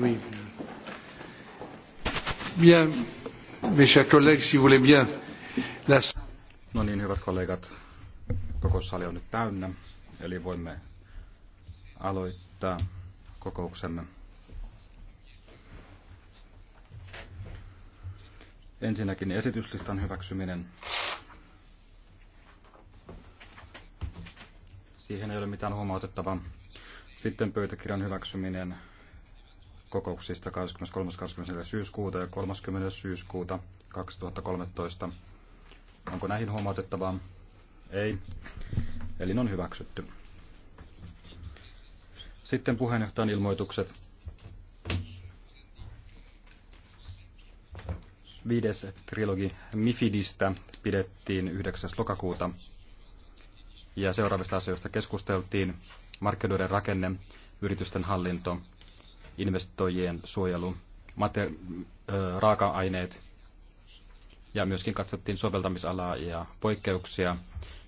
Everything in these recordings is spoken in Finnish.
Oui. Bien, mes chers collègues, si vous voulez bien. La... No niin, hyvät kollegat, koko sali on nyt täynnä, eli voimme aloittaa kokouksemme. Ensinnäkin esityslistan hyväksyminen. Siihen ei ole mitään huomautettavaa. Sitten pöytäkirjan hyväksyminen kokouksista 23. 24. syyskuuta ja 30. syyskuuta 2013. Onko näihin huomautettavaa? Ei. Eli on hyväksytty. Sitten puheenjohtajan ilmoitukset. 5. trilogi Mifidistä pidettiin 9. lokakuuta. Ja seuraavista asioista keskusteltiin markkinoiden rakenne, yritysten hallinto, investoijien suojelu, mate- raaka-aineet ja myöskin katsottiin soveltamisalaa ja poikkeuksia.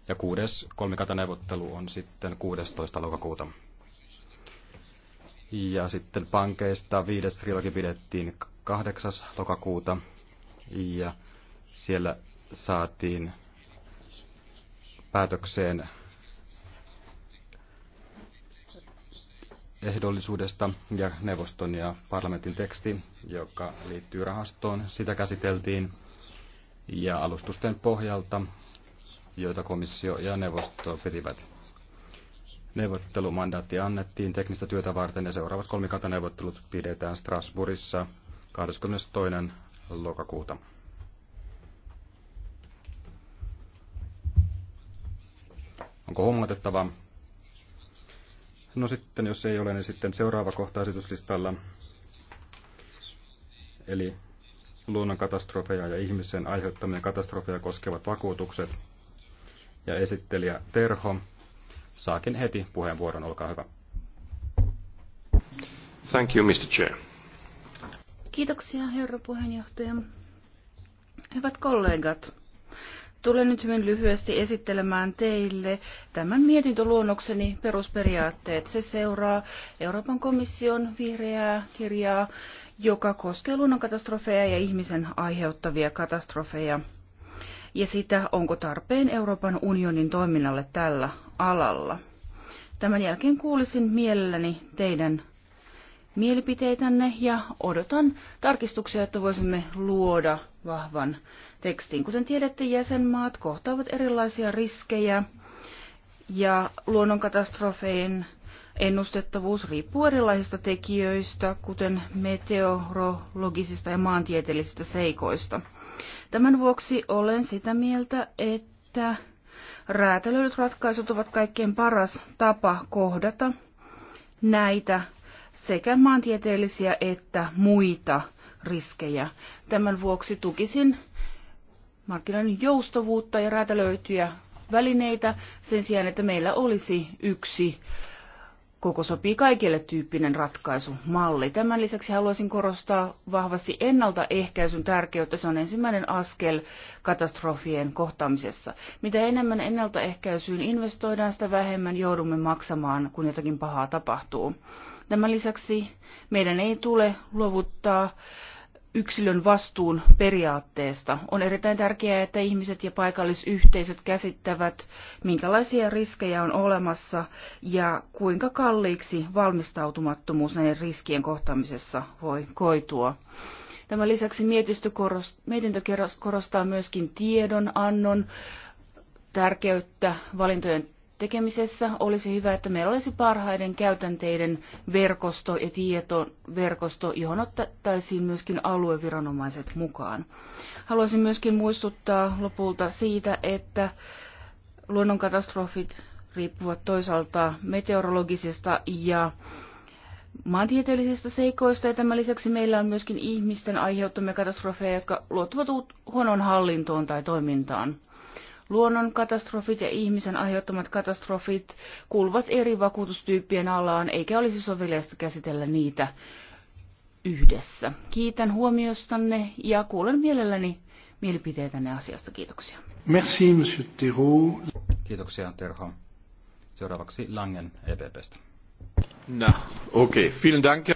Ja kuudes kolmikantaneuvottelu on sitten 16. lokakuuta. Ja sitten pankeista viides trilogi pidettiin 8. lokakuuta ja siellä saatiin päätökseen ehdollisuudesta ja neuvoston ja parlamentin teksti, joka liittyy rahastoon, sitä käsiteltiin. Ja alustusten pohjalta, joita komissio ja neuvosto pitivät. Neuvottelumandaatti annettiin teknistä työtä varten ja seuraavat kolmikantaneuvottelut pidetään Strasbourgissa 22. lokakuuta. Onko huomautettavaa? No sitten, jos ei ole, niin sitten seuraava kohta esityslistalla. Eli luonnonkatastrofeja ja ihmisen aiheuttamia katastrofeja koskevat vakuutukset. Ja esittelijä Terho saakin heti puheenvuoron. Olkaa hyvä. Thank you, Mr. Chair. Kiitoksia, herra puheenjohtaja. Hyvät kollegat, Tulen nyt hyvin lyhyesti esittelemään teille tämän mietintöluonnokseni perusperiaatteet. Se seuraa Euroopan komission vihreää kirjaa, joka koskee luonnonkatastrofeja ja ihmisen aiheuttavia katastrofeja ja sitä, onko tarpeen Euroopan unionin toiminnalle tällä alalla. Tämän jälkeen kuulisin mielelläni teidän mielipiteitänne ja odotan tarkistuksia, että voisimme luoda vahvan tekstin. Kuten tiedätte, jäsenmaat kohtaavat erilaisia riskejä ja luonnonkatastrofeen ennustettavuus riippuu erilaisista tekijöistä, kuten meteorologisista ja maantieteellisistä seikoista. Tämän vuoksi olen sitä mieltä, että räätälöidyt ratkaisut ovat kaikkein paras tapa kohdata näitä sekä maantieteellisiä että muita riskejä. Tämän vuoksi tukisin markkinoiden joustavuutta ja räätälöityjä välineitä sen sijaan, että meillä olisi yksi koko sopii kaikille tyyppinen ratkaisumalli. Tämän lisäksi haluaisin korostaa vahvasti ennaltaehkäisyn tärkeyttä. Se on ensimmäinen askel katastrofien kohtaamisessa. Mitä enemmän ennaltaehkäisyyn investoidaan, sitä vähemmän joudumme maksamaan, kun jotakin pahaa tapahtuu. Tämän lisäksi meidän ei tule luovuttaa yksilön vastuun periaatteesta. On erittäin tärkeää, että ihmiset ja paikallisyhteisöt käsittävät, minkälaisia riskejä on olemassa ja kuinka kalliiksi valmistautumattomuus näiden riskien kohtaamisessa voi koitua. Tämän lisäksi mietintö korostaa myöskin tiedonannon tärkeyttä valintojen tekemisessä olisi hyvä, että meillä olisi parhaiden käytänteiden verkosto ja tietoverkosto, johon ottaisiin myöskin alueviranomaiset mukaan. Haluaisin myöskin muistuttaa lopulta siitä, että luonnonkatastrofit riippuvat toisaalta meteorologisesta ja maantieteellisistä seikoista, ja tämän lisäksi meillä on myöskin ihmisten aiheuttamia katastrofeja, jotka luottuvat huonoon hallintoon tai toimintaan. Luonnonkatastrofit ja ihmisen aiheuttamat katastrofit kuuluvat eri vakuutustyyppien alaan, eikä olisi soveliasta käsitellä niitä yhdessä. Kiitän huomiostanne ja kuulen mielelläni mielipiteitänne asiasta. Kiitoksia. Merci, monsieur Terho. Kiitoksia, Terho. Seuraavaksi Langen EPPstä. No, okei. Okay. Vielen Dank.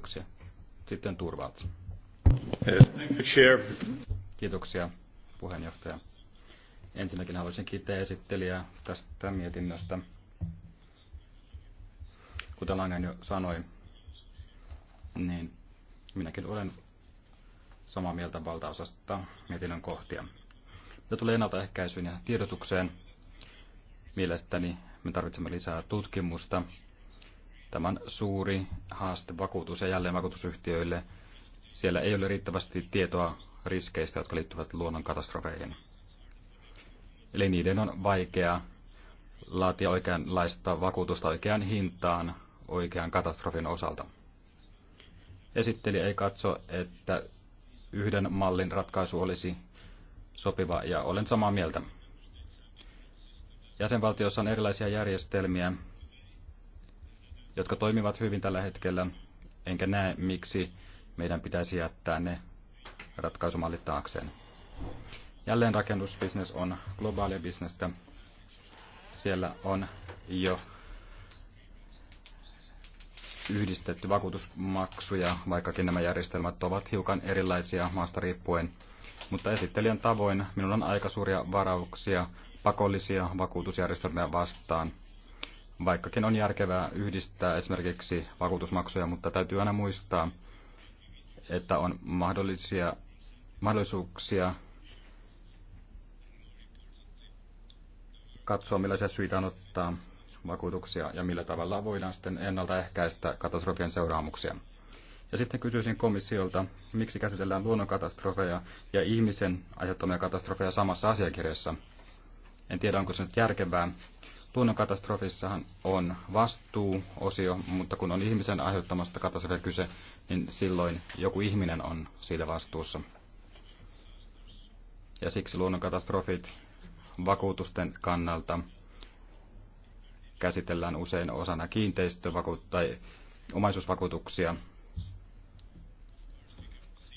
Kiitoksia. Sitten Turvalts. Kiitoksia puheenjohtaja. Ensinnäkin haluaisin kiittää esittelijää tästä mietinnöstä. Kuten Langen jo sanoi, niin minäkin olen samaa mieltä valtaosasta mietinnön kohtia. Mitä tulee ennaltaehkäisyyn ja tiedotukseen, mielestäni me tarvitsemme lisää tutkimusta Tämä on suuri haaste vakuutus- ja jälleenvakuutusyhtiöille. Siellä ei ole riittävästi tietoa riskeistä, jotka liittyvät luonnonkatastrofeihin. Eli niiden on vaikea laatia oikeanlaista vakuutusta oikeaan hintaan oikean katastrofin osalta. Esitteli ei katso, että yhden mallin ratkaisu olisi sopiva, ja olen samaa mieltä. Jäsenvaltiossa on erilaisia järjestelmiä, jotka toimivat hyvin tällä hetkellä, enkä näe, miksi meidän pitäisi jättää ne ratkaisumallit taakseen. Jälleen rakennusbisnes on globaalia bisnestä. Siellä on jo yhdistetty vakuutusmaksuja, vaikkakin nämä järjestelmät ovat hiukan erilaisia maasta riippuen. Mutta esittelijän tavoin minulla on aika suuria varauksia pakollisia vakuutusjärjestelmiä vastaan, vaikkakin on järkevää yhdistää esimerkiksi vakuutusmaksuja, mutta täytyy aina muistaa, että on mahdollisia, mahdollisuuksia katsoa, millaisia syitä on ottaa vakuutuksia ja millä tavalla voidaan sitten ennaltaehkäistä katastrofien seuraamuksia. Ja sitten kysyisin komissiolta, miksi käsitellään luonnonkatastrofeja ja ihmisen aiheuttamia katastrofeja samassa asiakirjassa. En tiedä, onko se nyt järkevää, Luonnonkatastrofissahan on vastuuosio, mutta kun on ihmisen aiheuttamasta katastrofia kyse, niin silloin joku ihminen on siitä vastuussa. Ja siksi luonnonkatastrofit vakuutusten kannalta käsitellään usein osana kiinteistövakuutta tai omaisuusvakuutuksia.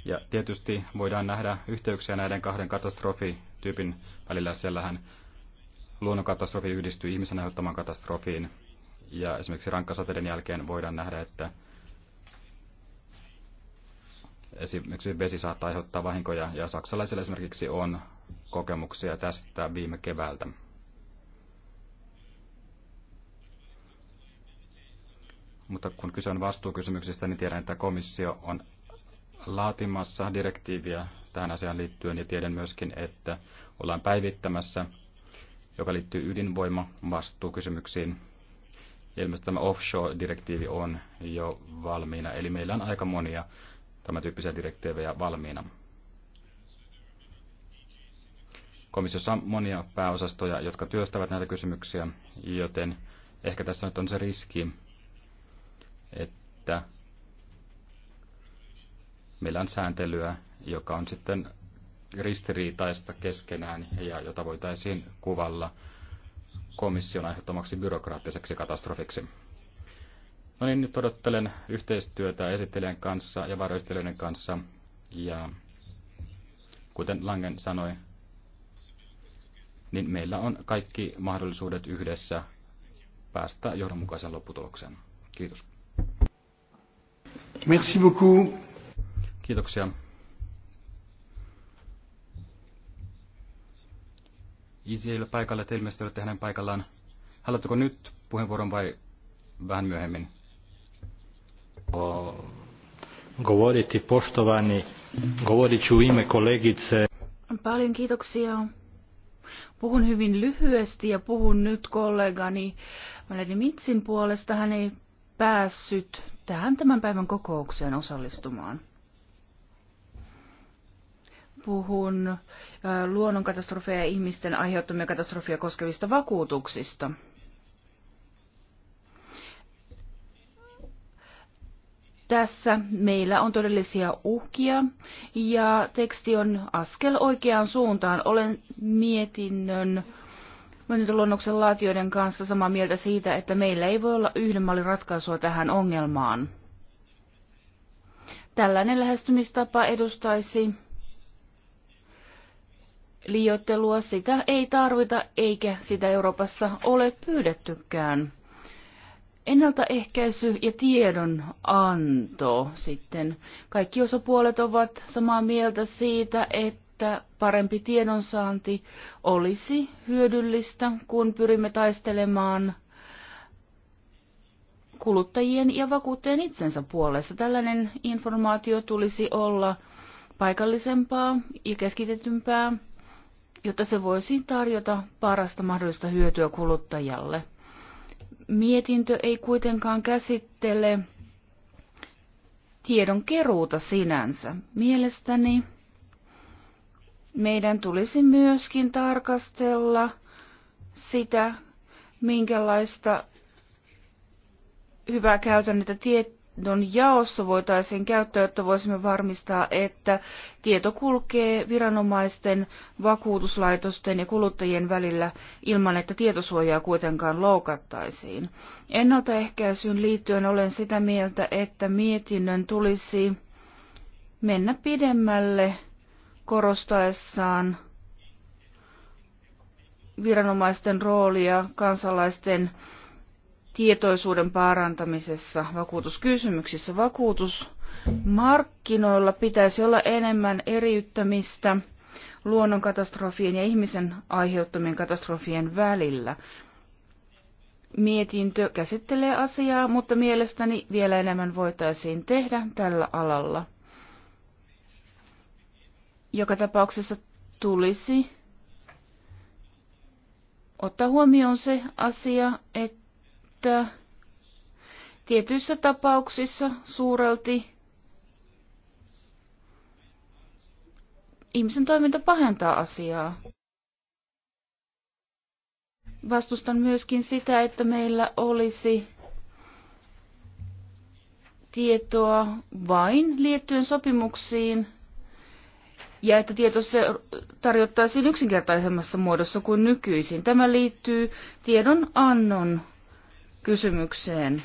Ja tietysti voidaan nähdä yhteyksiä näiden kahden katastrofityypin välillä. Siellähän luonnonkatastrofi yhdistyy ihmisen aiheuttamaan katastrofiin. Ja esimerkiksi rankkasateiden jälkeen voidaan nähdä, että esimerkiksi vesi saattaa aiheuttaa vahinkoja, ja saksalaisilla esimerkiksi on kokemuksia tästä viime keväältä. Mutta kun kyse on vastuukysymyksistä, niin tiedän, että komissio on laatimassa direktiiviä tähän asiaan liittyen, ja tiedän myöskin, että ollaan päivittämässä joka liittyy vastuukysymyksiin. Ilmeisesti tämä offshore-direktiivi on jo valmiina, eli meillä on aika monia tämän tyyppisiä direktiivejä valmiina. Komissiossa on monia pääosastoja, jotka työstävät näitä kysymyksiä, joten ehkä tässä nyt on se riski, että meillä on sääntelyä, joka on sitten ristiriitaista keskenään ja jota voitaisiin kuvalla komission aiheuttamaksi byrokraattiseksi katastrofiksi. No niin, nyt odottelen yhteistyötä esittelijän kanssa ja varjoesittelijöiden kanssa. Ja kuten Langen sanoi, niin meillä on kaikki mahdollisuudet yhdessä päästä johdonmukaisen lopputulokseen. Kiitos. Merci beaucoup. Kiitoksia. Isi ei ole paikalla, te ilmeisesti olette hänen paikallaan. Haluatteko nyt puheenvuoron vai vähän myöhemmin? Govoriti poštovani, govorit ću ime kolegice. Paljon kiitoksia. Puhun hyvin lyhyesti ja puhun nyt kollegani Valeri Mitsin puolesta. Hän ei päässyt tähän tämän päivän kokoukseen osallistumaan puhun luonnonkatastrofeja ja ihmisten aiheuttamia katastrofia koskevista vakuutuksista. Tässä meillä on todellisia uhkia ja teksti on askel oikeaan suuntaan. Olen mietinnön luonnoksen laatijoiden kanssa samaa mieltä siitä, että meillä ei voi olla yhden mallin ratkaisua tähän ongelmaan. Tällainen lähestymistapa edustaisi liioittelua, sitä ei tarvita eikä sitä Euroopassa ole pyydettykään. Ennaltaehkäisy ja tiedonanto sitten. Kaikki osapuolet ovat samaa mieltä siitä, että parempi tiedonsaanti olisi hyödyllistä, kun pyrimme taistelemaan kuluttajien ja vakuuttajien itsensä puolesta. Tällainen informaatio tulisi olla paikallisempaa ja keskitetympää jotta se voisi tarjota parasta mahdollista hyötyä kuluttajalle. Mietintö ei kuitenkaan käsittele tiedon keruuta sinänsä. Mielestäni meidän tulisi myöskin tarkastella sitä, minkälaista hyvää käytännötä tiettyä tiedon jaossa voitaisiin käyttää, jotta voisimme varmistaa, että tieto kulkee viranomaisten, vakuutuslaitosten ja kuluttajien välillä ilman, että tietosuojaa kuitenkaan loukattaisiin. Ennaltaehkäisyyn liittyen olen sitä mieltä, että mietinnön tulisi mennä pidemmälle korostaessaan viranomaisten roolia kansalaisten tietoisuuden parantamisessa vakuutuskysymyksissä. Vakuutusmarkkinoilla pitäisi olla enemmän eriyttämistä luonnonkatastrofien ja ihmisen aiheuttamien katastrofien välillä. Mietintö käsittelee asiaa, mutta mielestäni vielä enemmän voitaisiin tehdä tällä alalla. Joka tapauksessa tulisi ottaa huomioon se asia, että tietyissä tapauksissa suurelti ihmisen toiminta pahentaa asiaa. Vastustan myöskin sitä, että meillä olisi tietoa vain liittyen sopimuksiin ja että tieto se tarjottaisiin yksinkertaisemmassa muodossa kuin nykyisin. Tämä liittyy tiedon annon kysymykseen.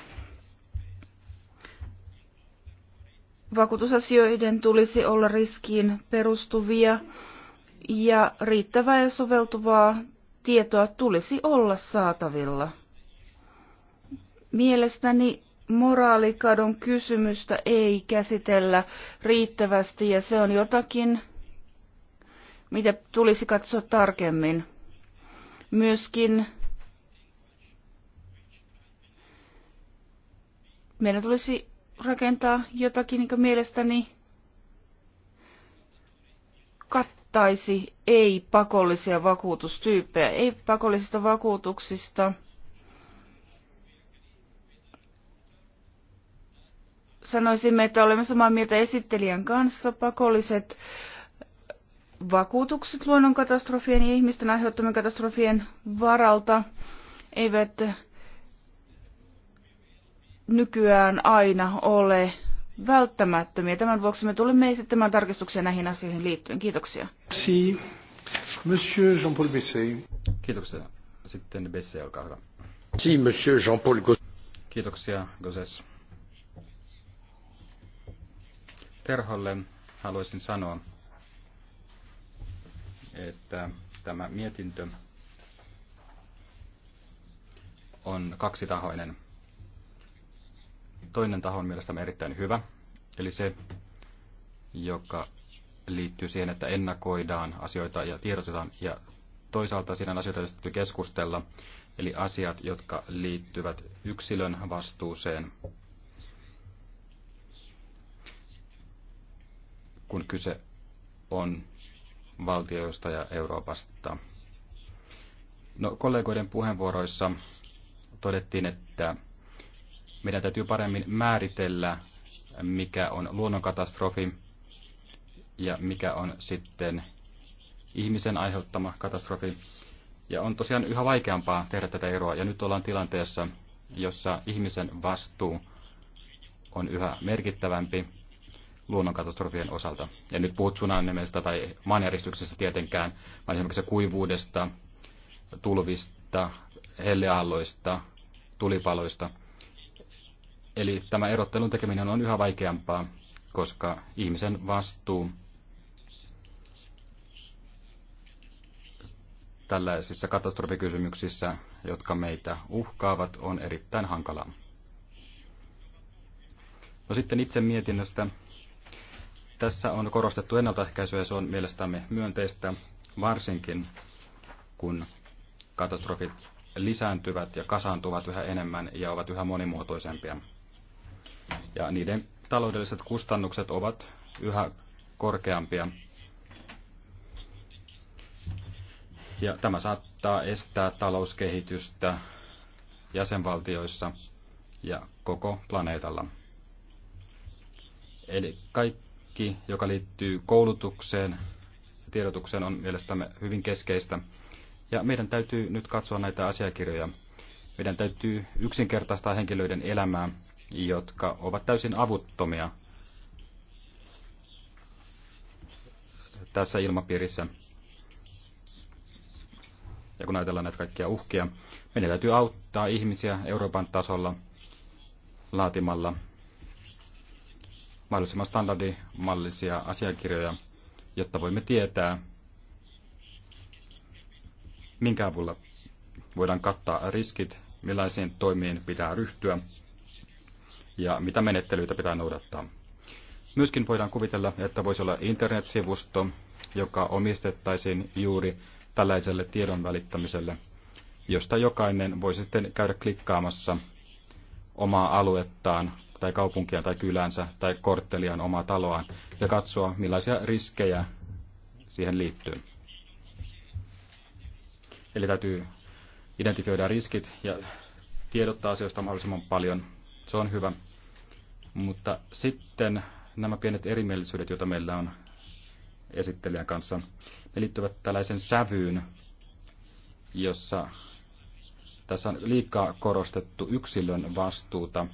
Vakuutusasioiden tulisi olla riskiin perustuvia ja riittävää ja soveltuvaa tietoa tulisi olla saatavilla. Mielestäni moraalikadon kysymystä ei käsitellä riittävästi ja se on jotakin, mitä tulisi katsoa tarkemmin. Myöskin meidän tulisi rakentaa jotakin, joka mielestäni kattaisi ei-pakollisia vakuutustyyppejä. Ei-pakollisista vakuutuksista sanoisimme, että olemme samaa mieltä esittelijän kanssa. Pakolliset vakuutukset luonnonkatastrofien ja ihmisten aiheuttamien katastrofien varalta eivät nykyään aina ole välttämättömiä. Tämän vuoksi me tulemme esittämään tarkistuksia näihin asioihin liittyen. Kiitoksia. Si. Monsieur Jean-Paul Besset. Kiitoksia. Sitten Besset, olkaa hyvä. Si, monsieur Jean-Paul Kiitoksia, Goses. Terholle haluaisin sanoa, että tämä mietintö on kaksitahoinen. Toinen taho on mielestäni erittäin hyvä, eli se, joka liittyy siihen, että ennakoidaan asioita ja tiedotetaan, ja toisaalta siinä on asioita, joista keskustella, eli asiat, jotka liittyvät yksilön vastuuseen, kun kyse on valtioista ja Euroopasta. No, kollegoiden puheenvuoroissa todettiin, että meidän täytyy paremmin määritellä, mikä on luonnonkatastrofi ja mikä on sitten ihmisen aiheuttama katastrofi. Ja on tosiaan yhä vaikeampaa tehdä tätä eroa. Ja nyt ollaan tilanteessa, jossa ihmisen vastuu on yhä merkittävämpi luonnonkatastrofien osalta. Ja nyt puhut sunanemesta tai maanjäristyksestä tietenkään, vaan esimerkiksi kuivuudesta, tulvista, helleaalloista, tulipaloista – Eli tämä erottelun tekeminen on yhä vaikeampaa, koska ihmisen vastuu tällaisissa katastrofikysymyksissä, jotka meitä uhkaavat, on erittäin hankalaa. No sitten itse mietinnöstä. Tässä on korostettu ennaltaehkäisyä ja se on mielestämme myönteistä, varsinkin kun katastrofit lisääntyvät ja kasaantuvat yhä enemmän ja ovat yhä monimuotoisempia ja niiden taloudelliset kustannukset ovat yhä korkeampia. Ja tämä saattaa estää talouskehitystä jäsenvaltioissa ja koko planeetalla. Eli kaikki, joka liittyy koulutukseen, tiedotukseen on mielestämme hyvin keskeistä. Ja meidän täytyy nyt katsoa näitä asiakirjoja. Meidän täytyy yksinkertaistaa henkilöiden elämää jotka ovat täysin avuttomia tässä ilmapiirissä. Ja kun ajatellaan näitä kaikkia uhkia, meidän täytyy auttaa ihmisiä Euroopan tasolla laatimalla mahdollisimman standardimallisia asiakirjoja, jotta voimme tietää, minkä avulla voidaan kattaa riskit, millaisiin toimiin pitää ryhtyä ja mitä menettelyitä pitää noudattaa. Myöskin voidaan kuvitella, että voisi olla internetsivusto, joka omistettaisiin juuri tällaiselle tiedon välittämiselle, josta jokainen voisi sitten käydä klikkaamassa omaa aluettaan tai kaupunkia tai kylänsä tai kortteliaan omaa taloaan ja katsoa, millaisia riskejä siihen liittyy. Eli täytyy identifioida riskit ja tiedottaa asioista mahdollisimman paljon. Se on hyvä. Mutta sitten nämä pienet erimielisyydet, joita meillä on esittelijän kanssa, ne liittyvät tällaisen sävyyn, jossa tässä on liikaa korostettu yksilön vastuuta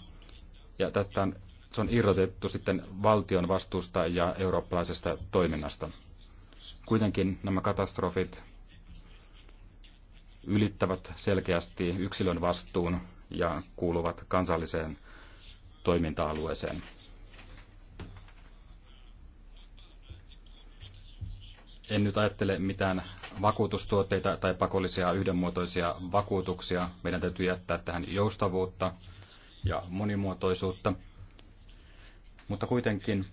ja tästä on, se on irrotettu sitten valtion vastuusta ja eurooppalaisesta toiminnasta. Kuitenkin nämä katastrofit ylittävät selkeästi yksilön vastuun ja kuuluvat kansalliseen toiminta-alueeseen. En nyt ajattele mitään vakuutustuotteita tai pakollisia yhdenmuotoisia vakuutuksia. Meidän täytyy jättää tähän joustavuutta ja monimuotoisuutta. Mutta kuitenkin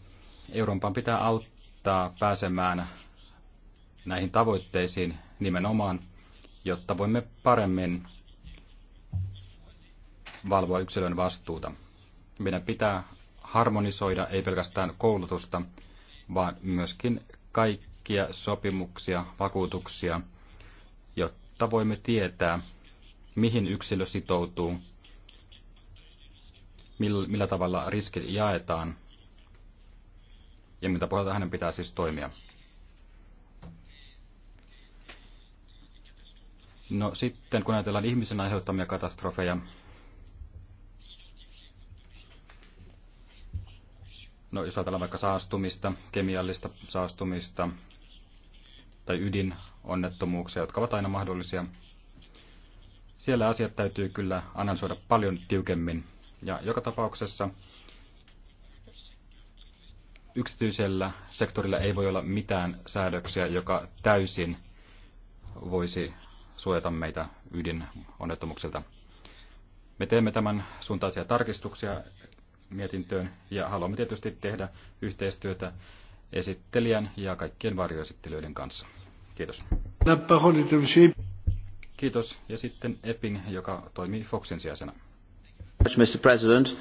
Euroopan pitää auttaa pääsemään näihin tavoitteisiin nimenomaan, jotta voimme paremmin valvoa yksilön vastuuta. Meidän pitää harmonisoida ei pelkästään koulutusta, vaan myöskin kaikkia sopimuksia, vakuutuksia, jotta voimme tietää, mihin yksilö sitoutuu, millä tavalla riskit jaetaan ja mitä pohjalta hänen pitää siis toimia. No sitten kun ajatellaan ihmisen aiheuttamia katastrofeja, No jos ajatellaan vaikka saastumista, kemiallista saastumista tai ydinonnettomuuksia, jotka ovat aina mahdollisia, siellä asiat täytyy kyllä analysoida paljon tiukemmin. Ja joka tapauksessa yksityisellä sektorilla ei voi olla mitään säädöksiä, joka täysin voisi suojata meitä ydinonnettomuuksilta. Me teemme tämän suuntaisia tarkistuksia mietintöön ja haluamme tietysti tehdä yhteistyötä esittelijän ja kaikkien varjoesittelijöiden kanssa. Kiitos. Kiitos. Ja sitten Epping, joka toimii Foxin sijaisena. Mr. President.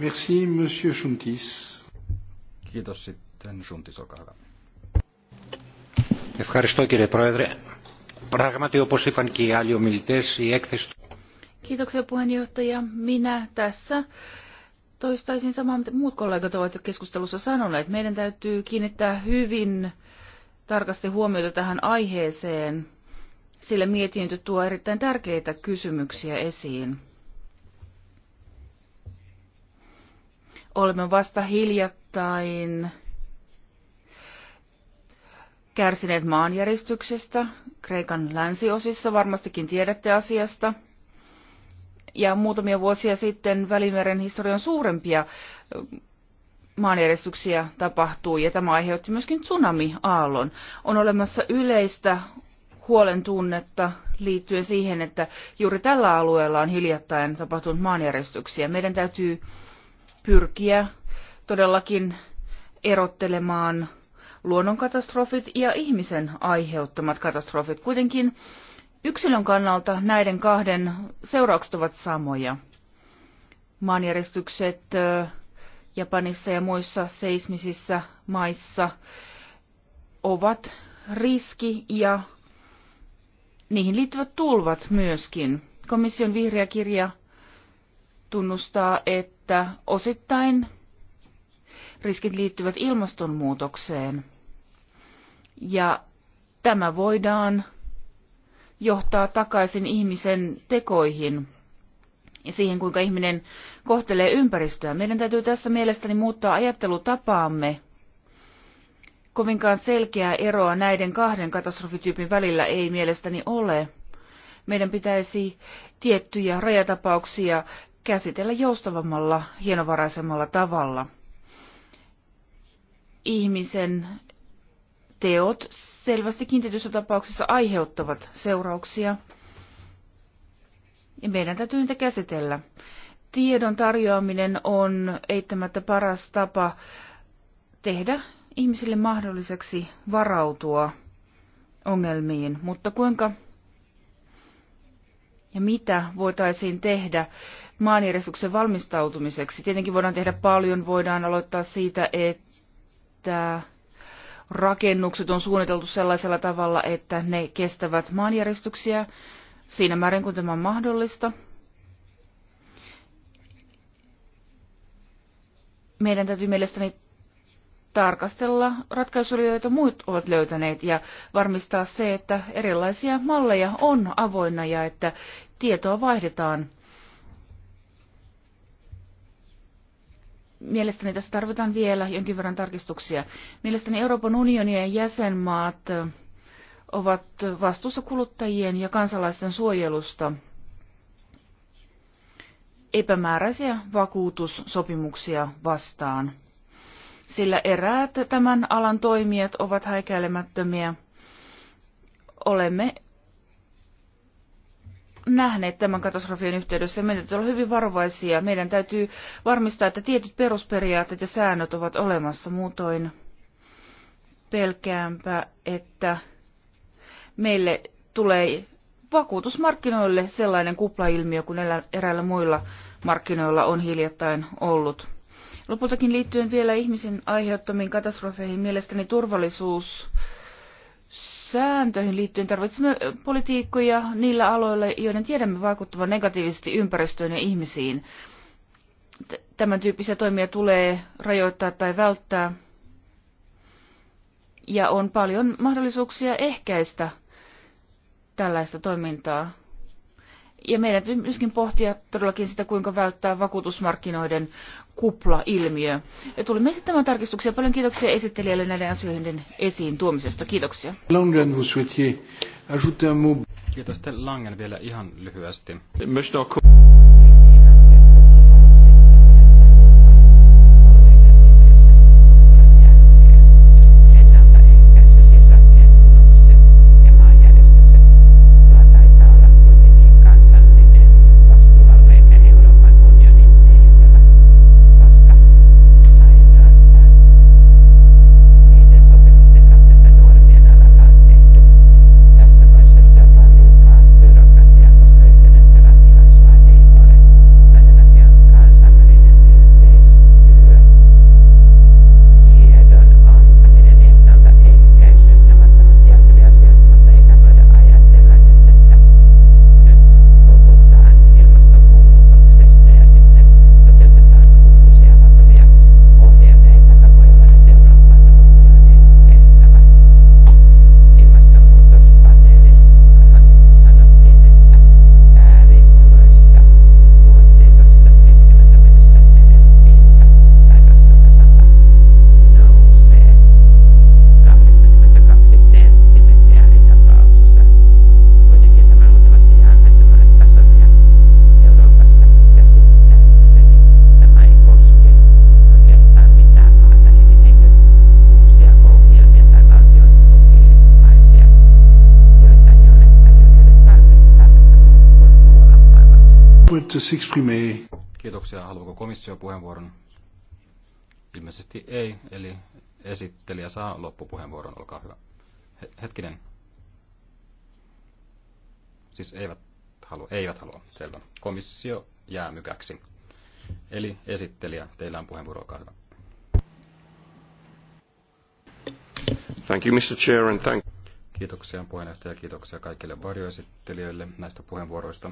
Merci, Monsieur Shuntis. Kiitos sitten Shuntis, olkaa hyvä. Ευχαριστώ κύριε Πρόεδρε. Πράγματι όπως είπαν και οι άλλοι ομιλητές η έκθεση Kiitoksia puheenjohtaja. Minä tässä toistaisin samaa, mitä muut kollegat ovat keskustelussa sanoneet. Meidän täytyy kiinnittää hyvin tarkasti huomiota tähän aiheeseen, sillä mietintö tuo erittäin tärkeitä kysymyksiä esiin. olemme vasta hiljattain kärsineet maanjäristyksestä Kreikan länsiosissa, varmastikin tiedätte asiasta. Ja muutamia vuosia sitten Välimeren historian suurempia maanjäristyksiä tapahtui ja tämä aiheutti myöskin tsunami-aallon. On olemassa yleistä huolen tunnetta liittyen siihen, että juuri tällä alueella on hiljattain tapahtunut maanjäristyksiä. Meidän täytyy pyrkiä todellakin erottelemaan luonnonkatastrofit ja ihmisen aiheuttamat katastrofit. Kuitenkin yksilön kannalta näiden kahden seuraukset ovat samoja. Maanjäristykset Japanissa ja muissa seismisissä maissa ovat riski ja niihin liittyvät tulvat myöskin. Komission vihreä kirja tunnustaa, että osittain riskit liittyvät ilmastonmuutokseen. Ja tämä voidaan johtaa takaisin ihmisen tekoihin ja siihen, kuinka ihminen kohtelee ympäristöä. Meidän täytyy tässä mielestäni muuttaa ajattelutapaamme. Kovinkaan selkeää eroa näiden kahden katastrofityypin välillä ei mielestäni ole. Meidän pitäisi tiettyjä rajatapauksia käsitellä joustavammalla, hienovaraisemmalla tavalla. Ihmisen teot selvästikin tietyissä tapauksissa aiheuttavat seurauksia, ja meidän täytyy niitä käsitellä. Tiedon tarjoaminen on eittämättä paras tapa tehdä ihmisille mahdolliseksi varautua ongelmiin, mutta kuinka ja mitä voitaisiin tehdä maanjärjestyksen valmistautumiseksi. Tietenkin voidaan tehdä paljon. Voidaan aloittaa siitä, että rakennukset on suunniteltu sellaisella tavalla, että ne kestävät maanjärjestyksiä siinä määrin, kun tämä on mahdollista. Meidän täytyy mielestäni tarkastella ratkaisuja, joita muut ovat löytäneet ja varmistaa se, että erilaisia malleja on avoinna ja että tietoa vaihdetaan mielestäni tässä tarvitaan vielä jonkin verran tarkistuksia. Mielestäni Euroopan unionin jäsenmaat ovat vastuussa kuluttajien ja kansalaisten suojelusta epämääräisiä vakuutussopimuksia vastaan, sillä eräät tämän alan toimijat ovat häikäilemättömiä. Olemme nähneet tämän katastrofin yhteydessä. Meidän täytyy olla hyvin varovaisia. Meidän täytyy varmistaa, että tietyt perusperiaatteet ja säännöt ovat olemassa. Muutoin pelkäänpä, että meille tulee vakuutusmarkkinoille sellainen kuplailmiö kuin eräillä muilla markkinoilla on hiljattain ollut. Lopultakin liittyen vielä ihmisen aiheuttamiin katastrofeihin, mielestäni turvallisuus sääntöihin liittyen tarvitsemme politiikkoja niillä aloilla, joiden tiedämme vaikuttavan negatiivisesti ympäristöön ja ihmisiin. Tämän tyyppisiä toimia tulee rajoittaa tai välttää. Ja on paljon mahdollisuuksia ehkäistä tällaista toimintaa. Ja meidän täytyy myöskin pohtia todellakin sitä, kuinka välttää vakuutusmarkkinoiden kuplailmiö. Ja tulemme esittämään tarkistuksia. Paljon kiitoksia esittelijälle näiden asioiden esiin tuomisesta. Kiitoksia. Langen, vous souhaitiez ajouter un mot. Kiitos. Langen vielä ihan lyhyesti. to s'exprimer? Kiitoksia. Haluaako komissio puheenvuoron? Ilmeisesti ei, eli esittelijä saa loppupuheenvuoron. Olkaa hyvä. Hetkinen. Siis eivät halua. Eivät halua. Selvä. Komissio jää mykäksi. Eli esittelijä, teillä on puheenvuoro. Olkaa hyvä. Thank you, Mr. Chair, and thank... Kiitoksia puheenjohtaja ja kiitoksia kaikille varjoesittelijöille näistä puheenvuoroista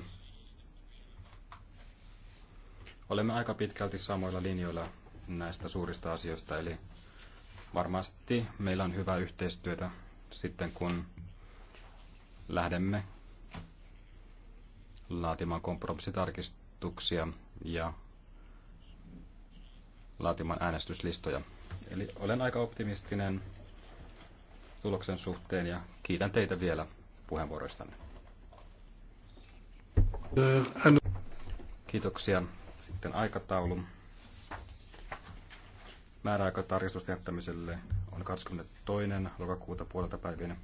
olemme aika pitkälti samoilla linjoilla näistä suurista asioista, eli varmasti meillä on hyvää yhteistyötä sitten, kun lähdemme laatimaan kompromissitarkistuksia ja laatimaan äänestyslistoja. Eli olen aika optimistinen tuloksen suhteen ja kiitän teitä vielä puheenvuoroistanne. Äh, Kiitoksia. Sitten aikataulu. Määräaika tarkistusten jättämiselle on 22. lokakuuta puolelta päivien.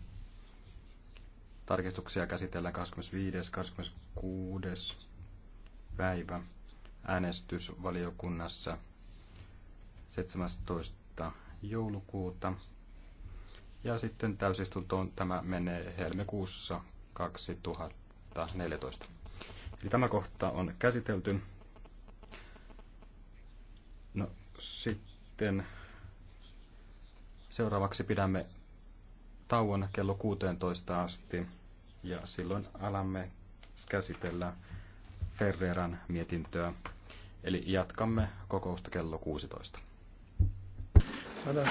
Tarkistuksia käsitellään 25. 26. päivä äänestysvaliokunnassa 17. joulukuuta. Ja sitten täysistuntoon tämä menee helmikuussa 2014. Eli tämä kohta on käsitelty. No sitten seuraavaksi pidämme tauon kello 16 asti ja silloin alamme käsitellä Ferreran mietintöä. Eli jatkamme kokousta kello 16. Älä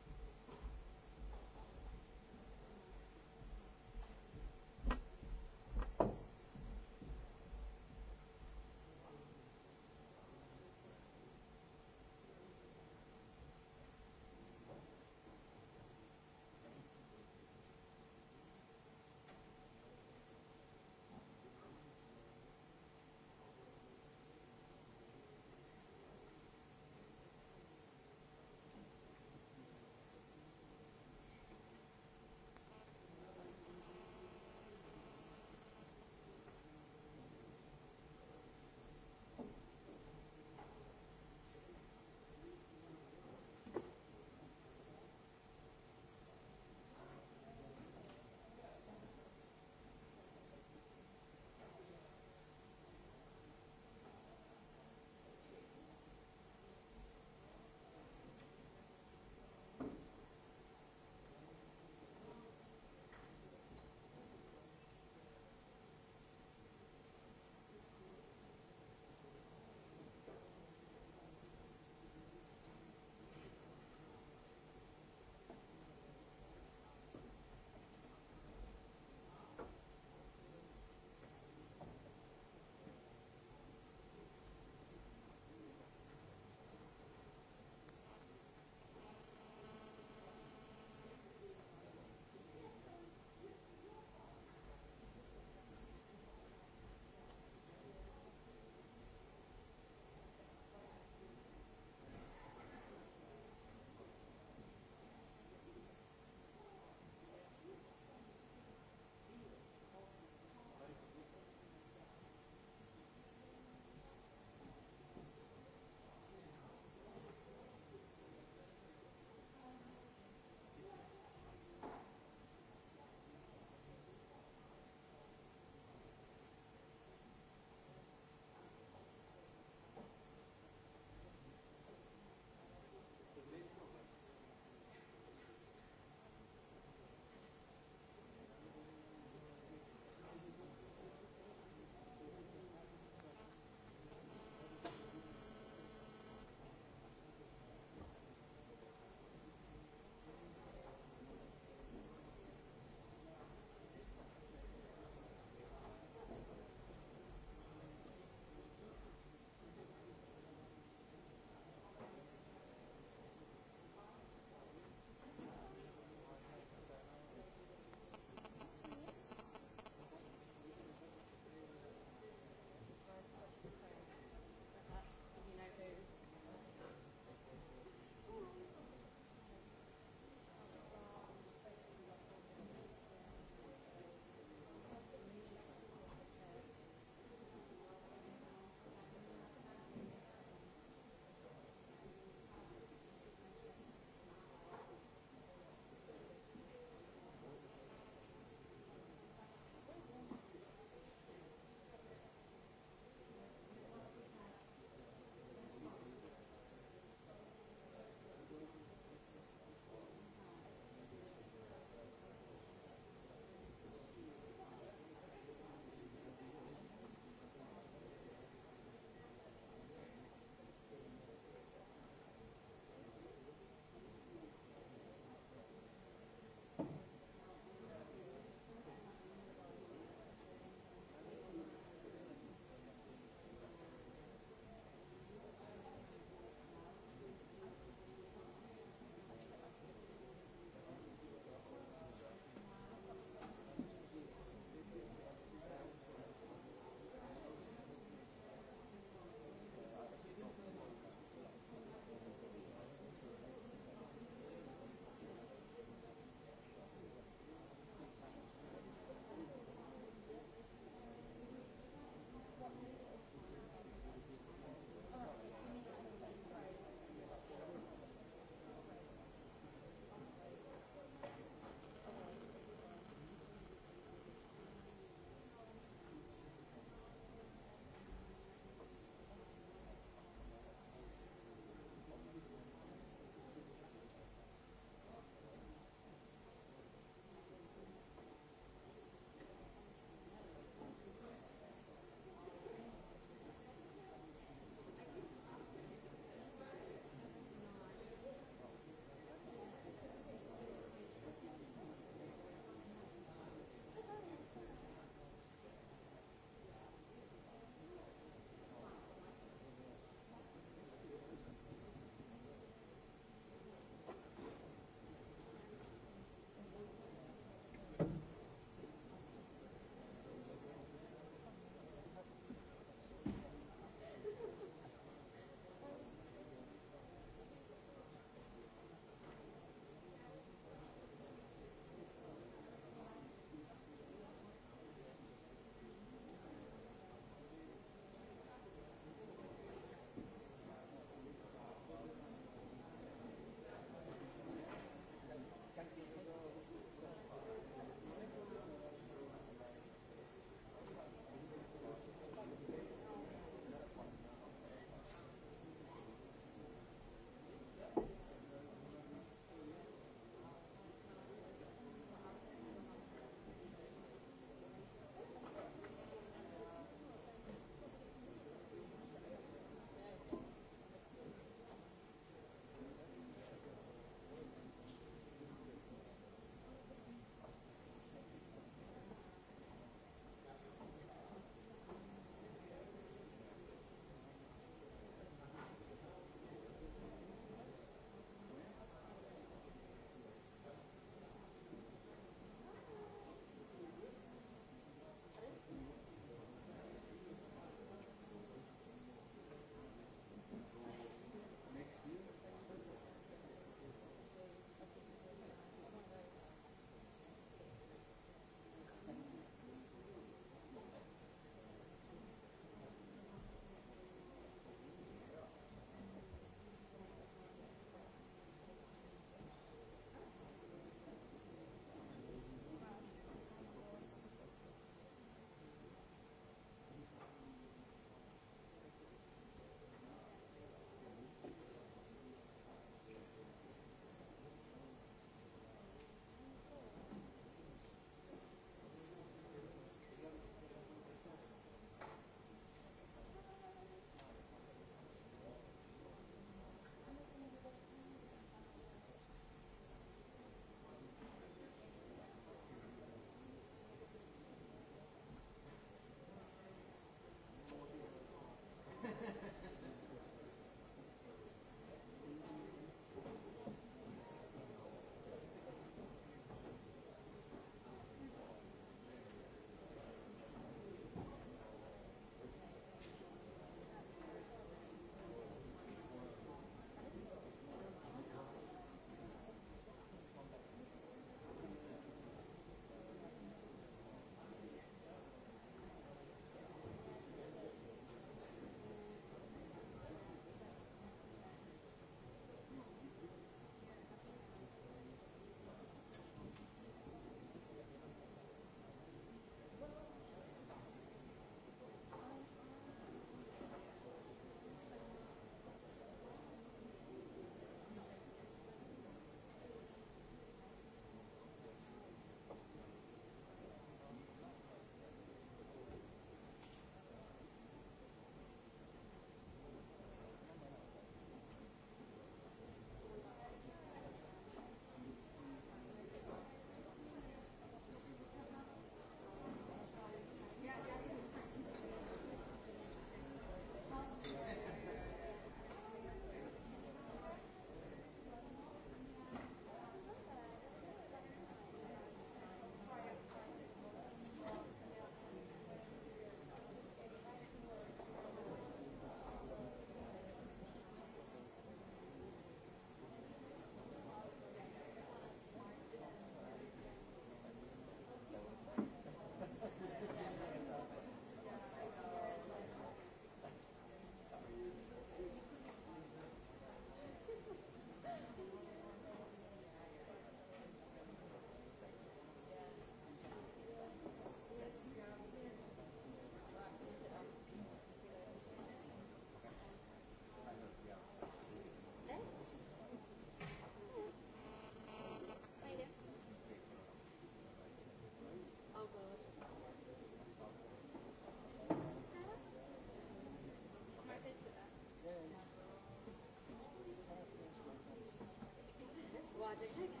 Roger Higgins.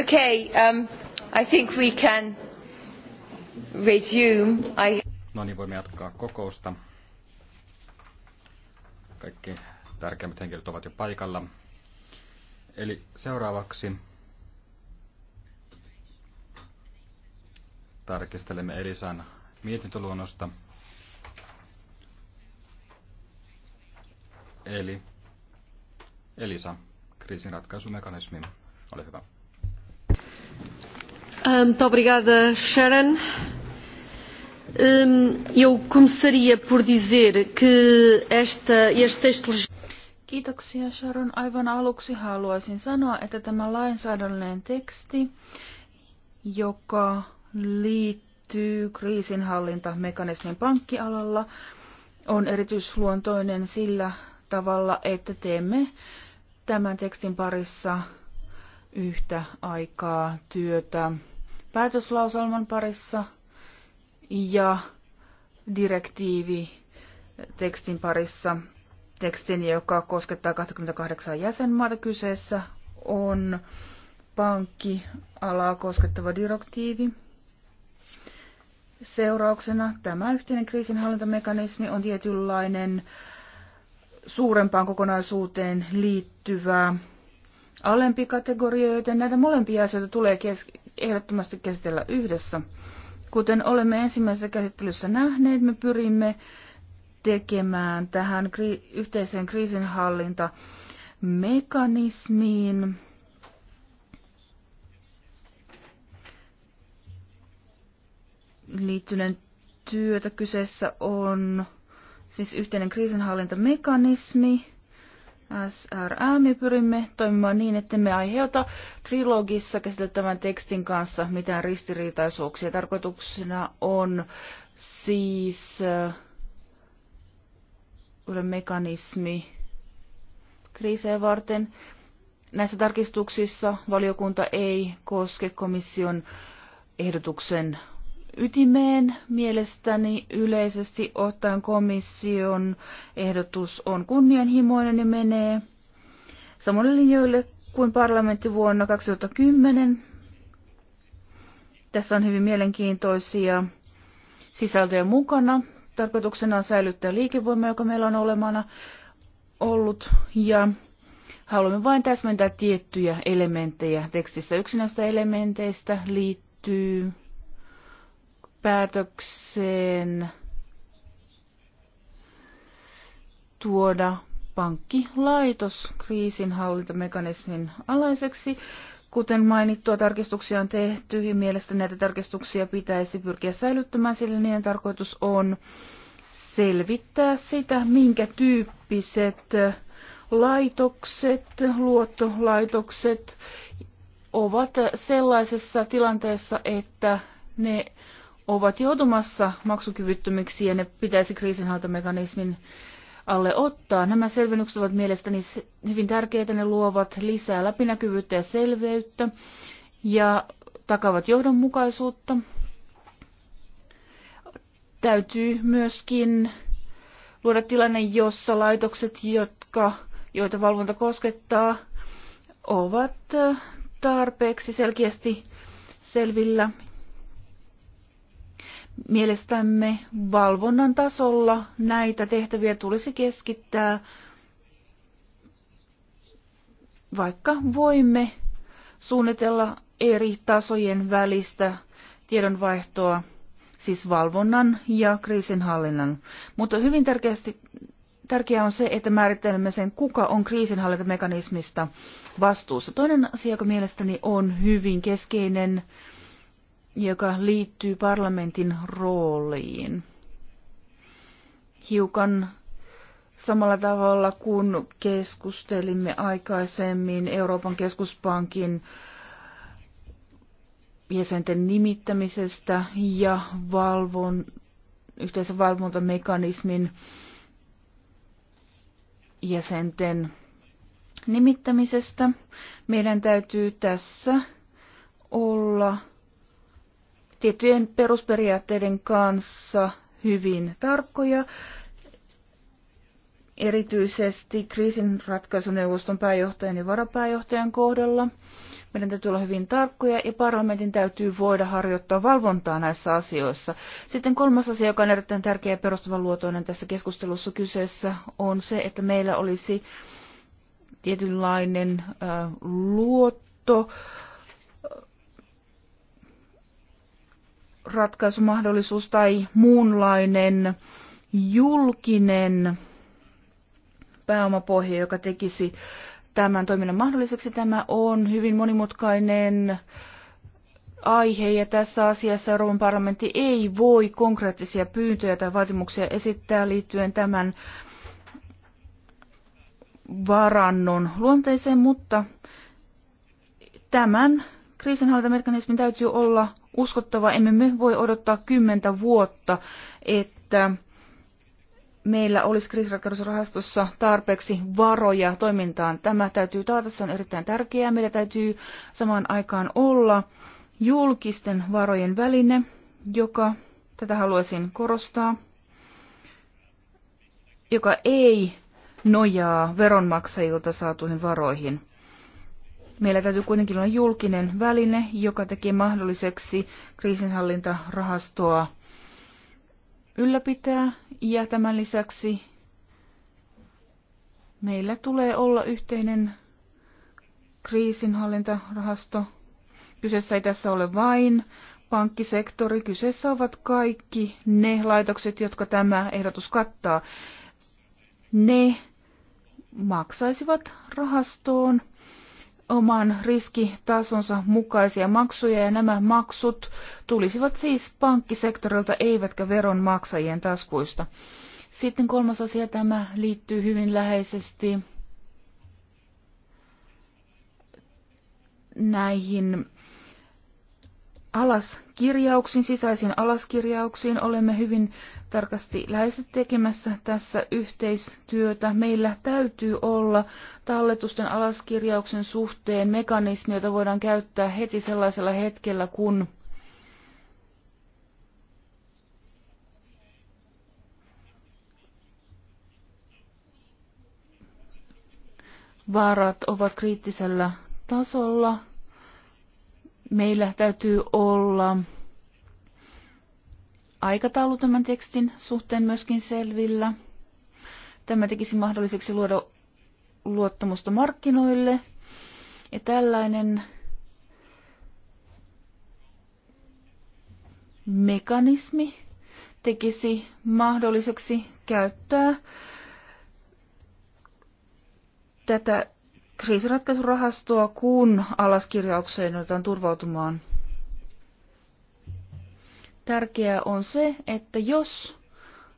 Okay, um, I think we can resume. I... No niin, voimme jatkaa kokousta. Kaikki tärkeimmät henkilöt ovat jo paikalla. Eli seuraavaksi tarkistelemme Elisan mietintöluonnosta. Eli Elisa, kriisinratkaisumekanismi, ole hyvä. Muito obrigada, Sharon. Eu começaria por dizer que esta, este texto Kiitoksia Sharon. Aivan aluksi haluaisin sanoa, että tämä lainsäädännöllinen teksti, joka liittyy kriisinhallintamekanismin pankkialalla, on erityisluontoinen sillä tavalla, että teemme tämän tekstin parissa yhtä aikaa työtä päätöslauselman parissa ja direktiivi tekstin parissa. Tekstin, joka koskettaa 28 jäsenmaata kyseessä, on pankkialaa koskettava direktiivi. Seurauksena tämä yhteinen kriisinhallintamekanismi on tietynlainen suurempaan kokonaisuuteen liittyvä alempi kategoria, joten näitä molempia asioita tulee ehdottomasti käsitellä yhdessä. Kuten olemme ensimmäisessä käsittelyssä nähneet, me pyrimme tekemään tähän kri- yhteiseen kriisinhallintamekanismiin liittyneen työtä. Kyseessä on siis yhteinen kriisinhallintamekanismi, SRA. Me pyrimme toimimaan niin, että me aiheuta trilogissa käsiteltävän tekstin kanssa mitään ristiriitaisuuksia. Tarkoituksena on siis uuden äh, mekanismi kriisejä varten. Näissä tarkistuksissa valiokunta ei koske komission ehdotuksen ytimeen. Mielestäni yleisesti ottaen komission ehdotus on kunnianhimoinen ja menee samoille linjoille kuin parlamentti vuonna 2010. Tässä on hyvin mielenkiintoisia sisältöjä mukana. Tarkoituksena on säilyttää liikevoima, joka meillä on olemana ollut, ja haluamme vain täsmentää tiettyjä elementtejä tekstissä. yksinäistä elementeistä liittyy päätökseen tuoda pankkilaitos kriisinhallintamekanismin alaiseksi. Kuten mainittua, tarkistuksia on tehty ja mielestäni näitä tarkistuksia pitäisi pyrkiä säilyttämään, sillä niiden tarkoitus on selvittää sitä, minkä tyyppiset laitokset, luottolaitokset ovat sellaisessa tilanteessa, että ne ovat joutumassa maksukyvyttömiksi ja ne pitäisi kriisinhaltamekanismin alle ottaa. Nämä selvennykset ovat mielestäni hyvin tärkeitä. Ne luovat lisää läpinäkyvyyttä ja selveyttä ja takavat johdonmukaisuutta. Täytyy myöskin luoda tilanne, jossa laitokset, jotka, joita valvonta koskettaa, ovat äh, tarpeeksi selkeästi selvillä Mielestämme valvonnan tasolla näitä tehtäviä tulisi keskittää, vaikka voimme suunnitella eri tasojen välistä tiedonvaihtoa, siis valvonnan ja kriisinhallinnan. Mutta hyvin tärkeästi, tärkeää on se, että määrittelemme sen, kuka on kriisinhallintamekanismista vastuussa. Toinen asia, joka mielestäni on hyvin keskeinen, joka liittyy parlamentin rooliin. Hiukan samalla tavalla kuin keskustelimme aikaisemmin Euroopan keskuspankin jäsenten nimittämisestä ja valvon, yhteisen valvontamekanismin jäsenten nimittämisestä. Meidän täytyy tässä olla tiettyjen perusperiaatteiden kanssa hyvin tarkkoja. Erityisesti kriisinratkaisuneuvoston pääjohtajan ja varapääjohtajan kohdalla. Meidän täytyy olla hyvin tarkkoja ja parlamentin täytyy voida harjoittaa valvontaa näissä asioissa. Sitten kolmas asia, joka on erittäin tärkeä ja perustavanluotoinen tässä keskustelussa kyseessä, on se, että meillä olisi tietynlainen luotto, äh, ratkaisumahdollisuus tai muunlainen julkinen pääomapohja, joka tekisi tämän toiminnan mahdolliseksi. Tämä on hyvin monimutkainen aihe ja tässä asiassa Euroopan parlamentti ei voi konkreettisia pyyntöjä tai vaatimuksia esittää liittyen tämän varannon luonteeseen, mutta tämän kriisinhallintamekanismin täytyy olla uskottava. Emme me voi odottaa kymmentä vuotta, että meillä olisi kriisirakennusrahastossa tarpeeksi varoja toimintaan. Tämä täytyy taata, se on erittäin tärkeää. Meillä täytyy samaan aikaan olla julkisten varojen väline, joka, tätä haluaisin korostaa, joka ei nojaa veronmaksajilta saatuihin varoihin. Meillä täytyy kuitenkin olla julkinen väline, joka tekee mahdolliseksi kriisinhallintarahastoa ylläpitää. Ja tämän lisäksi meillä tulee olla yhteinen kriisinhallintarahasto. Kyseessä ei tässä ole vain pankkisektori, kyseessä ovat kaikki ne laitokset, jotka tämä ehdotus kattaa. Ne maksaisivat rahastoon oman riskitasonsa mukaisia maksuja ja nämä maksut tulisivat siis pankkisektorilta eivätkä veronmaksajien taskuista. Sitten kolmas asia, tämä liittyy hyvin läheisesti näihin alaskirjauksiin, sisäisiin alaskirjauksiin. Olemme hyvin tarkasti läheisesti tekemässä tässä yhteistyötä. Meillä täytyy olla talletusten alaskirjauksen suhteen mekanismi, jota voidaan käyttää heti sellaisella hetkellä, kun vaarat ovat kriittisellä tasolla. Meillä täytyy olla aikataulu tämän tekstin suhteen myöskin selvillä. Tämä tekisi mahdolliseksi luoda luottamusta markkinoille. Ja tällainen mekanismi tekisi mahdolliseksi käyttää tätä kriisiratkaisurahastoa, kun alaskirjaukseen otetaan turvautumaan. Tärkeää on se, että jos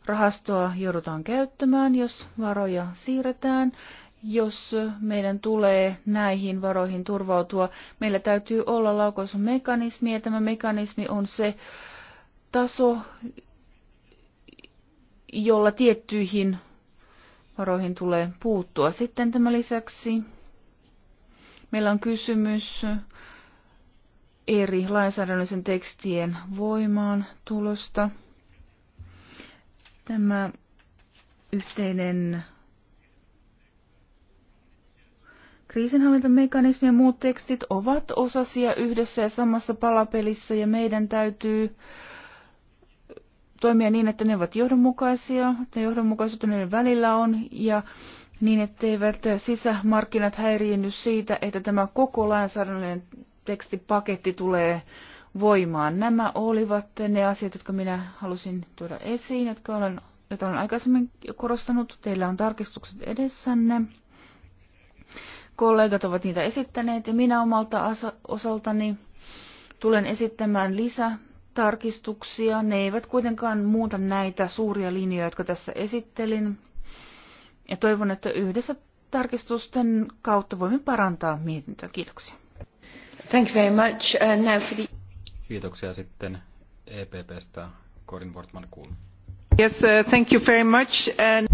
rahastoa joudutaan käyttämään, jos varoja siirretään, jos meidän tulee näihin varoihin turvautua, meillä täytyy olla laukaisun mekanismi, ja tämä mekanismi on se taso, jolla tiettyihin varoihin tulee puuttua. Sitten tämä lisäksi Meillä on kysymys eri lainsäädännöllisen tekstien voimaan tulosta. Tämä yhteinen kriisinhallintamekanismi ja muut tekstit ovat osasia yhdessä ja samassa palapelissä ja meidän täytyy toimia niin, että ne ovat johdonmukaisia, että johdonmukaisuutta niiden välillä on ja niin etteivät sisämarkkinat häiriinny siitä, että tämä koko lainsäädännöllinen tekstipaketti tulee voimaan. Nämä olivat ne asiat, jotka minä halusin tuoda esiin, jotka olen, joita olen aikaisemmin korostanut. Teillä on tarkistukset edessänne. Kollegat ovat niitä esittäneet ja minä omalta osaltani tulen esittämään lisää tarkistuksia. Ne eivät kuitenkaan muuta näitä suuria linjoja, jotka tässä esittelin. Ja toivon, että yhdessä tarkistusten kautta voimme parantaa mietintöä. Kiitoksia. Thank you very much. Uh, now for the... Kiitoksia sitten EPPstä Corin Wortman-Kuhl. Yes, uh, thank you very much. And...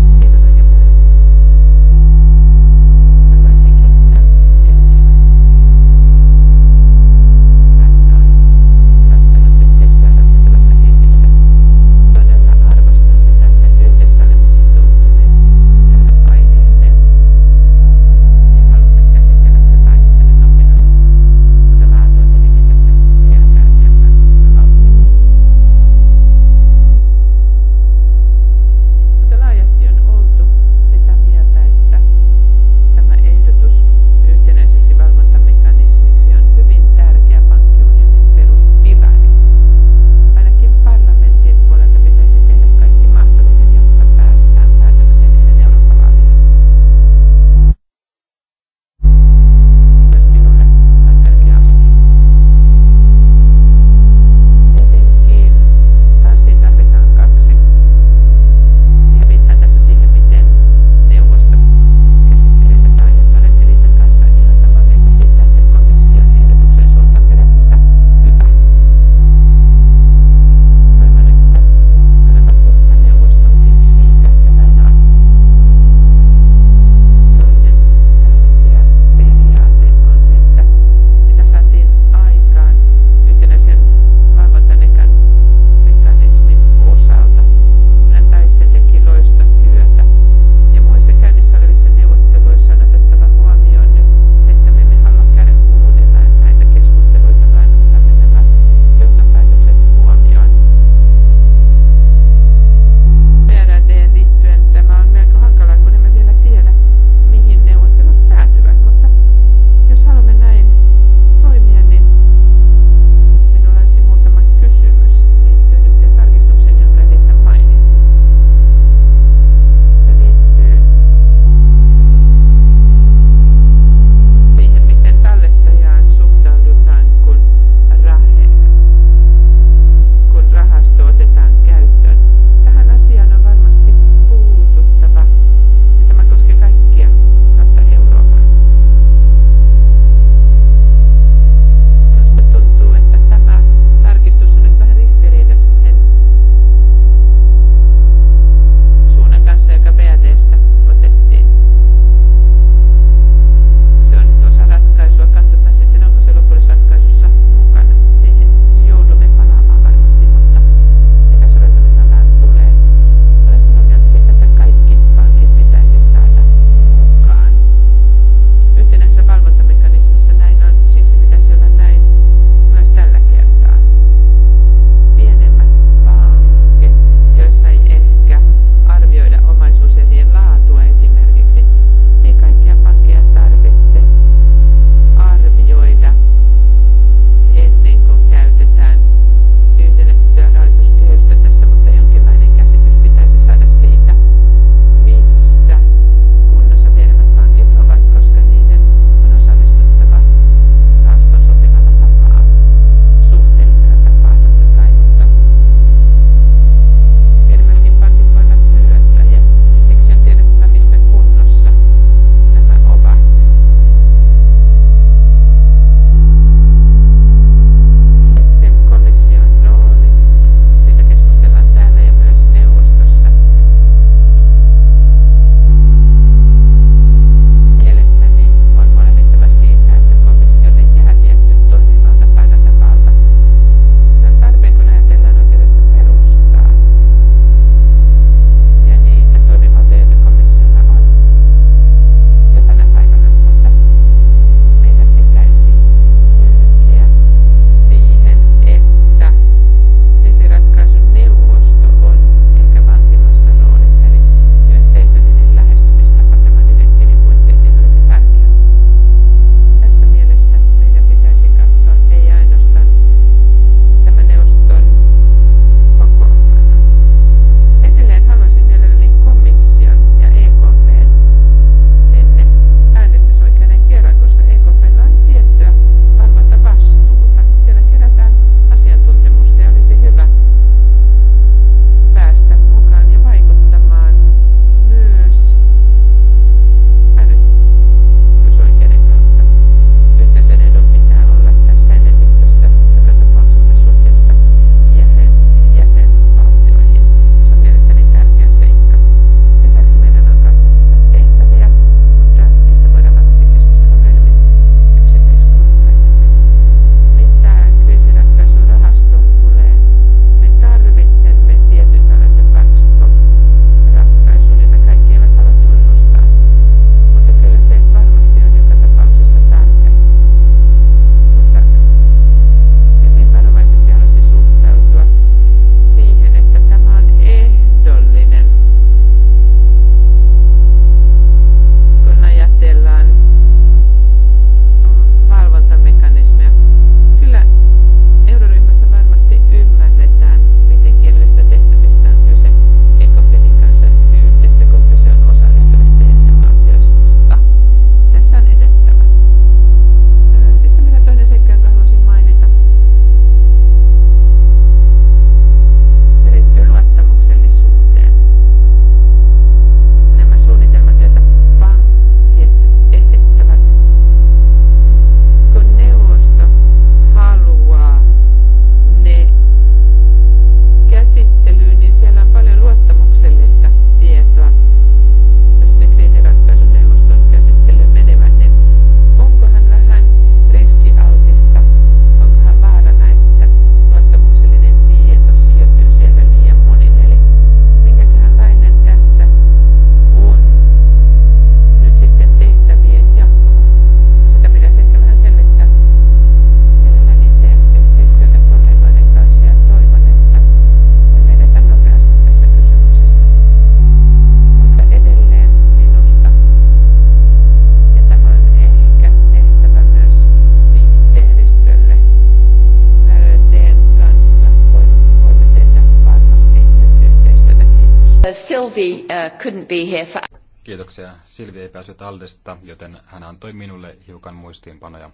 couldn't be here for... Kiitoksia. Silvi ei päässyt Aldesta, joten hän antoi minulle hiukan muistiinpanoja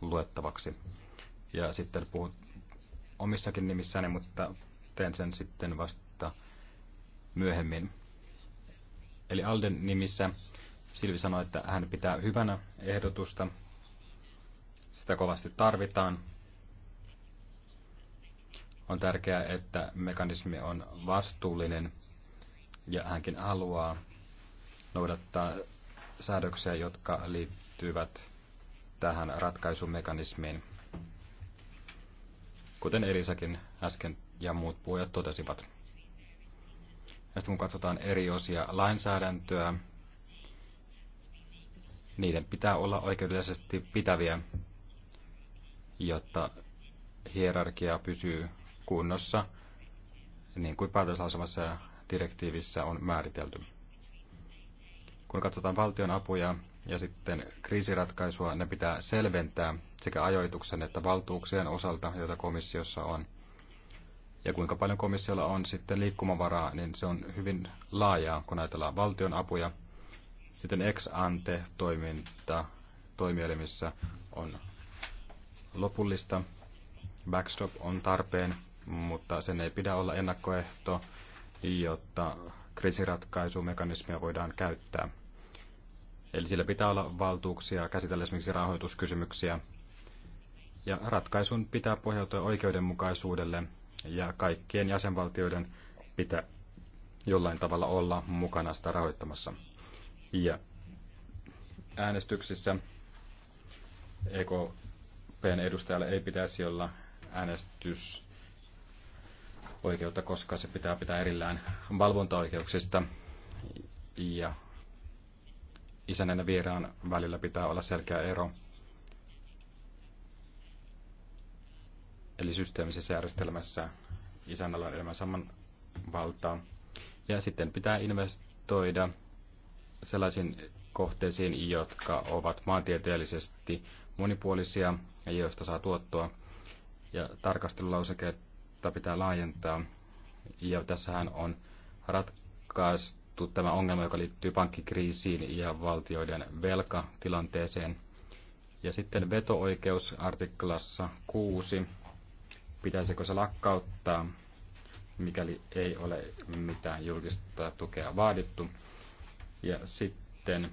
luettavaksi. Ja sitten puhun omissakin nimissäni, mutta teen sen sitten vasta myöhemmin. Eli Alden nimissä Silvi sanoi, että hän pitää hyvänä ehdotusta. Sitä kovasti tarvitaan. On tärkeää, että mekanismi on vastuullinen – ja hänkin haluaa noudattaa säädöksiä, jotka liittyvät tähän ratkaisumekanismiin, kuten Elisakin äsken ja muut puhujat totesivat. Ja sitten kun katsotaan eri osia lainsäädäntöä, niiden pitää olla oikeudellisesti pitäviä, jotta hierarkia pysyy kunnossa, niin kuin päätöslausemassa ja direktiivissä on määritelty. Kun katsotaan valtion apuja ja sitten kriisiratkaisua, ne pitää selventää sekä ajoituksen että valtuuksien osalta, joita komissiossa on. Ja kuinka paljon komissiolla on sitten liikkumavaraa, niin se on hyvin laajaa, kun ajatellaan valtion apuja. Sitten ex ante toiminta toimielimissä on lopullista. Backstop on tarpeen, mutta sen ei pidä olla ennakkoehto jotta kriisiratkaisumekanismia voidaan käyttää. Eli sillä pitää olla valtuuksia käsitellä esimerkiksi rahoituskysymyksiä. Ja ratkaisun pitää pohjautua oikeudenmukaisuudelle ja kaikkien jäsenvaltioiden pitää jollain tavalla olla mukana sitä rahoittamassa. Ja äänestyksissä EKPn edustajalle ei pitäisi olla äänestys oikeutta, koska se pitää pitää erillään valvontaoikeuksista ja isän ja vieraan välillä pitää olla selkeä ero. Eli systeemisessä järjestelmässä isännällä on enemmän saman valtaa. Ja sitten pitää investoida sellaisiin kohteisiin, jotka ovat maantieteellisesti monipuolisia ja joista saa tuottoa. Ja tarkastelulauseke asetusta pitää laajentaa. Ja tässähän on ratkaistu tämä ongelma, joka liittyy pankkikriisiin ja valtioiden velkatilanteeseen. Ja sitten veto-oikeus artiklassa 6. Pitäisikö se lakkauttaa, mikäli ei ole mitään julkista tukea vaadittu? Ja sitten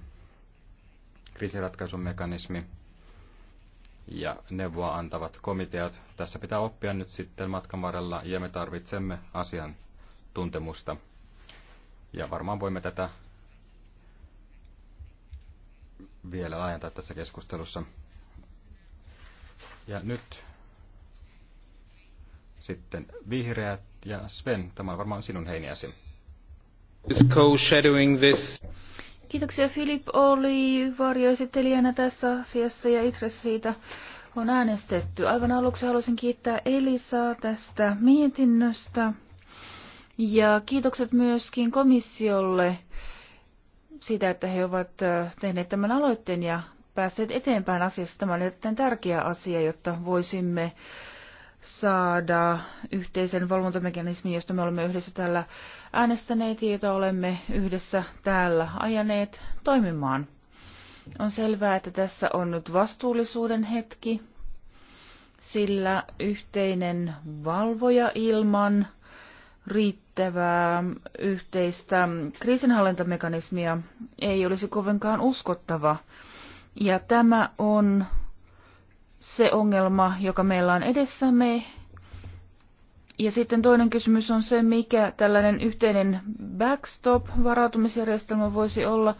kriisiratkaisumekanismi mekanismi ja neuvoa antavat komiteat. Tässä pitää oppia nyt sitten matkan varrella ja me tarvitsemme asian tuntemusta. Ja varmaan voimme tätä vielä laajentaa tässä keskustelussa. Ja nyt sitten vihreät ja Sven, tämä on varmaan sinun heiniäsi. This Kiitoksia Filip oli varjoesittelijänä tässä asiassa ja itse siitä on äänestetty. Aivan aluksi haluaisin kiittää Elisaa tästä mietinnöstä ja kiitokset myöskin komissiolle siitä, että he ovat äh, tehneet tämän aloitteen ja päässeet eteenpäin asiassa. Tämä oli tärkeä asia, jotta voisimme saada yhteisen valvontamekanismin, josta me olemme yhdessä täällä äänestäneet ja jota olemme yhdessä täällä ajaneet toimimaan. On selvää, että tässä on nyt vastuullisuuden hetki, sillä yhteinen valvoja ilman riittävää yhteistä kriisinhallintamekanismia ei olisi kovinkaan uskottava. Ja tämä on se ongelma, joka meillä on edessämme. Ja sitten toinen kysymys on se, mikä tällainen yhteinen backstop-varautumisjärjestelmä voisi olla.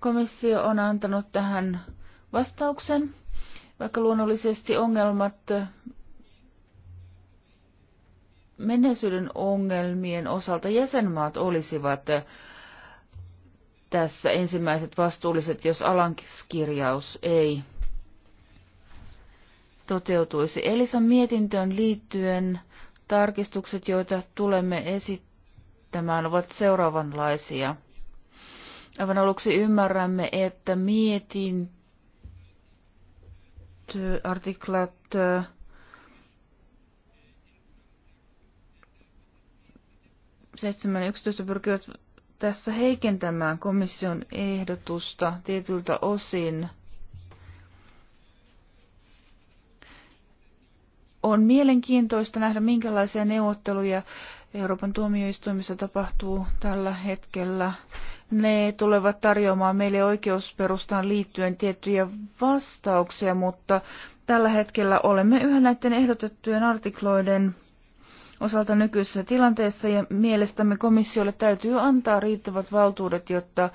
Komissio on antanut tähän vastauksen, vaikka luonnollisesti ongelmat menneisyyden ongelmien osalta jäsenmaat olisivat tässä ensimmäiset vastuulliset, jos alankirjaus ei toteutuisi. Elisan mietintöön liittyen tarkistukset, joita tulemme esittämään, ovat seuraavanlaisia. Aivan aluksi ymmärrämme, että mietintö, artiklat seitsemän ja pyrkivät tässä heikentämään komission ehdotusta tietyltä osin. on mielenkiintoista nähdä, minkälaisia neuvotteluja Euroopan tuomioistuimissa tapahtuu tällä hetkellä. Ne tulevat tarjoamaan meille oikeusperustaan liittyen tiettyjä vastauksia, mutta tällä hetkellä olemme yhä näiden ehdotettujen artikloiden osalta nykyisessä tilanteessa ja mielestämme komissiolle täytyy antaa riittävät valtuudet, jotta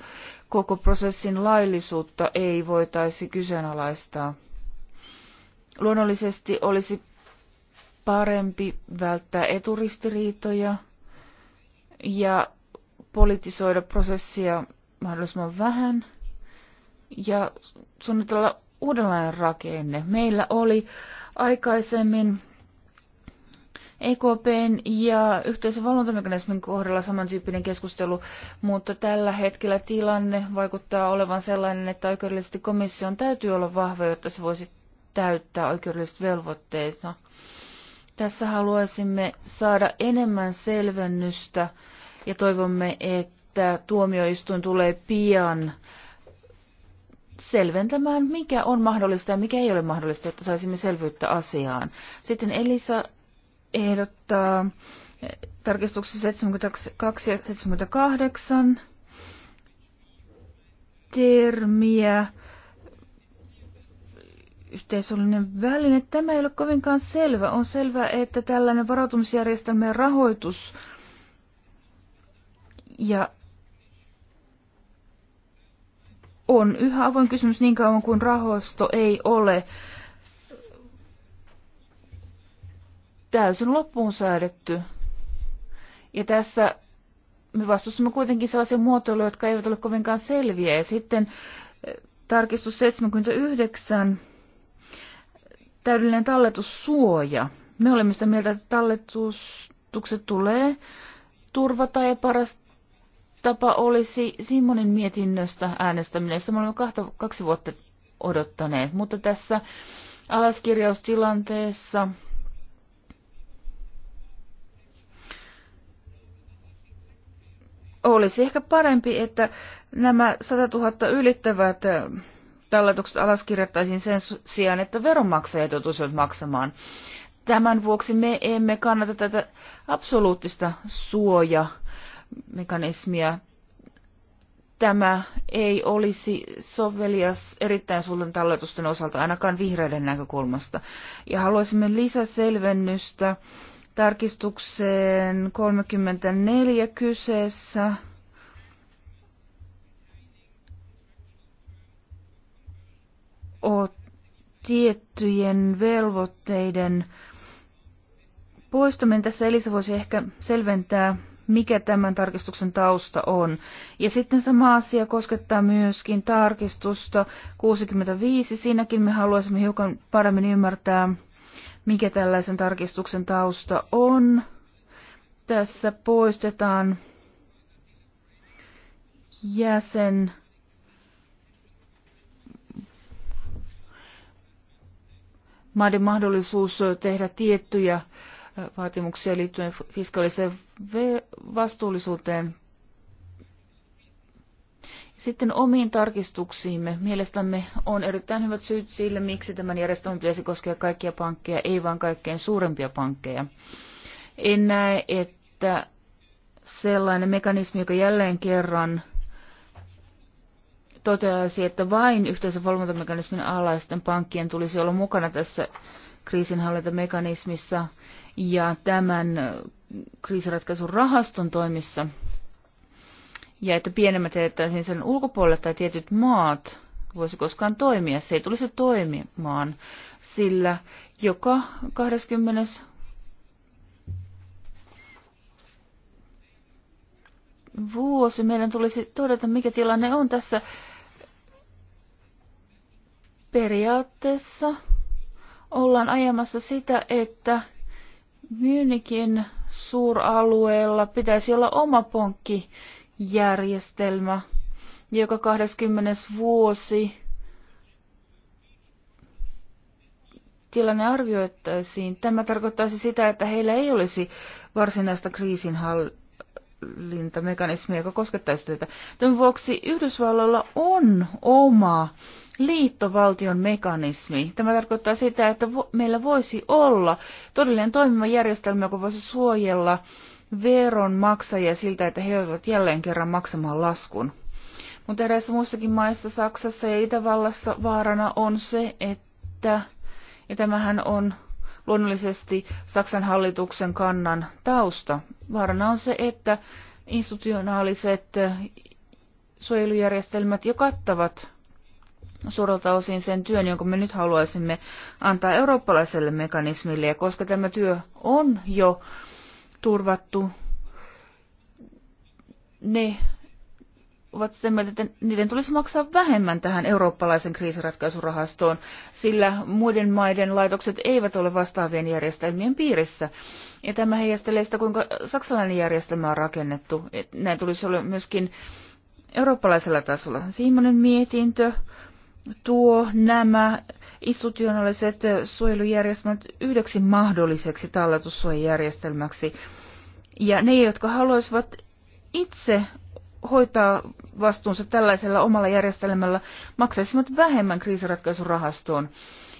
koko prosessin laillisuutta ei voitaisi kyseenalaistaa. Luonnollisesti olisi parempi välttää eturistiriitoja ja politisoida prosessia mahdollisimman vähän ja suunnitella uudenlainen rakenne. Meillä oli aikaisemmin EKPn ja yhteisen valvontamekanismin kohdalla samantyyppinen keskustelu, mutta tällä hetkellä tilanne vaikuttaa olevan sellainen, että oikeudellisesti komission täytyy olla vahva, jotta se voisi täyttää oikeudelliset velvoitteensa. Tässä haluaisimme saada enemmän selvennystä ja toivomme, että tuomioistuin tulee pian selventämään, mikä on mahdollista ja mikä ei ole mahdollista, jotta saisimme selvyyttä asiaan. Sitten Elisa ehdottaa tarkistuksessa 72 ja 78 termiä yhteisöllinen väline. Tämä ei ole kovinkaan selvä. On selvää, että tällainen varautumisjärjestelmä ja rahoitus ja on yhä avoin kysymys niin kauan kuin rahoisto ei ole täysin loppuun säädetty. Ja tässä me vastustamme kuitenkin sellaisia muotoiluja, jotka eivät ole kovinkaan selviä. Ja sitten eh, tarkistus 79 täydellinen talletussuoja. Me olemme sitä mieltä, että talletustukset tulee turvata ja paras tapa olisi Simonin mietinnöstä äänestäminen, Sitä me olemme kahta, kaksi vuotta odottaneet. Mutta tässä alaskirjaustilanteessa olisi ehkä parempi, että nämä 100 000 ylittävät talletukset alaskirjattaisiin sen sijaan, että veronmaksajat joutuisivat maksamaan. Tämän vuoksi me emme kannata tätä absoluuttista suojamekanismia. Tämä ei olisi sovelias erittäin suurten talletusten osalta, ainakaan vihreiden näkökulmasta. Ja haluaisimme lisäselvennystä tarkistukseen 34 kyseessä. ole tiettyjen velvoitteiden poistaminen. Tässä Elisa voisi ehkä selventää, mikä tämän tarkistuksen tausta on. Ja sitten sama asia koskettaa myöskin tarkistusta 65. Siinäkin me haluaisimme hiukan paremmin ymmärtää, mikä tällaisen tarkistuksen tausta on. Tässä poistetaan jäsen maiden mahdollisuus tehdä tiettyjä vaatimuksia liittyen fiskaaliseen vastuullisuuteen. Sitten omiin tarkistuksiimme. Mielestämme on erittäin hyvät syyt sille, miksi tämän järjestelmän pitäisi koskea kaikkia pankkeja, ei vain kaikkein suurempia pankkeja. En näe, että sellainen mekanismi, joka jälleen kerran toteaisi, että vain yhteisen valvontamekanismin alaisten pankkien tulisi olla mukana tässä kriisinhallintamekanismissa ja tämän kriisiratkaisun rahaston toimissa, ja että pienemmät jätettäisiin sen ulkopuolelle tai tietyt maat voisi koskaan toimia. Se ei tulisi toimimaan, sillä joka 20. vuosi meidän tulisi todeta, mikä tilanne on tässä Periaatteessa ollaan ajamassa sitä, että Myynikin suuralueella pitäisi olla oma pankkijärjestelmä, joka 20. vuosi tilanne arvioittaisiin. Tämä tarkoittaisi sitä, että heillä ei olisi varsinaista kriisinhallintaa hallintamekanismi, joka koskettaisi tätä. Tämän vuoksi Yhdysvalloilla on oma liittovaltion mekanismi. Tämä tarkoittaa sitä, että vo- meillä voisi olla todellinen toimiva järjestelmä, joka voisi suojella veronmaksajia siltä, että he joutuvat jälleen kerran maksamaan laskun. Mutta eräissä muissakin maissa, Saksassa ja Itävallassa, vaarana on se, että, ja tämähän on luonnollisesti Saksan hallituksen kannan tausta. Vaarana on se, että institutionaaliset eh, suojelujärjestelmät jo kattavat suurelta osin sen työn, jonka me nyt haluaisimme antaa eurooppalaiselle mekanismille. Ja koska tämä työ on jo turvattu, ne ovat sitä mieltä, että niiden tulisi maksaa vähemmän tähän eurooppalaisen kriisiratkaisurahastoon, sillä muiden maiden laitokset eivät ole vastaavien järjestelmien piirissä. Ja tämä heijastelee sitä, kuinka saksalainen järjestelmä on rakennettu. Näin tulisi olla myöskin eurooppalaisella tasolla. Siimonen mietintö tuo nämä institutionaaliset suojelujärjestelmät yhdeksi mahdolliseksi talletussuojajärjestelmäksi. Ja ne, jotka haluaisivat itse hoitaa vastuunsa tällaisella omalla järjestelmällä, maksaisivat vähemmän kriisiratkaisurahastoon.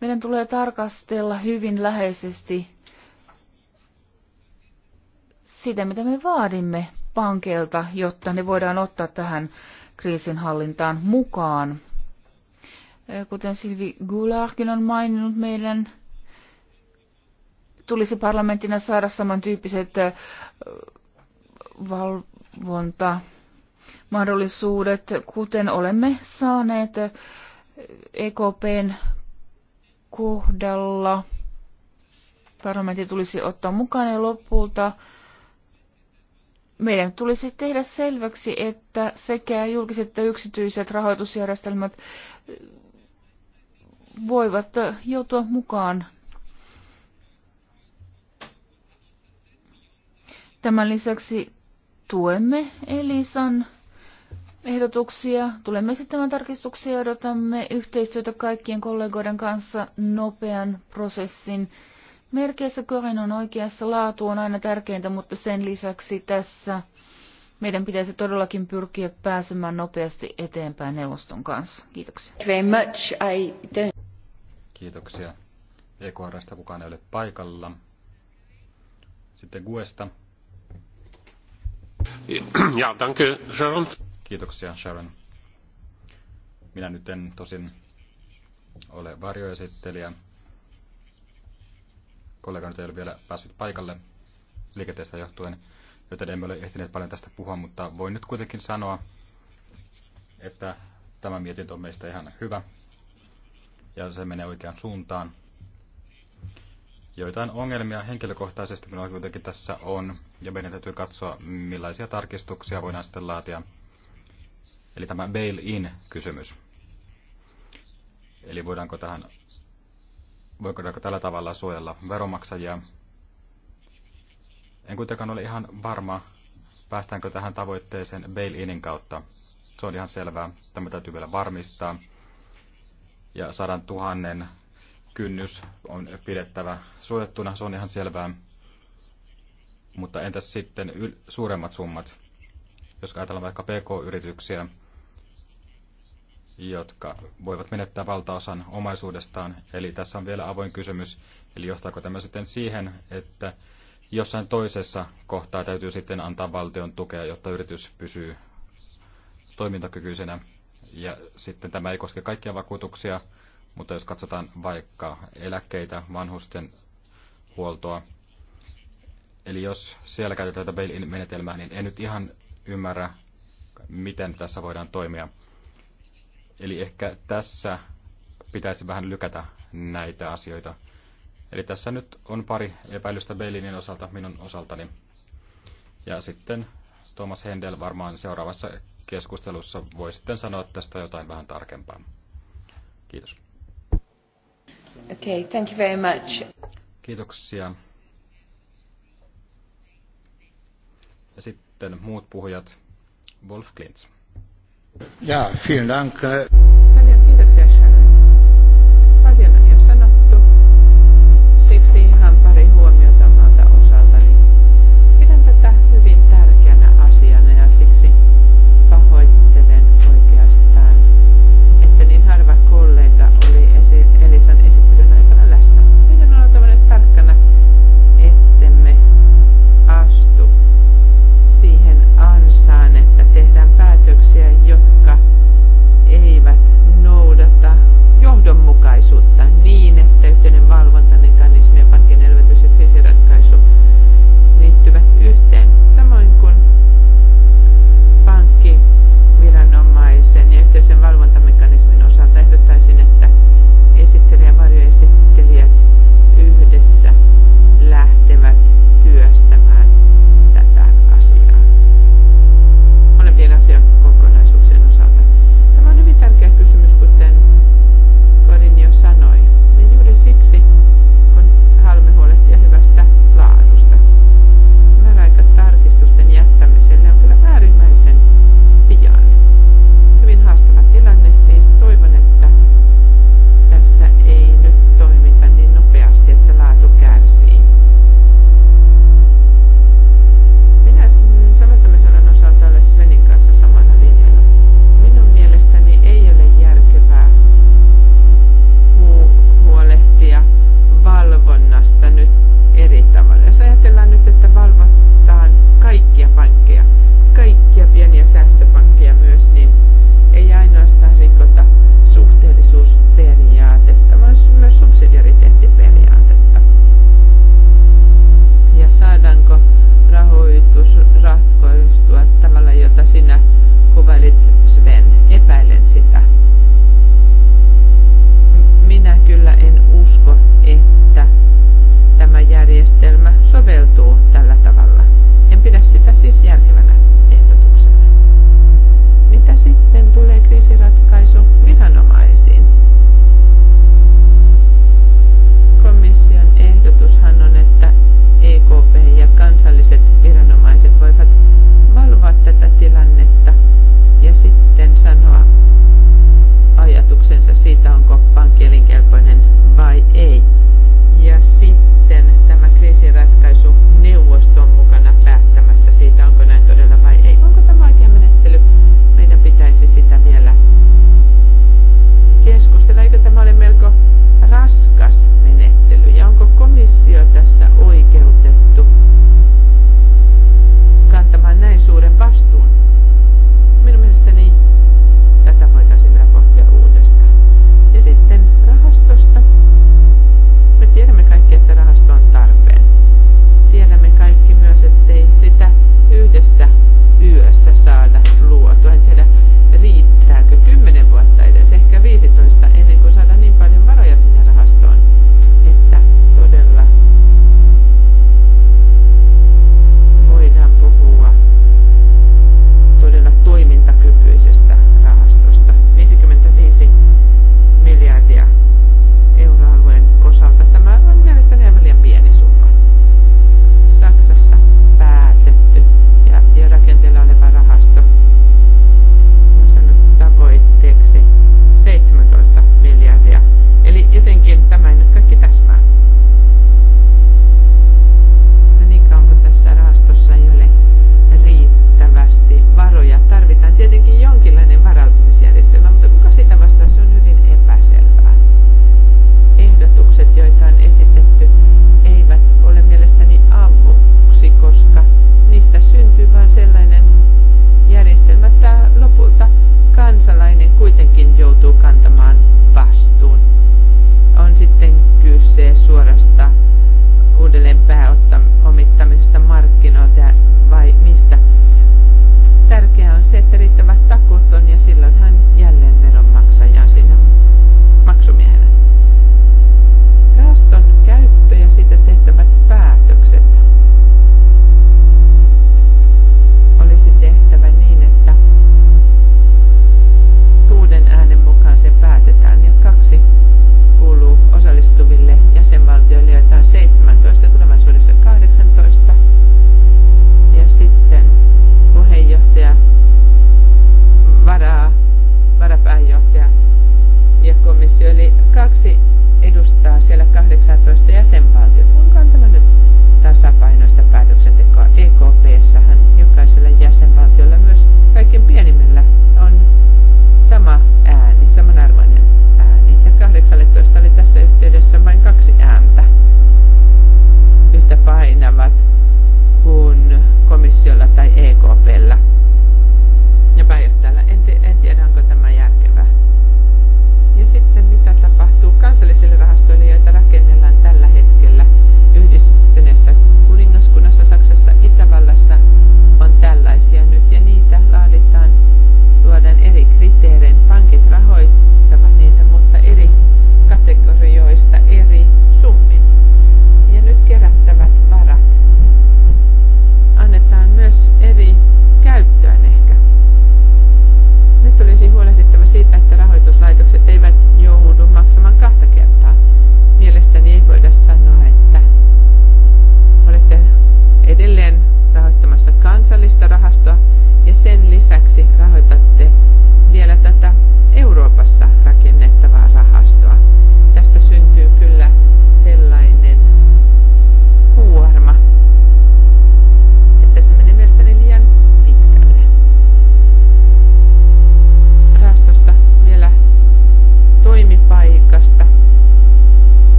Meidän tulee tarkastella hyvin läheisesti sitä, mitä me vaadimme pankeilta, jotta ne voidaan ottaa tähän kriisinhallintaan mukaan. Kuten Silvi Gulaarkin on maininnut, meidän tulisi parlamenttina saada samantyyppiset valvonta mahdollisuudet, kuten olemme saaneet EKPn kohdalla. Parlamentti tulisi ottaa mukaan ja lopulta meidän tulisi tehdä selväksi, että sekä julkiset että yksityiset rahoitusjärjestelmät voivat joutua mukaan Tämän lisäksi tuemme Elisan ehdotuksia. Tulemme esittämään tarkistuksia ja odotamme yhteistyötä kaikkien kollegoiden kanssa nopean prosessin merkeissä. Korin on oikeassa, laatu on aina tärkeintä, mutta sen lisäksi tässä meidän pitäisi todellakin pyrkiä pääsemään nopeasti eteenpäin neuvoston kanssa. Kiitoksia. Very much. Kiitoksia. EKRstä kukaan ei ole paikalla. Sitten Guesta. Ja, danke, Sharon. Kiitoksia Sharon. Minä nyt en tosin ole varjoesittelijä. Kollega nyt ei ole vielä päässyt paikalle liikenteestä johtuen, joten emme ole ehtineet paljon tästä puhua, mutta voin nyt kuitenkin sanoa, että tämä mietintö on meistä ihan hyvä ja se menee oikeaan suuntaan. Joitain ongelmia henkilökohtaisesti minulla kuitenkin tässä on, ja meidän täytyy katsoa, millaisia tarkistuksia voidaan sitten laatia – Eli tämä bail-in-kysymys. Eli voidaanko tähän, voidaanko tällä tavalla suojella veromaksajia? En kuitenkaan ole ihan varma, päästäänkö tähän tavoitteeseen bail-inin kautta. Se on ihan selvää. Tämä täytyy vielä varmistaa. Ja sadan tuhannen kynnys on pidettävä suojattuna, se on ihan selvää. Mutta entäs sitten suuremmat summat? Jos ajatellaan vaikka PK-yrityksiä, jotka voivat menettää valtaosan omaisuudestaan. Eli tässä on vielä avoin kysymys, eli johtaako tämä sitten siihen, että jossain toisessa kohtaa täytyy sitten antaa valtion tukea, jotta yritys pysyy toimintakykyisenä. Ja sitten tämä ei koske kaikkia vakuutuksia, mutta jos katsotaan vaikka eläkkeitä, vanhusten huoltoa, eli jos siellä käytetään tätä bail-in-menetelmää, niin en nyt ihan ymmärrä, miten tässä voidaan toimia. Eli ehkä tässä pitäisi vähän lykätä näitä asioita. Eli tässä nyt on pari epäilystä Bellinin osalta minun osaltani. Ja sitten Thomas Hendel varmaan seuraavassa keskustelussa voi sitten sanoa tästä jotain vähän tarkempaa. Kiitos. Okay, thank you very much. Kiitoksia. Ja sitten muut puhujat. Wolf Klintz. Ja, vielen Dank. Paljon kiitoksia,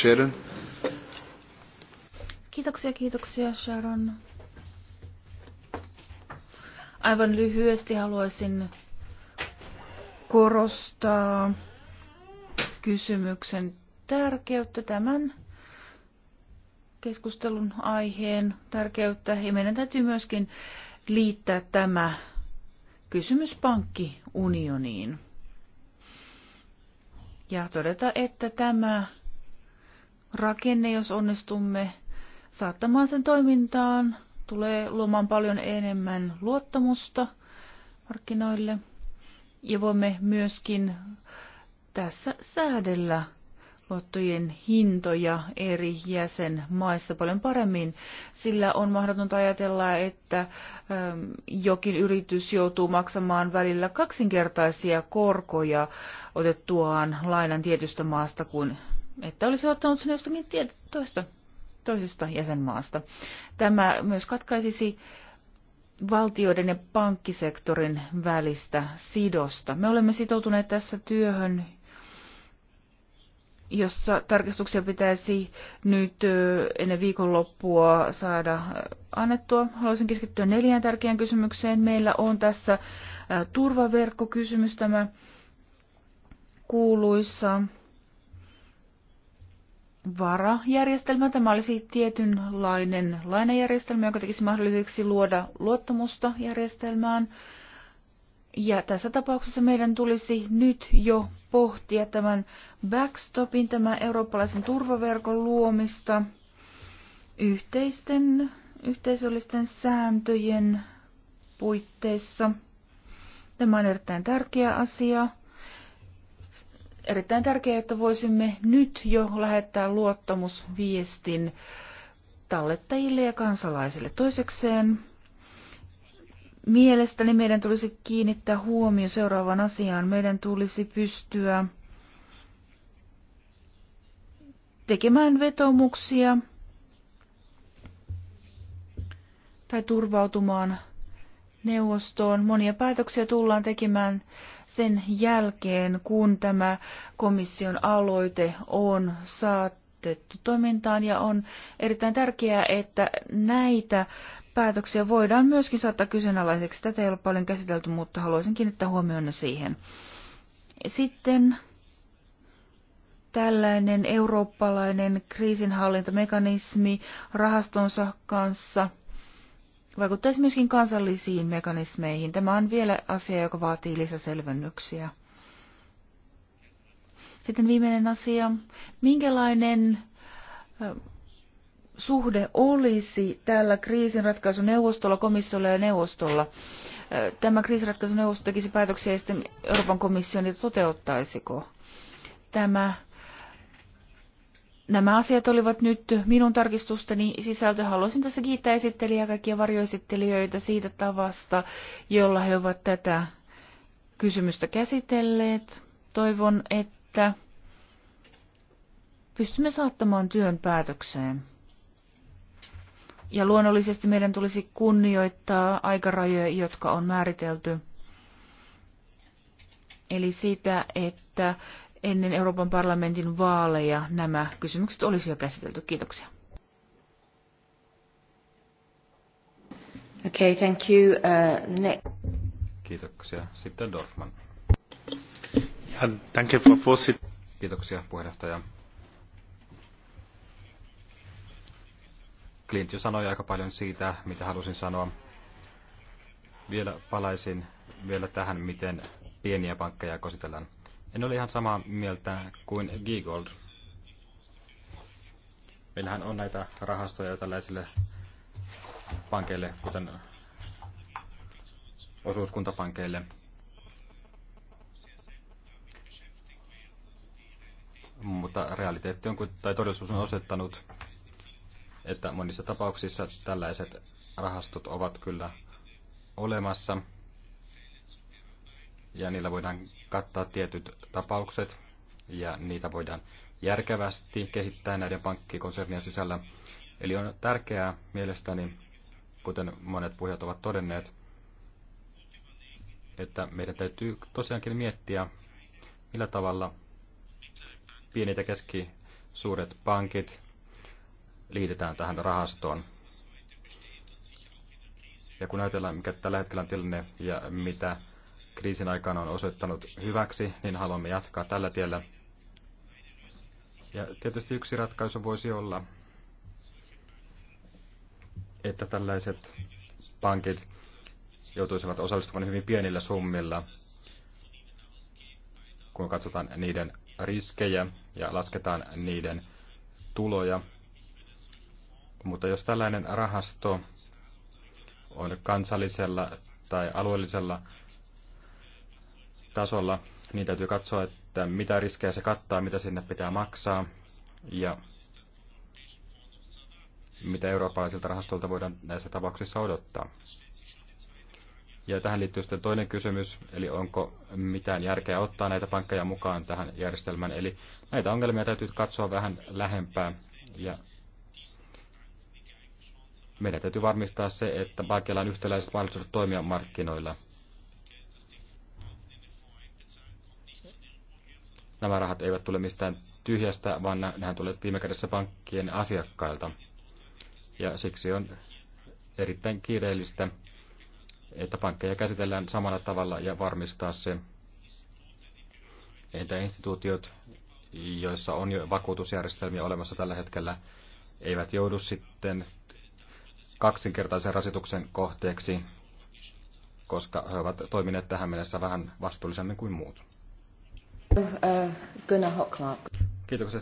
Sharon. Kiitoksia, kiitoksia Sharon. Aivan lyhyesti haluaisin korostaa kysymyksen tärkeyttä tämän keskustelun aiheen tärkeyttä ja meidän täytyy myöskin liittää tämä kysymys pankkiunioniin ja todeta, että tämä rakenne, jos onnistumme saattamaan sen toimintaan, tulee luomaan paljon enemmän luottamusta markkinoille. Ja voimme myöskin tässä säädellä luottojen hintoja eri jäsenmaissa paljon paremmin, sillä on mahdotonta ajatella, että ähm, jokin yritys joutuu maksamaan välillä kaksinkertaisia korkoja otettuaan lainan tietystä maasta kuin että olisi ottanut sen jostakin toista, toisesta jäsenmaasta. Tämä myös katkaisisi valtioiden ja pankkisektorin välistä sidosta. Me olemme sitoutuneet tässä työhön, jossa tarkistuksia pitäisi nyt ennen viikonloppua saada annettua. Haluaisin keskittyä neljään tärkeään kysymykseen. Meillä on tässä turvaverkkokysymys tämä kuuluissa varajärjestelmä. Tämä olisi tietynlainen lainajärjestelmä, joka tekisi mahdolliseksi luoda luottamusta järjestelmään. Ja tässä tapauksessa meidän tulisi nyt jo pohtia tämän backstopin, tämän eurooppalaisen turvaverkon luomista yhteisten, yhteisöllisten sääntöjen puitteissa. Tämä on erittäin tärkeä asia erittäin tärkeää, että voisimme nyt jo lähettää luottamusviestin tallettajille ja kansalaisille. Toisekseen mielestäni meidän tulisi kiinnittää huomio seuraavaan asiaan. Meidän tulisi pystyä tekemään vetomuksia tai turvautumaan neuvostoon. Monia päätöksiä tullaan tekemään sen jälkeen, kun tämä komission aloite on saatettu toimintaan ja on erittäin tärkeää, että näitä päätöksiä voidaan myöskin saattaa kyseenalaiseksi. Tätä ei ole paljon käsitelty, mutta haluaisin kiinnittää huomioon siihen. Sitten tällainen eurooppalainen kriisinhallintamekanismi rahastonsa kanssa – vaikuttaisi myöskin kansallisiin mekanismeihin. Tämä on vielä asia, joka vaatii lisäselvennyksiä. Sitten viimeinen asia. Minkälainen suhde olisi tällä kriisinratkaisuneuvostolla, komissiolla ja neuvostolla? Tämä kriisinratkaisuneuvosto tekisi päätöksiä ja sitten Euroopan komissio niitä toteuttaisiko? Tämä Nämä asiat olivat nyt minun tarkistusteni sisältö. Haluaisin tässä kiittää esittelijää ja kaikkia varjoesittelijöitä siitä tavasta, jolla he ovat tätä kysymystä käsitelleet. Toivon, että pystymme saattamaan työn päätökseen. Ja luonnollisesti meidän tulisi kunnioittaa aikarajoja, jotka on määritelty. Eli sitä, että ennen Euroopan parlamentin vaaleja nämä kysymykset olisi jo käsitelty. Kiitoksia. Okay, thank you. Uh, ne- Kiitoksia. Sitten Dorfman. Thank you, for Vorsitz. Kiitoksia, puheenjohtaja. Clint jo sanoi aika paljon siitä, mitä halusin sanoa. Vielä palaisin vielä tähän, miten pieniä pankkeja kositellaan. En ole ihan samaa mieltä kuin Gigold. Meillähän on näitä rahastoja tällaisille pankeille, kuten osuuskuntapankeille. Mutta realiteetti on, tai todellisuus on osoittanut, että monissa tapauksissa tällaiset rahastot ovat kyllä olemassa – ja niillä voidaan kattaa tietyt tapaukset ja niitä voidaan järkevästi kehittää näiden pankkikonsernien sisällä. Eli on tärkeää mielestäni, kuten monet puhujat ovat todenneet, että meidän täytyy tosiaankin miettiä, millä tavalla pienet ja keskisuuret pankit liitetään tähän rahastoon. Ja kun ajatellaan, mikä tällä hetkellä on tilanne ja mitä kriisin aikana on osoittanut hyväksi, niin haluamme jatkaa tällä tiellä. Ja tietysti yksi ratkaisu voisi olla, että tällaiset pankit joutuisivat osallistumaan hyvin pienillä summilla, kun katsotaan niiden riskejä ja lasketaan niiden tuloja. Mutta jos tällainen rahasto on kansallisella tai alueellisella tasolla, niin täytyy katsoa, että mitä riskejä se kattaa, mitä sinne pitää maksaa ja mitä eurooppalaisilta rahastolta voidaan näissä tapauksissa odottaa. Ja tähän liittyy sitten toinen kysymys, eli onko mitään järkeä ottaa näitä pankkeja mukaan tähän järjestelmään. Eli näitä ongelmia täytyy katsoa vähän lähempää ja meidän täytyy varmistaa se, että pankkeilla on yhtäläiset mahdollisuudet toimia markkinoilla. nämä rahat eivät tule mistään tyhjästä, vaan nehän tulee viime kädessä pankkien asiakkailta. Ja siksi on erittäin kiireellistä, että pankkeja käsitellään samalla tavalla ja varmistaa se, että instituutiot, joissa on jo vakuutusjärjestelmiä olemassa tällä hetkellä, eivät joudu sitten kaksinkertaisen rasituksen kohteeksi, koska he ovat toimineet tähän mennessä vähän vastuullisemmin kuin muut. Kiitos Hockmark. Kiitoksia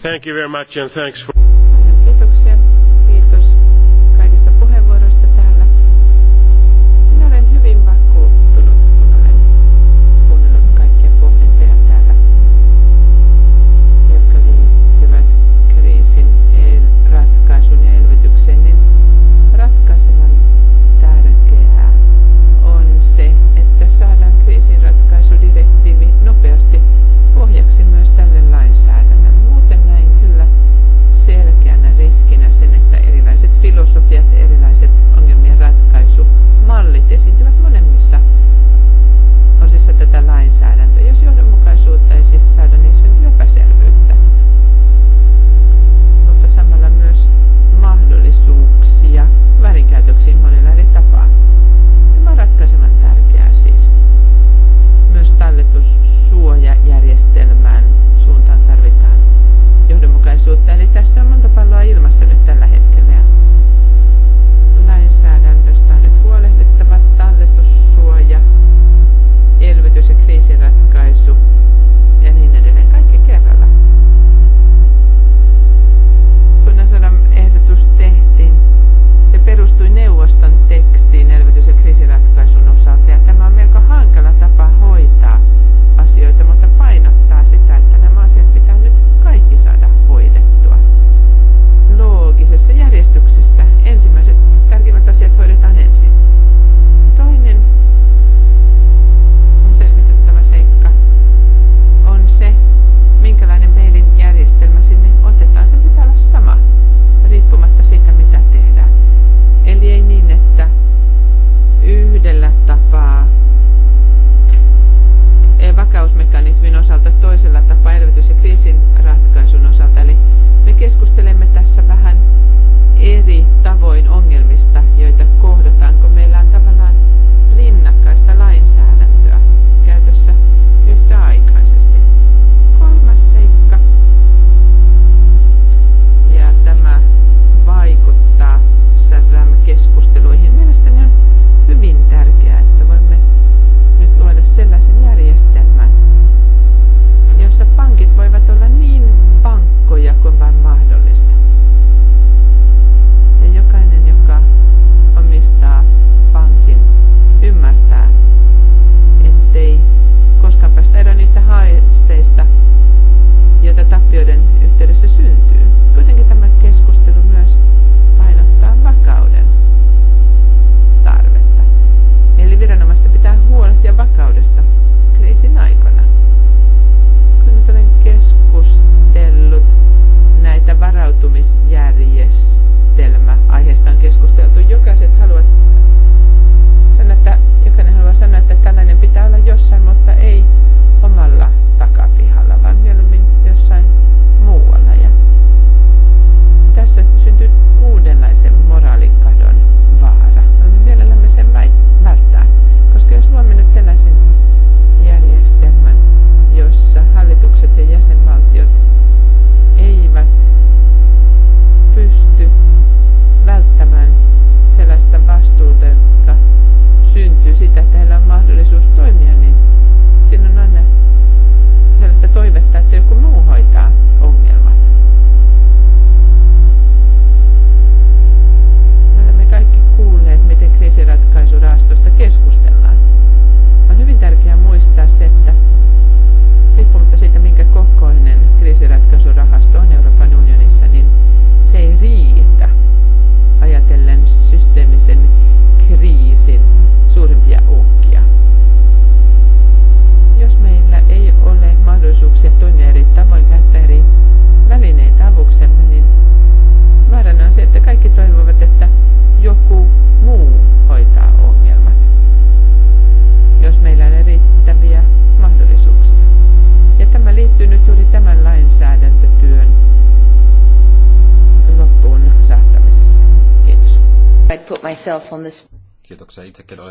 Thank you very much and thanks for...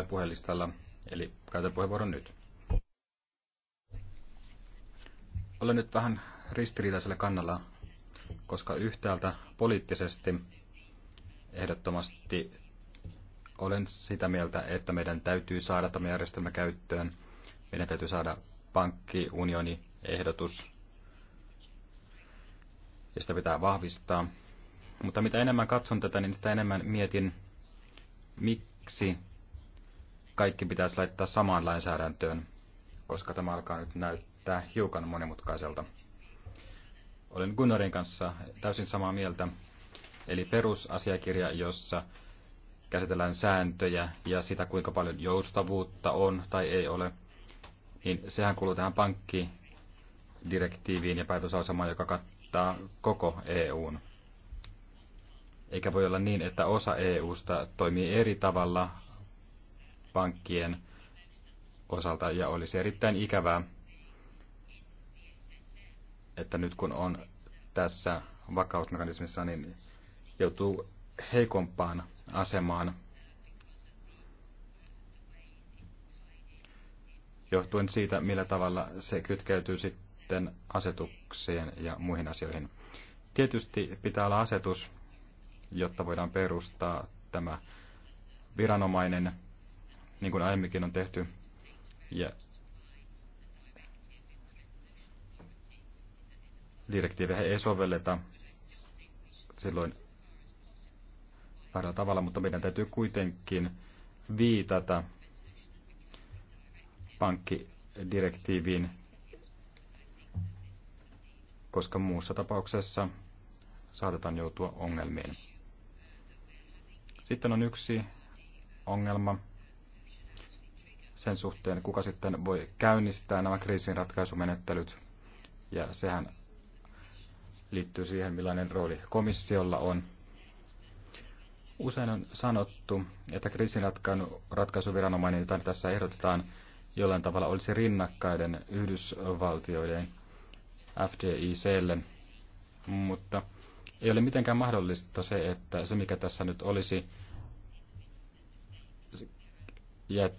ole puhelistalla, eli käytän puheenvuoron nyt. Olen nyt vähän ristiriitaisella kannalla, koska yhtäältä poliittisesti ehdottomasti olen sitä mieltä, että meidän täytyy saada tämä järjestelmä käyttöön. Meidän täytyy saada pankkiunioni ehdotus ja sitä pitää vahvistaa. Mutta mitä enemmän katson tätä, niin sitä enemmän mietin, miksi kaikki pitäisi laittaa samaan lainsäädäntöön, koska tämä alkaa nyt näyttää hiukan monimutkaiselta. Olen Gunnarin kanssa täysin samaa mieltä. Eli perusasiakirja, jossa käsitellään sääntöjä ja sitä, kuinka paljon joustavuutta on tai ei ole, niin sehän kuuluu tähän pankkidirektiiviin ja päätösasemaan, joka kattaa koko EUn. Eikä voi olla niin, että osa EUsta toimii eri tavalla pankkien osalta ja olisi erittäin ikävää, että nyt kun on tässä vakausmekanismissa, niin joutuu heikompaan asemaan johtuen siitä, millä tavalla se kytkeytyy sitten asetukseen ja muihin asioihin. Tietysti pitää olla asetus, jotta voidaan perustaa tämä viranomainen, niin kuin aiemminkin on tehty. Ja direktiivejä ei sovelleta silloin väärällä tavalla, mutta meidän täytyy kuitenkin viitata pankkidirektiiviin, koska muussa tapauksessa saatetaan joutua ongelmiin. Sitten on yksi ongelma, sen suhteen, kuka sitten voi käynnistää nämä kriisinratkaisumenettelyt. Ja sehän liittyy siihen, millainen rooli komissiolla on. Usein on sanottu, että kriisinratkaisuviranomainen, jota tässä ehdotetaan, jollain tavalla olisi rinnakkaiden Yhdysvaltioiden FDIClle, mutta ei ole mitenkään mahdollista se, että se mikä tässä nyt olisi, ja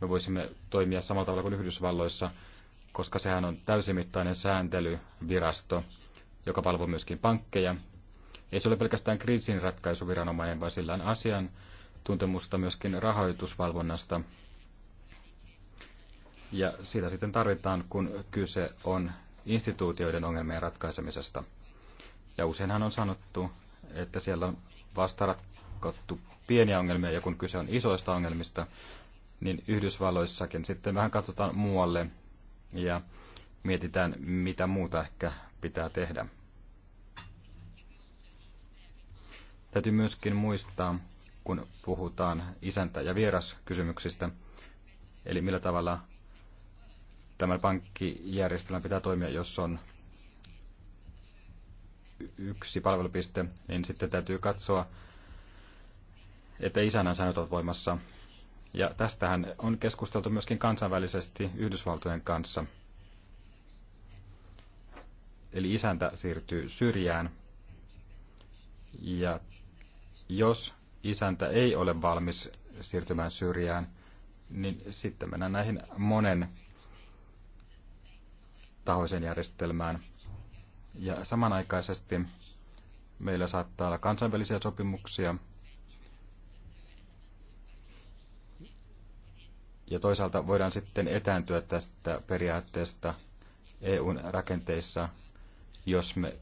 me voisimme toimia samalla tavalla kuin Yhdysvalloissa, koska sehän on täysimittainen sääntelyvirasto, joka palvoo myöskin pankkeja. Ei se ole pelkästään kriisinratkaisuviranomainen, vaan sillä on asian tuntemusta myöskin rahoitusvalvonnasta. Ja sitä sitten tarvitaan, kun kyse on instituutioiden ongelmien ratkaisemisesta. Ja useinhan on sanottu, että siellä on vastaratkottu pieniä ongelmia, ja kun kyse on isoista ongelmista, niin Yhdysvalloissakin sitten vähän katsotaan muualle ja mietitään, mitä muuta ehkä pitää tehdä. Täytyy myöskin muistaa, kun puhutaan isäntä- ja vieraskysymyksistä, eli millä tavalla tämä pankkijärjestelmä pitää toimia, jos on yksi palvelupiste, niin sitten täytyy katsoa, että isännän säännöt ovat voimassa ja tästähän on keskusteltu myöskin kansainvälisesti Yhdysvaltojen kanssa. Eli isäntä siirtyy syrjään. Ja jos isäntä ei ole valmis siirtymään syrjään, niin sitten mennään näihin monen tahoisen järjestelmään. Ja samanaikaisesti meillä saattaa olla kansainvälisiä sopimuksia – Ja toisaalta voidaan sitten etääntyä tästä periaatteesta EUn rakenteissa, jos me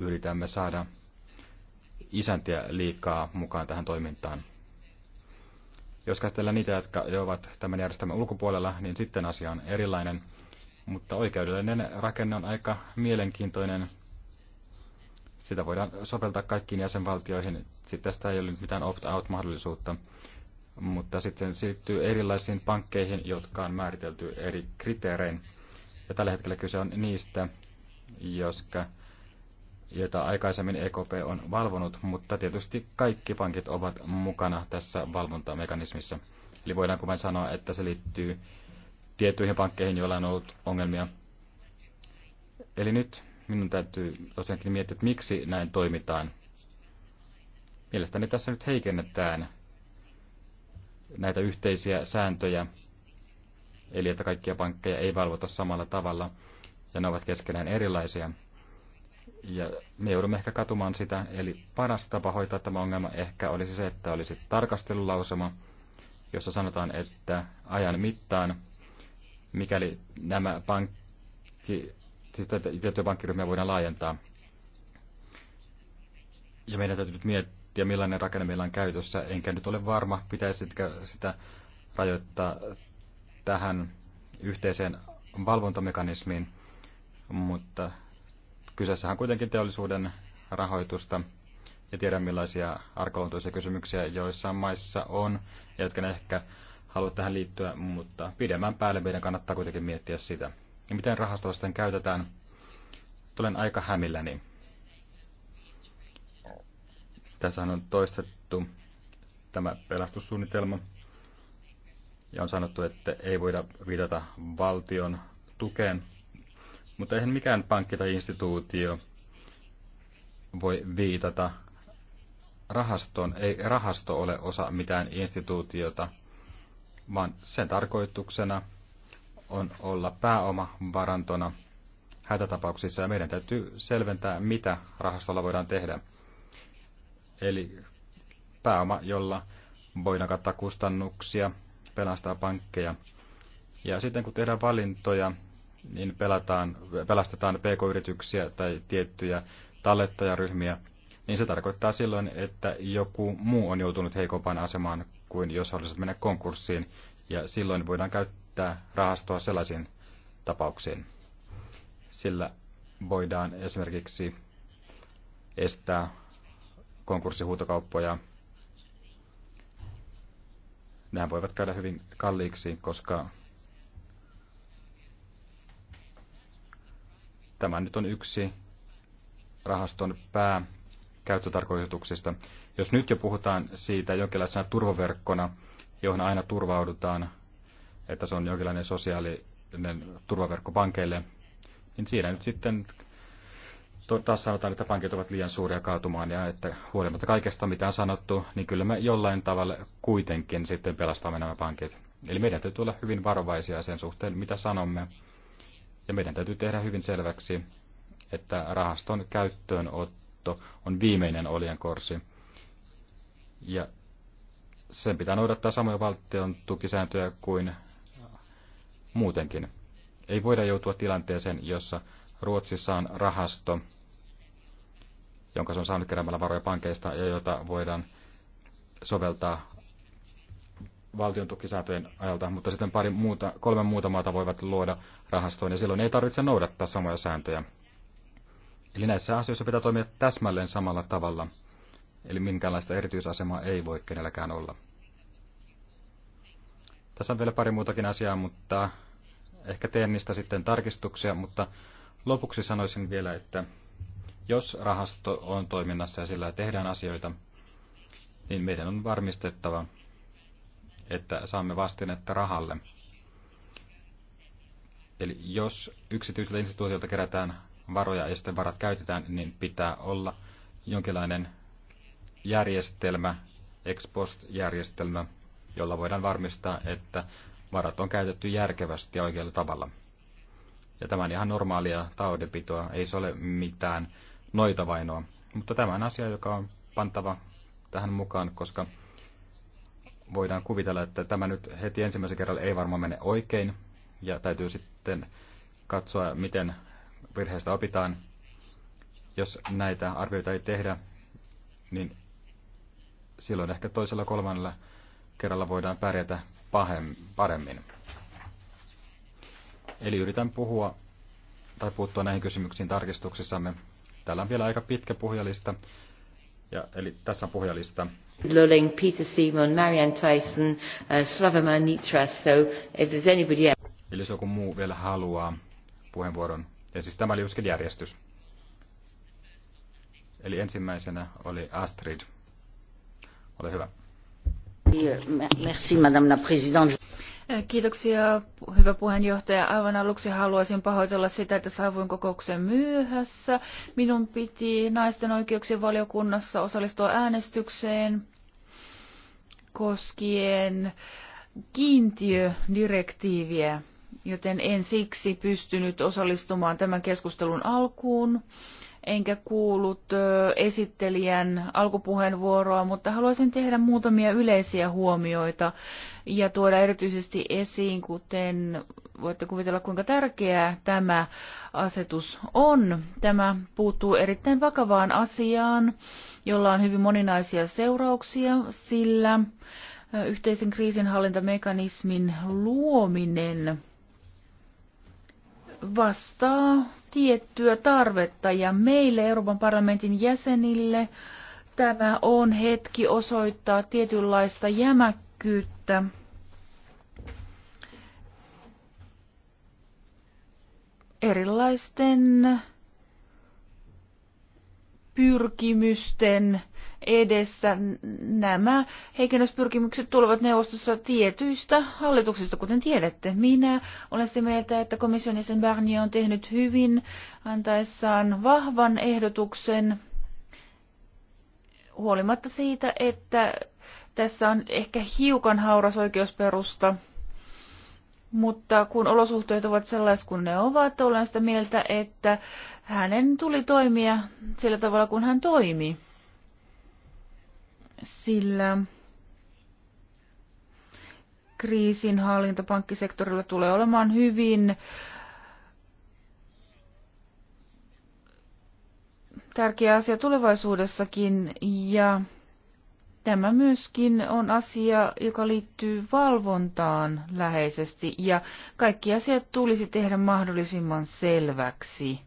yritämme saada isäntiä liikaa mukaan tähän toimintaan. Jos käsitellään niitä, jotka ovat tämän järjestelmän ulkopuolella, niin sitten asia on erilainen. Mutta oikeudellinen rakenne on aika mielenkiintoinen. Sitä voidaan soveltaa kaikkiin jäsenvaltioihin. Sitten tästä ei ole mitään opt-out-mahdollisuutta mutta sitten se siirtyy erilaisiin pankkeihin, jotka on määritelty eri kriteerein. Ja tällä hetkellä kyse on niistä, joska, joita aikaisemmin EKP on valvonut, mutta tietysti kaikki pankit ovat mukana tässä valvontamekanismissa. Eli voidaanko vain sanoa, että se liittyy tiettyihin pankkeihin, joilla on ollut ongelmia. Eli nyt minun täytyy tosiaankin miettiä, että miksi näin toimitaan. Mielestäni tässä nyt heikennetään näitä yhteisiä sääntöjä, eli että kaikkia pankkeja ei valvota samalla tavalla ja ne ovat keskenään erilaisia. Ja me joudumme ehkä katumaan sitä, eli paras tapa hoitaa tämä ongelma ehkä olisi se, että olisi tarkastelulausema, jossa sanotaan, että ajan mittaan, mikäli nämä pankki, siis tiettyjä pankkiryhmiä voidaan laajentaa. Ja meidän täytyy nyt miettiä, ja millainen rakenne meillä on käytössä. Enkä nyt ole varma, pitäisikö sitä rajoittaa tähän yhteiseen valvontamekanismiin, mutta kyseessähän kuitenkin teollisuuden rahoitusta ja tiedän millaisia arkaluontoisia kysymyksiä joissain maissa on, ja jotka ne ehkä halua tähän liittyä, mutta pidemmän päälle meidän kannattaa kuitenkin miettiä sitä. Ja miten rahastoa sitten käytetään? Tulen aika hämilläni. Tässä on toistettu tämä pelastussuunnitelma ja on sanottu, että ei voida viitata valtion tukeen, mutta eihän mikään pankki tai instituutio voi viitata rahastoon. Ei rahasto ole osa mitään instituutiota, vaan sen tarkoituksena on olla pääoma varantona hätätapauksissa ja meidän täytyy selventää, mitä rahastolla voidaan tehdä eli pääoma, jolla voidaan kattaa kustannuksia, pelastaa pankkeja. Ja sitten kun tehdään valintoja, niin pelataan, pelastetaan pk-yrityksiä tai tiettyjä tallettajaryhmiä, niin se tarkoittaa silloin, että joku muu on joutunut heikompaan asemaan kuin jos haluaisit mennä konkurssiin, ja silloin voidaan käyttää rahastoa sellaisiin tapauksiin. Sillä voidaan esimerkiksi estää konkurssihuutokauppoja. Nämä voivat käydä hyvin kalliiksi, koska tämä nyt on yksi rahaston pääkäyttötarkoituksista. Jos nyt jo puhutaan siitä jonkinlaisena turvaverkkona, johon aina turvaudutaan, että se on jonkinlainen sosiaalinen turvaverkko pankeille, niin siinä nyt sitten taas sanotaan, että pankit ovat liian suuria kaatumaan ja että huolimatta kaikesta, mitä on sanottu, niin kyllä me jollain tavalla kuitenkin sitten pelastamme nämä pankit. Eli meidän täytyy olla hyvin varovaisia sen suhteen, mitä sanomme. Ja meidän täytyy tehdä hyvin selväksi, että rahaston käyttöönotto on viimeinen oljenkorsi. Ja sen pitää noudattaa samoja valtion tukisääntöjä kuin muutenkin. Ei voida joutua tilanteeseen, jossa Ruotsissa on rahasto, jonka se on saanut keräämällä varoja pankeista ja jota voidaan soveltaa valtion tukisääntöjen ajalta, mutta sitten pari muuta, kolme muuta maata voivat luoda rahastoon ja silloin ei tarvitse noudattaa samoja sääntöjä. Eli näissä asioissa pitää toimia täsmälleen samalla tavalla, eli minkäänlaista erityisasemaa ei voi kenelläkään olla. Tässä on vielä pari muutakin asiaa, mutta ehkä teen niistä sitten tarkistuksia, mutta lopuksi sanoisin vielä, että jos rahasto on toiminnassa ja sillä tehdään asioita, niin meidän on varmistettava, että saamme vastinetta rahalle. Eli jos yksityisiltä instituutiolta kerätään varoja ja sitten varat käytetään, niin pitää olla jonkinlainen järjestelmä, ex post-järjestelmä, jolla voidaan varmistaa, että varat on käytetty järkevästi ja oikealla tavalla. Ja tämä on ihan normaalia taudepitoa, ei se ole mitään noita vainoa. Mutta tämä on asia, joka on pantava tähän mukaan, koska voidaan kuvitella, että tämä nyt heti ensimmäisen kerralla ei varmaan mene oikein, ja täytyy sitten katsoa, miten virheestä opitaan. Jos näitä arvioita ei tehdä, niin silloin ehkä toisella kolmannella kerralla voidaan pärjätä paremmin. Eli yritän puhua tai puuttua näihin kysymyksiin tarkistuksissamme, Täällä on vielä aika pitkä puhujalista. Ja, eli tässä on puhujalista. Lulling, Peter Simon, Marianne Tyson, uh, Slavoma Nitra, so if there's anybody else. Eli jos joku muu vielä haluaa puheenvuoron. Ja siis tämä oli uskin järjestys. Eli ensimmäisenä oli Astrid. Ole hyvä. Merci, madame la présidente. Kiitoksia, hyvä puheenjohtaja. Aivan aluksi haluaisin pahoitella sitä, että saavuin kokouksen myöhässä. Minun piti naisten oikeuksien valiokunnassa osallistua äänestykseen koskien kiintiödirektiiviä, joten en siksi pystynyt osallistumaan tämän keskustelun alkuun enkä kuullut esittelijän alkupuheenvuoroa, mutta haluaisin tehdä muutamia yleisiä huomioita ja tuoda erityisesti esiin, kuten voitte kuvitella, kuinka tärkeää tämä asetus on. Tämä puuttuu erittäin vakavaan asiaan, jolla on hyvin moninaisia seurauksia, sillä yhteisen kriisinhallintamekanismin luominen vastaa tiettyä tarvetta ja meille Euroopan parlamentin jäsenille tämä on hetki osoittaa tietynlaista jämäkkyyttä. erilaisten pyrkimysten edessä nämä heikennyspyrkimykset tulevat neuvostossa tietyistä hallituksista, kuten tiedätte. Minä olen sitä mieltä, että komission jäsen Barnier on tehnyt hyvin antaessaan vahvan ehdotuksen huolimatta siitä, että tässä on ehkä hiukan hauras oikeusperusta – mutta kun olosuhteet ovat sellaiset kuin ne ovat, olen sitä mieltä, että hänen tuli toimia sillä tavalla kuin hän toimi. Sillä kriisin hallinta pankkisektorilla tulee olemaan hyvin tärkeä asia tulevaisuudessakin ja Tämä myöskin on asia, joka liittyy valvontaan läheisesti ja kaikki asiat tulisi tehdä mahdollisimman selväksi.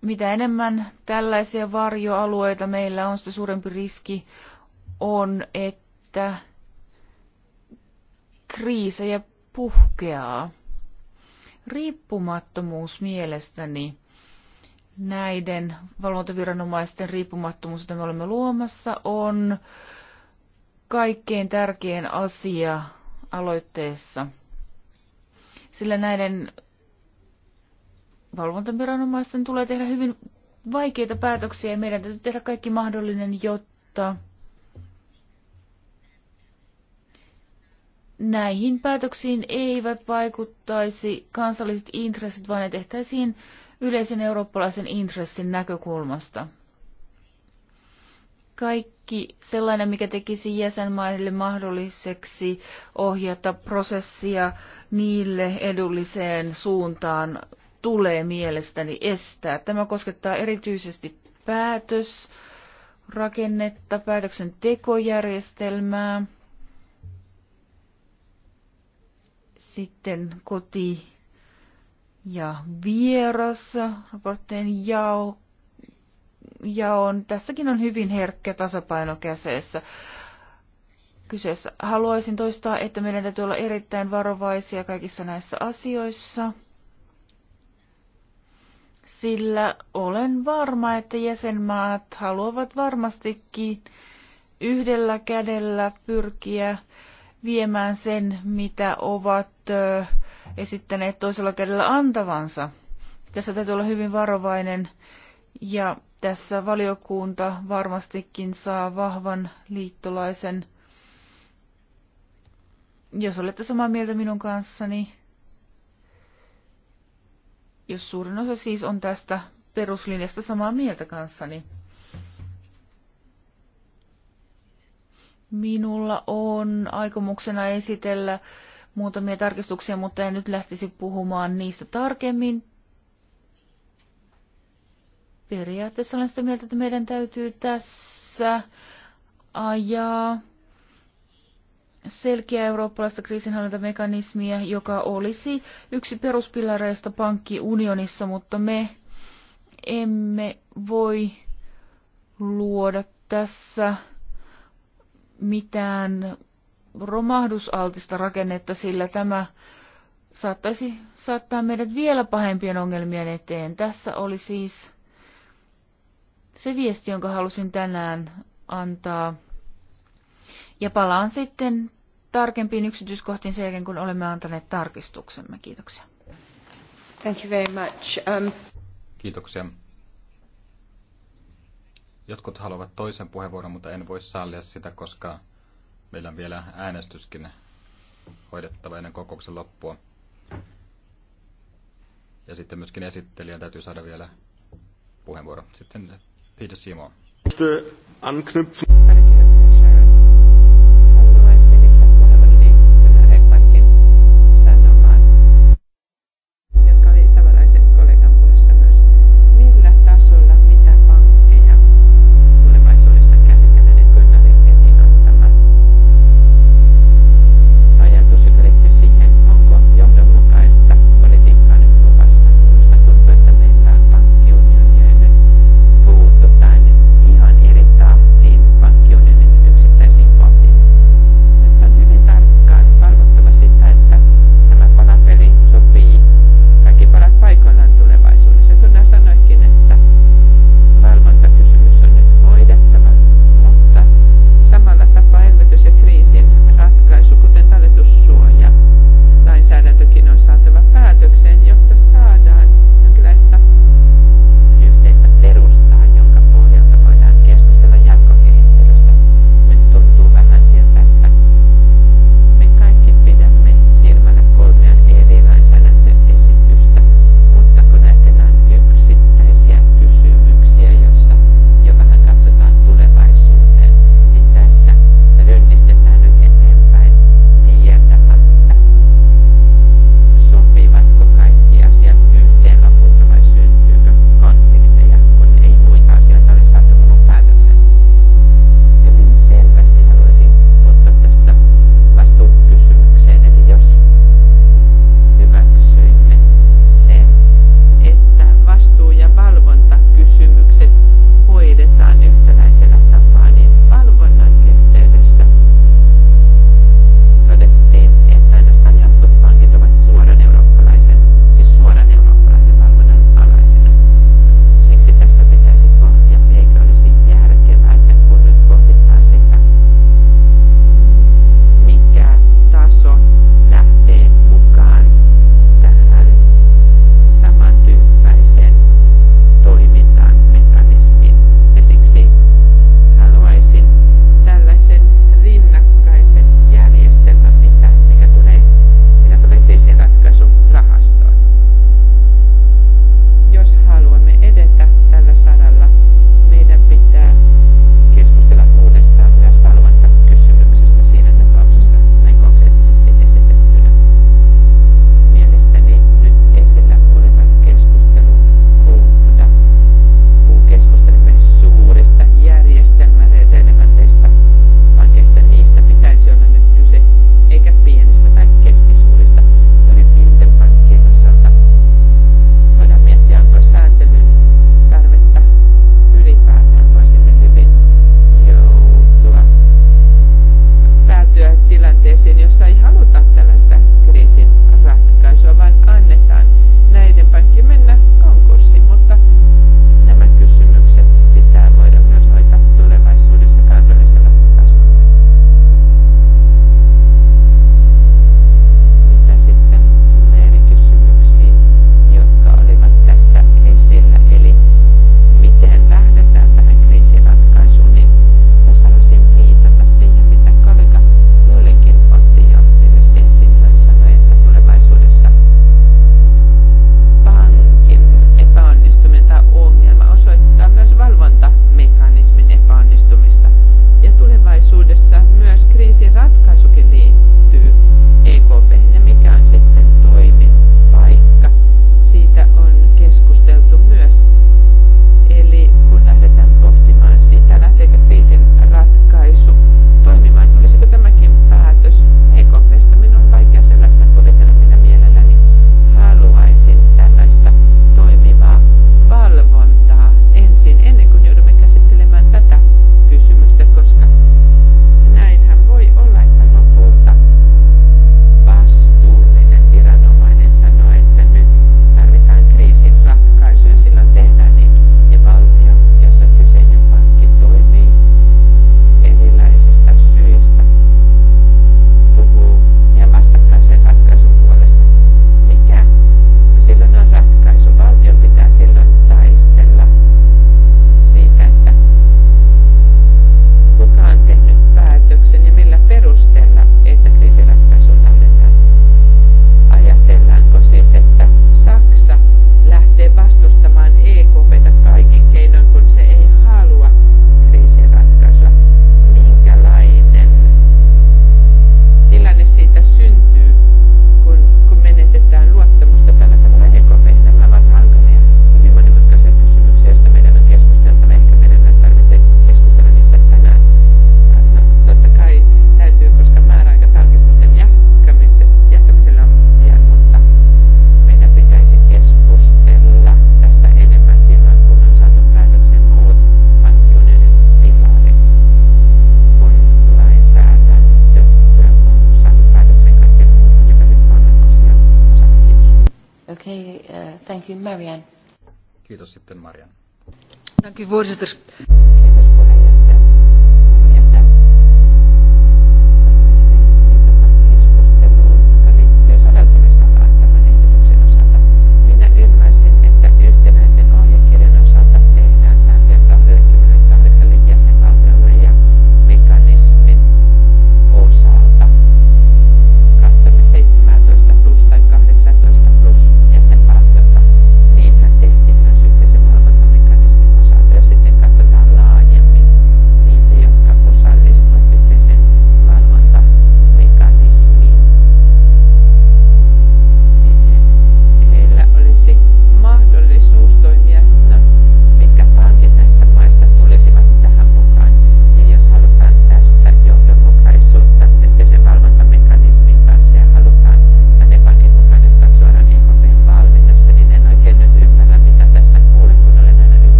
Mitä enemmän tällaisia varjoalueita meillä on, sitä suurempi riski on, että kriisejä puhkeaa. Riippumattomuus mielestäni näiden valvontaviranomaisten riippumattomuus, jota me olemme luomassa, on kaikkein tärkein asia aloitteessa. Sillä näiden valvontaviranomaisten tulee tehdä hyvin vaikeita päätöksiä ja meidän täytyy tehdä kaikki mahdollinen, jotta näihin päätöksiin eivät vaikuttaisi kansalliset intressit, vaan ne tehtäisiin yleisen eurooppalaisen intressin näkökulmasta. Kaikki sellainen, mikä tekisi jäsenmaille mahdolliseksi ohjata prosessia niille edulliseen suuntaan, tulee mielestäni estää. Tämä koskettaa erityisesti päätösrakennetta, päätöksentekojärjestelmää, sitten koti ja vieras raporttien jao, jaon. Tässäkin on hyvin herkkä tasapaino käseessä. Kyseessä haluaisin toistaa, että meidän täytyy olla erittäin varovaisia kaikissa näissä asioissa, sillä olen varma, että jäsenmaat haluavat varmastikin yhdellä kädellä pyrkiä viemään sen, mitä ovat esittäneet toisella kädellä antavansa. Tässä täytyy olla hyvin varovainen ja tässä valiokunta varmastikin saa vahvan liittolaisen. Jos olette samaa mieltä minun kanssani, jos suurin osa siis on tästä peruslinjasta samaa mieltä kanssani. Minulla on aikomuksena esitellä muutamia tarkistuksia, mutta en nyt lähtisi puhumaan niistä tarkemmin. Periaatteessa olen sitä mieltä, että meidän täytyy tässä ajaa selkeä eurooppalaista kriisinhallintamekanismia, joka olisi yksi peruspilareista pankkiunionissa, mutta me emme voi luoda tässä mitään romahdusaltista rakennetta, sillä tämä saattaisi saattaa meidät vielä pahempien ongelmien eteen. Tässä oli siis se viesti, jonka halusin tänään antaa. Ja palaan sitten tarkempiin yksityiskohtiin sen jälkeen, kun olemme antaneet tarkistuksemme. Kiitoksia. Thank you very much. Um... Kiitoksia. Jotkut haluavat toisen puheenvuoron, mutta en voi sallia sitä, koska meillä on vielä äänestyskin hoidettava ennen kokouksen loppua. Ja sitten myöskin esittelijän täytyy saada vielä puheenvuoro. Sitten Peter Simo. Anknüpfen.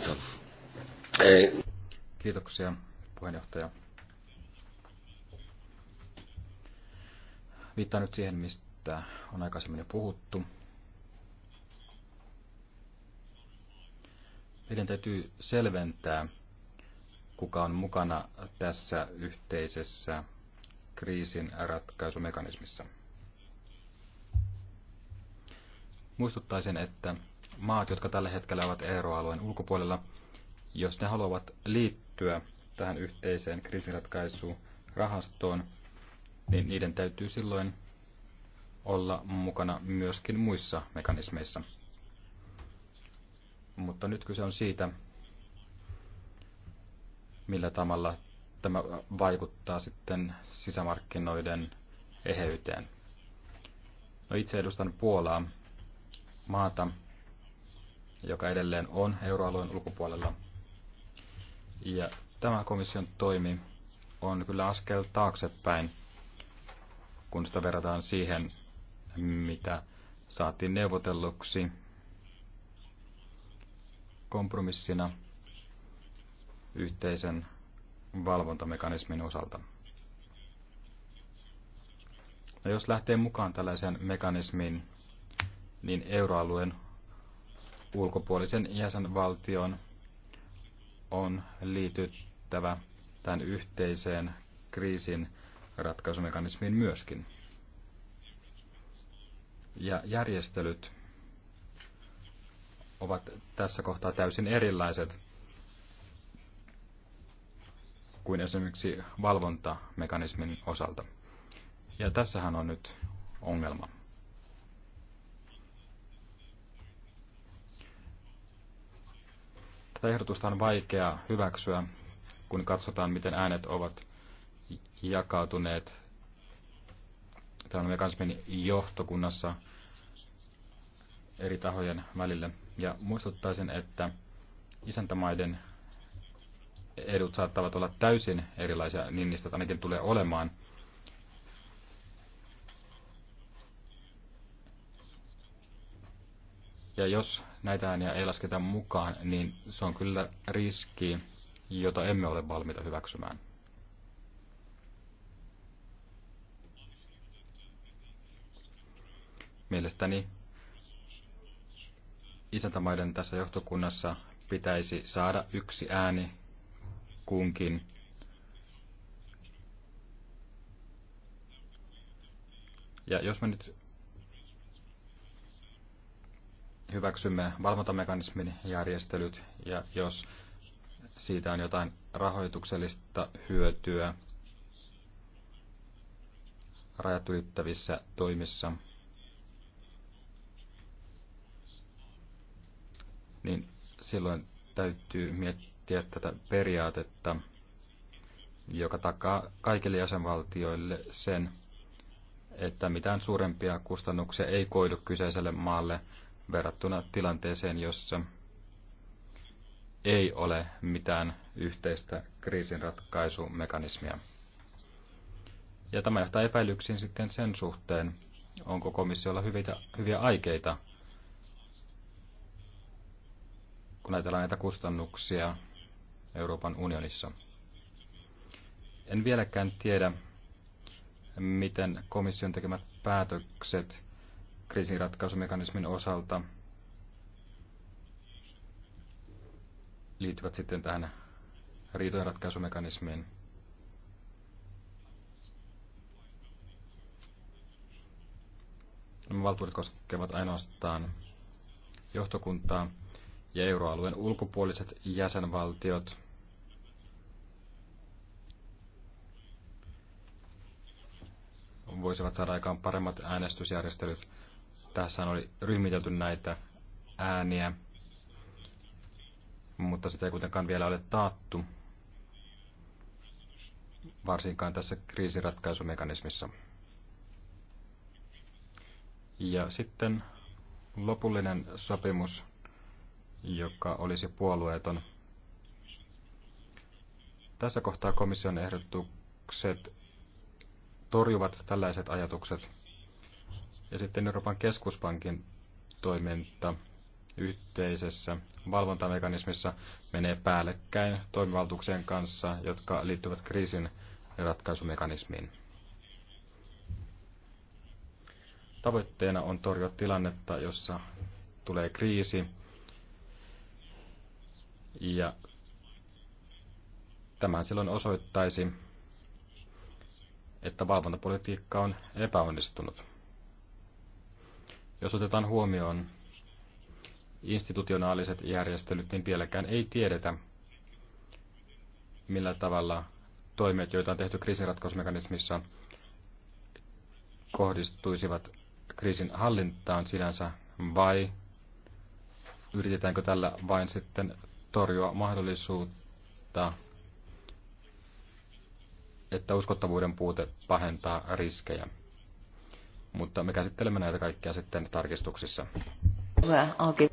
przewodnicząca. Kiitoksia, puheenjohtaja. Viittaan nyt siihen, mistä on aikaisemmin jo puhuttu. Meidän täytyy selventää, kuka on mukana tässä yhteisessä kriisin ratkaisumekanismissa. Muistuttaisin, että maat, jotka tällä hetkellä ovat euroalueen ulkopuolella, jos ne haluavat liittyä tähän yhteiseen kriisiratkaisurahastoon, niin niiden täytyy silloin olla mukana myöskin muissa mekanismeissa. Mutta nyt kyse on siitä, millä tavalla tämä vaikuttaa sitten sisämarkkinoiden eheyteen. No itse edustan Puolaa, maata, joka edelleen on euroalueen ulkopuolella. Ja tämä komission toimi on kyllä askel taaksepäin, kun sitä verrataan siihen, mitä saatiin neuvotelluksi kompromissina yhteisen valvontamekanismin osalta. No jos lähtee mukaan tällaiseen mekanismiin, niin euroalueen ulkopuolisen jäsenvaltion on liityttävä tämän yhteiseen kriisin ratkaisumekanismiin myöskin. Ja järjestelyt ovat tässä kohtaa täysin erilaiset kuin esimerkiksi valvontamekanismin osalta. Ja tässähän on nyt ongelma. Tätä ehdotusta on vaikea hyväksyä, kun katsotaan, miten äänet ovat jakautuneet tämän mekanismin johtokunnassa eri tahojen välille. Ja muistuttaisin, että isäntämaiden edut saattavat olla täysin erilaisia, niin niistä ainakin tulee olemaan – Ja jos näitä ääniä ei lasketa mukaan, niin se on kyllä riski, jota emme ole valmiita hyväksymään. Mielestäni isäntämaiden tässä johtokunnassa pitäisi saada yksi ääni kunkin. Ja jos me nyt hyväksymme valvontamekanismin järjestelyt ja jos siitä on jotain rahoituksellista hyötyä rajat ylittävissä toimissa, niin silloin täytyy miettiä tätä periaatetta, joka takaa kaikille jäsenvaltioille sen, että mitään suurempia kustannuksia ei koidu kyseiselle maalle – verrattuna tilanteeseen, jossa ei ole mitään yhteistä kriisinratkaisumekanismia. Ja tämä johtaa epäilyksiin sitten sen suhteen, onko komissiolla hyviä, hyviä aikeita, kun ajatellaan näitä kustannuksia Euroopan unionissa. En vieläkään tiedä, miten komission tekemät päätökset kriisinratkaisumekanismin osalta liittyvät sitten tähän riitojenratkaisumekanismiin. Nämä valtuudet koskevat ainoastaan johtokuntaa ja euroalueen ulkopuoliset jäsenvaltiot. voisivat saada aikaan paremmat äänestysjärjestelyt tässä oli ryhmitelty näitä ääniä, mutta sitä ei kuitenkaan vielä ole taattu, varsinkaan tässä kriisiratkaisumekanismissa. Ja sitten lopullinen sopimus, joka olisi puolueeton. Tässä kohtaa komission ehdotukset torjuvat tällaiset ajatukset – ja sitten Euroopan keskuspankin toiminta yhteisessä valvontamekanismissa menee päällekkäin toimivaltuuksien kanssa, jotka liittyvät kriisin ratkaisumekanismiin. Tavoitteena on torjua tilannetta, jossa tulee kriisi ja tämä silloin osoittaisi, että valvontapolitiikka on epäonnistunut. Jos otetaan huomioon institutionaaliset järjestelyt, niin vieläkään ei tiedetä, millä tavalla toimet, joita on tehty kriisinratkaisumekanismissa, kohdistuisivat kriisin hallintaan sinänsä vai yritetäänkö tällä vain sitten torjua mahdollisuutta, että uskottavuuden puute pahentaa riskejä mutta me käsittelemme näitä kaikkia sitten tarkistuksissa. Hyvä, okay.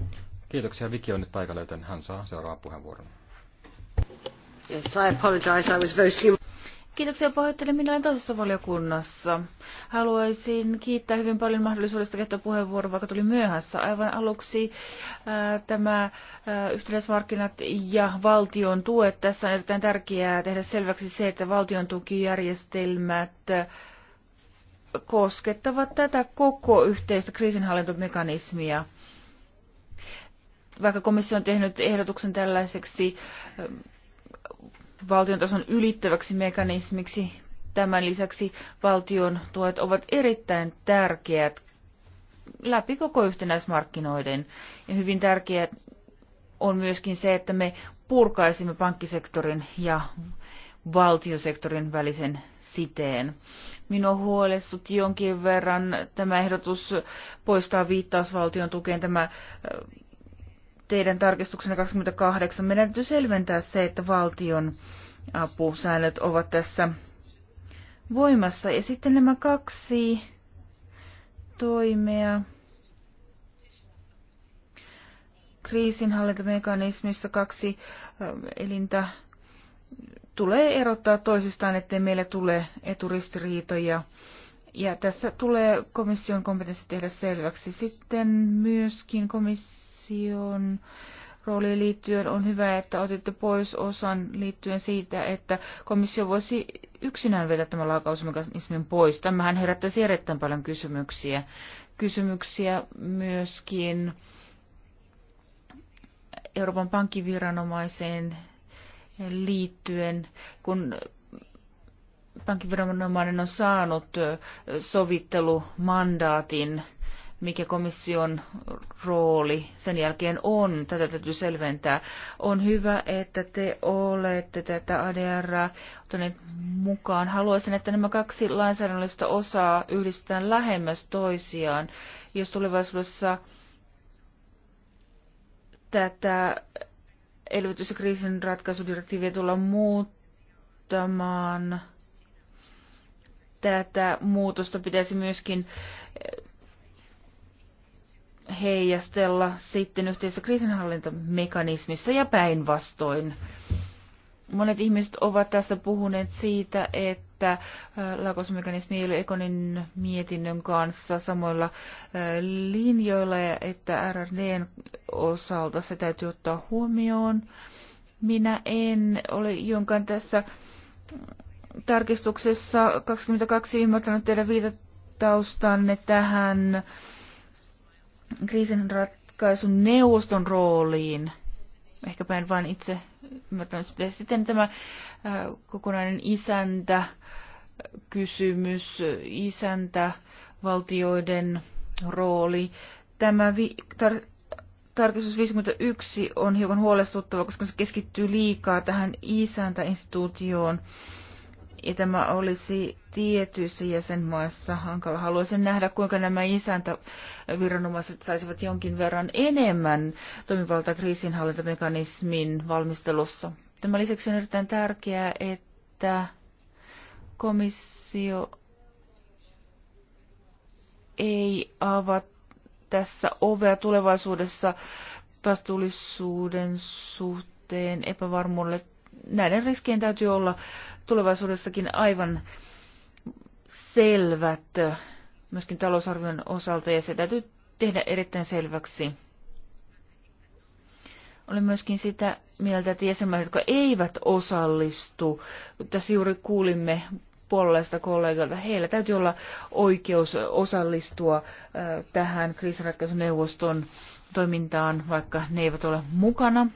Kiitoksia. Viki on nyt paikalla, joten hän saa seuraavan puheenvuoron. Yes, I apologize. I was very... Kiitoksia pahoittelen. Minä olen toisessa valiokunnassa. Haluaisin kiittää hyvin paljon mahdollisuudesta käyttää puheenvuoro, vaikka tuli myöhässä. Aivan aluksi ää, äh, tämä ää, äh, yhtenäismarkkinat ja valtion tuet. Tässä on erittäin tärkeää tehdä selväksi se, että valtion tukijärjestelmät ää, koskettavat tätä koko yhteistä kriisinhallintamekanismia. Vaikka komissio on tehnyt ehdotuksen tällaiseksi ähm, valtion tason ylittäväksi mekanismiksi, tämän lisäksi valtion tuet ovat erittäin tärkeät läpi koko yhtenäismarkkinoiden. Ja hyvin tärkeää on myöskin se, että me purkaisimme pankkisektorin ja valtiosektorin välisen siteen. Minua huolestut jonkin verran tämä ehdotus poistaa viittausvaltion tukeen tämä teidän tarkistuksena 28. Meidän täytyy selventää se, että valtion apusäännöt ovat tässä voimassa. Ja sitten nämä kaksi toimea kriisinhallintamekanismissa kaksi elintä tulee erottaa toisistaan, ettei meillä tule eturistiriitoja. Ja tässä tulee komission kompetenssi tehdä selväksi. Sitten myöskin komission rooliin liittyen on hyvä, että otitte pois osan liittyen siitä, että komissio voisi yksinään vetää tämän laukausmekanismin pois. Tämähän herättäisi erittäin paljon kysymyksiä. Kysymyksiä myöskin Euroopan pankkiviranomaiseen liittyen, kun pankkiviranomainen on saanut sovittelumandaatin, mikä komission rooli sen jälkeen on. Tätä täytyy selventää. On hyvä, että te olette tätä ADR ottaneet mukaan. Haluaisin, että nämä kaksi lainsäädännöllistä osaa yhdistetään lähemmäs toisiaan. Jos tulevaisuudessa tätä elvytys- ja kriisinratkaisudirektiiviä tulla muuttamaan. Tätä muutosta pitäisi myöskin eh, heijastella sitten yhteisessä kriisinhallintamekanismissa ja päinvastoin. Monet ihmiset ovat tässä puhuneet siitä, että että äh, lakosmekanismi ei ole Ekonin mietinnön kanssa samoilla äh, linjoilla ja että RRDn osalta se täytyy ottaa huomioon. Minä en ole jonkaan tässä tarkistuksessa 22 ymmärtänyt teidän viitataustanne tähän kriisinratkaisun neuvoston rooliin. Ehkäpä en vain itse ymmärtänyt sitä. Sitten tämä kokonainen isäntä kysymys, isäntä valtioiden rooli. Tämä vi- tar- tarkistus 51 on hiukan huolestuttava, koska se keskittyy liikaa tähän isäntäinstituutioon. instituutioon ja tämä olisi tietyissä jäsenmaissa hankala. Haluaisin nähdä, kuinka nämä isäntäviranomaiset saisivat jonkin verran enemmän toimivaltaa kriisinhallintamekanismin valmistelussa. Tämä lisäksi on erittäin tärkeää, että komissio ei avaa tässä ovea tulevaisuudessa vastuullisuuden suhteen epävarmuudelle. Näiden riskien täytyy olla tulevaisuudessakin aivan selvät myöskin talousarvion osalta ja se täytyy tehdä erittäin selväksi. Olen myöskin sitä mieltä, että jäsenmaat, jotka eivät osallistu, tässä juuri kuulimme puolueesta kollegalta, heillä täytyy olla oikeus osallistua äh, tähän kriisiratkaisuneuvoston toimintaan, vaikka ne eivät ole mukana.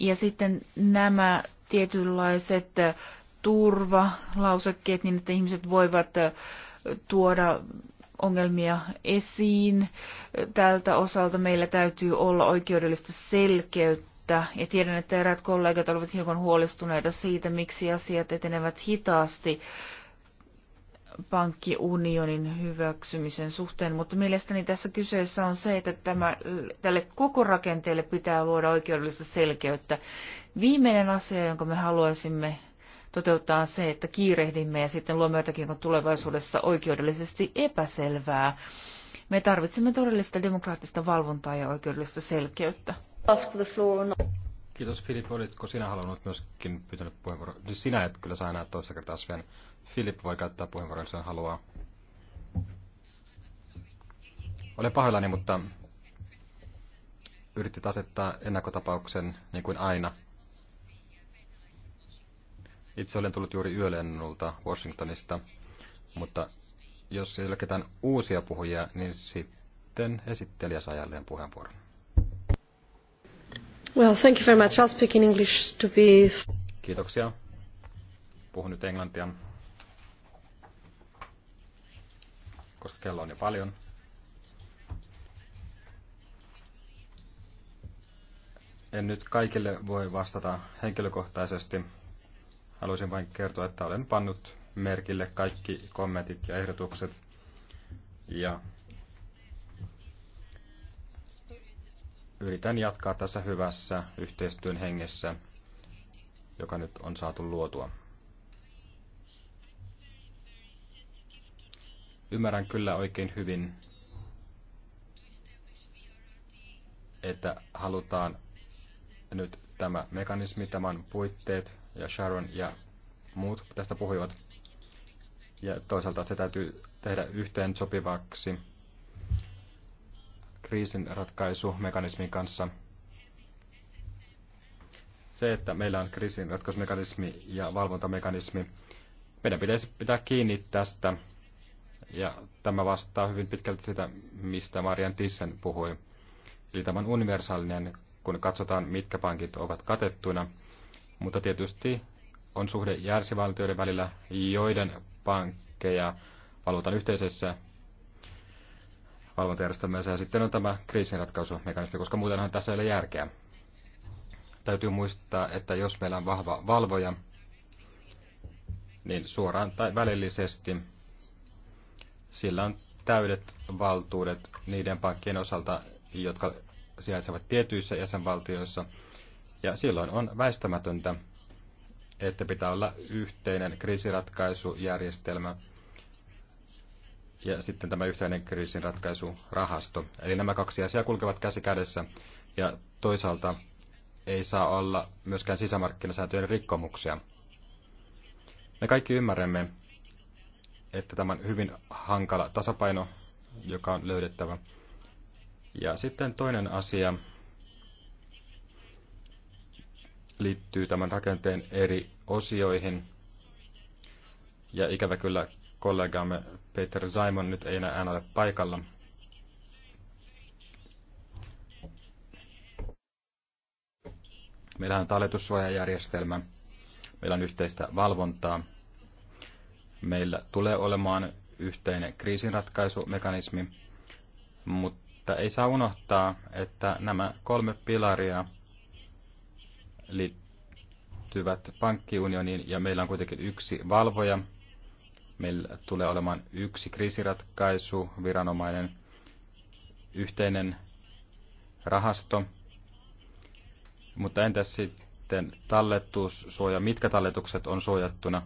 Ja sitten nämä tietynlaiset äh, turvalausekkeet niin, että ihmiset voivat äh, tuoda ongelmia esiin. Tältä osalta meillä täytyy olla oikeudellista selkeyttä. Ja tiedän, että eräät kollegat olivat hiukan huolestuneita siitä, miksi asiat etenevät hitaasti pankkiunionin hyväksymisen suhteen, mutta mielestäni tässä kyseessä on se, että tämä, tälle koko rakenteelle pitää luoda oikeudellista selkeyttä. Viimeinen asia, jonka me haluaisimme toteuttaa, on se, että kiirehdimme ja sitten luomme jotakin, joka tulevaisuudessa oikeudellisesti epäselvää. Me tarvitsemme todellista demokraattista valvontaa ja oikeudellista selkeyttä. Kiitos Filip, olitko sinä halunnut myöskin pyytänyt puheenvuoron? sinä et kyllä saa enää toista kertaa Sven. Filip voi käyttää puheenvuoron, jos hän haluaa. Olen pahoillani, mutta yritit asettaa ennakkotapauksen niin kuin aina. Itse olen tullut juuri yölennulta Washingtonista, mutta jos ei ole ketään uusia puhujia, niin sitten esittelijä saa jälleen puheenvuoron. Well, thank you very much. I'll speak in English to be... Kiitoksia. Puhun nyt englantia. koska kello on jo paljon. En nyt kaikille voi vastata henkilökohtaisesti. Haluaisin vain kertoa, että olen pannut merkille kaikki kommentit ja ehdotukset. Ja yritän jatkaa tässä hyvässä yhteistyön hengessä, joka nyt on saatu luotua. Ymmärrän kyllä oikein hyvin, että halutaan nyt tämä mekanismi, tämän puitteet ja Sharon ja muut tästä puhuivat. Ja toisaalta se täytyy tehdä yhteen sopivaksi ratkaisumekanismin kanssa. Se, että meillä on kriisin ratkaisumekanismi ja valvontamekanismi, meidän pitäisi pitää kiinni tästä ja tämä vastaa hyvin pitkälti sitä, mistä Marian Tissen puhui. Eli tämä on universaalinen, kun katsotaan, mitkä pankit ovat katettuina. Mutta tietysti on suhde järsivaltioiden välillä, joiden pankkeja valuutan yhteisessä valvontajärjestelmässä. Ja sitten on tämä kriisinratkaisumekanismi, koska muutenhan tässä ei ole järkeä. Täytyy muistaa, että jos meillä on vahva valvoja, niin suoraan tai välillisesti – sillä on täydet valtuudet niiden pankkien osalta, jotka sijaitsevat tietyissä jäsenvaltioissa. Ja silloin on väistämätöntä, että pitää olla yhteinen kriisiratkaisujärjestelmä ja sitten tämä yhteinen kriisinratkaisurahasto. Eli nämä kaksi asiaa kulkevat käsi kädessä ja toisaalta ei saa olla myöskään sisämarkkinasääntöjen rikkomuksia. Me kaikki ymmärrämme, että tämä on hyvin hankala tasapaino, joka on löydettävä. Ja sitten toinen asia liittyy tämän rakenteen eri osioihin. Ja ikävä kyllä kollegamme Peter Simon nyt ei enää ole paikalla. Meillä on talletussuojajärjestelmä, meillä on yhteistä valvontaa, Meillä tulee olemaan yhteinen kriisinratkaisumekanismi, mutta ei saa unohtaa, että nämä kolme pilaria liittyvät pankkiunioniin ja meillä on kuitenkin yksi valvoja. Meillä tulee olemaan yksi kriisiratkaisu, viranomainen, yhteinen rahasto. Mutta entäs sitten talletussuoja? Mitkä talletukset on suojattuna?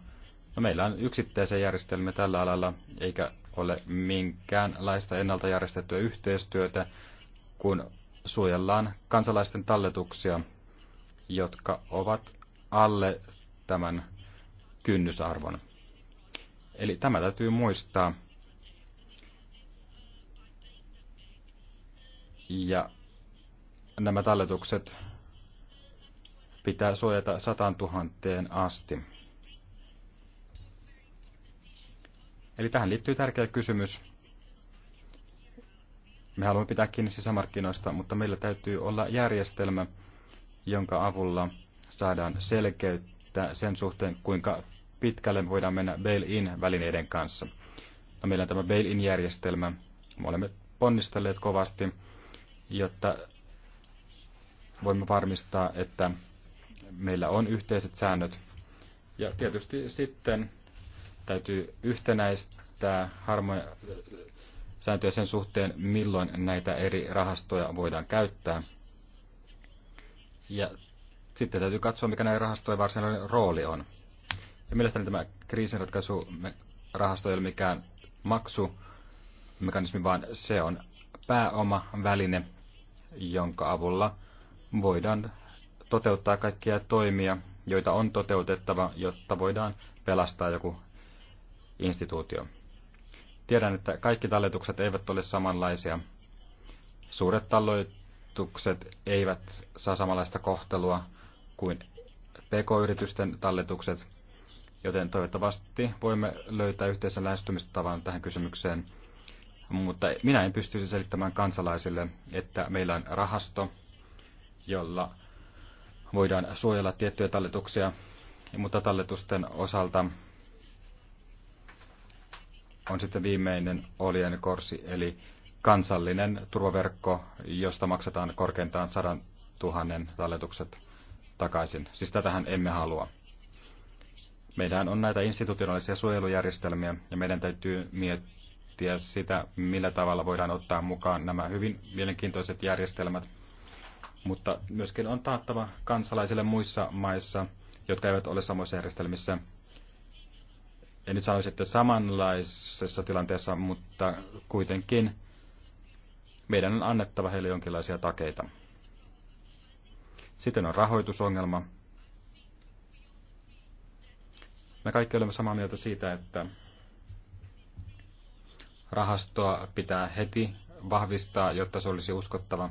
No, meillä on yksittäisiä järjestelmiä tällä alalla, eikä ole minkäänlaista ennalta järjestettyä yhteistyötä, kun suojellaan kansalaisten talletuksia, jotka ovat alle tämän kynnysarvon. Eli tämä täytyy muistaa. Ja nämä talletukset pitää suojata 100 000 asti. Eli tähän liittyy tärkeä kysymys. Me haluamme pitää kiinni sisämarkkinoista, mutta meillä täytyy olla järjestelmä, jonka avulla saadaan selkeyttä sen suhteen, kuinka pitkälle voidaan mennä bail-in-välineiden kanssa. No, meillä on tämä bail-in-järjestelmä. Me olemme ponnistelleet kovasti, jotta voimme varmistaa, että meillä on yhteiset säännöt. Ja tietysti sitten Täytyy yhtenäistää harmoja, sääntöjä sen suhteen, milloin näitä eri rahastoja voidaan käyttää. Ja sitten täytyy katsoa, mikä näiden rahastojen varsinainen rooli on. Ja mielestäni tämä rahasto ei ole mikään maksumekanismi, vaan se on pääoma väline, jonka avulla voidaan toteuttaa kaikkia toimia, joita on toteutettava, jotta voidaan pelastaa joku instituutio. Tiedän, että kaikki talletukset eivät ole samanlaisia. Suuret talletukset eivät saa samanlaista kohtelua kuin pk-yritysten talletukset, joten toivottavasti voimme löytää yhteisen lähestymistavan tähän kysymykseen. Mutta minä en pystyisi selittämään kansalaisille, että meillä on rahasto, jolla voidaan suojella tiettyjä talletuksia, mutta talletusten osalta on sitten viimeinen olien korsi, eli kansallinen turvaverkko, josta maksetaan korkeintaan 100 000 talletukset takaisin. Siis tätähän emme halua. Meidän on näitä institutionaalisia suojelujärjestelmiä ja meidän täytyy miettiä sitä, millä tavalla voidaan ottaa mukaan nämä hyvin mielenkiintoiset järjestelmät. Mutta myöskin on taattava kansalaisille muissa maissa, jotka eivät ole samoissa järjestelmissä, en nyt sanoisi, että samanlaisessa tilanteessa, mutta kuitenkin meidän on annettava heille jonkinlaisia takeita. Sitten on rahoitusongelma. Me kaikki olemme samaa mieltä siitä, että rahastoa pitää heti vahvistaa, jotta se olisi uskottava.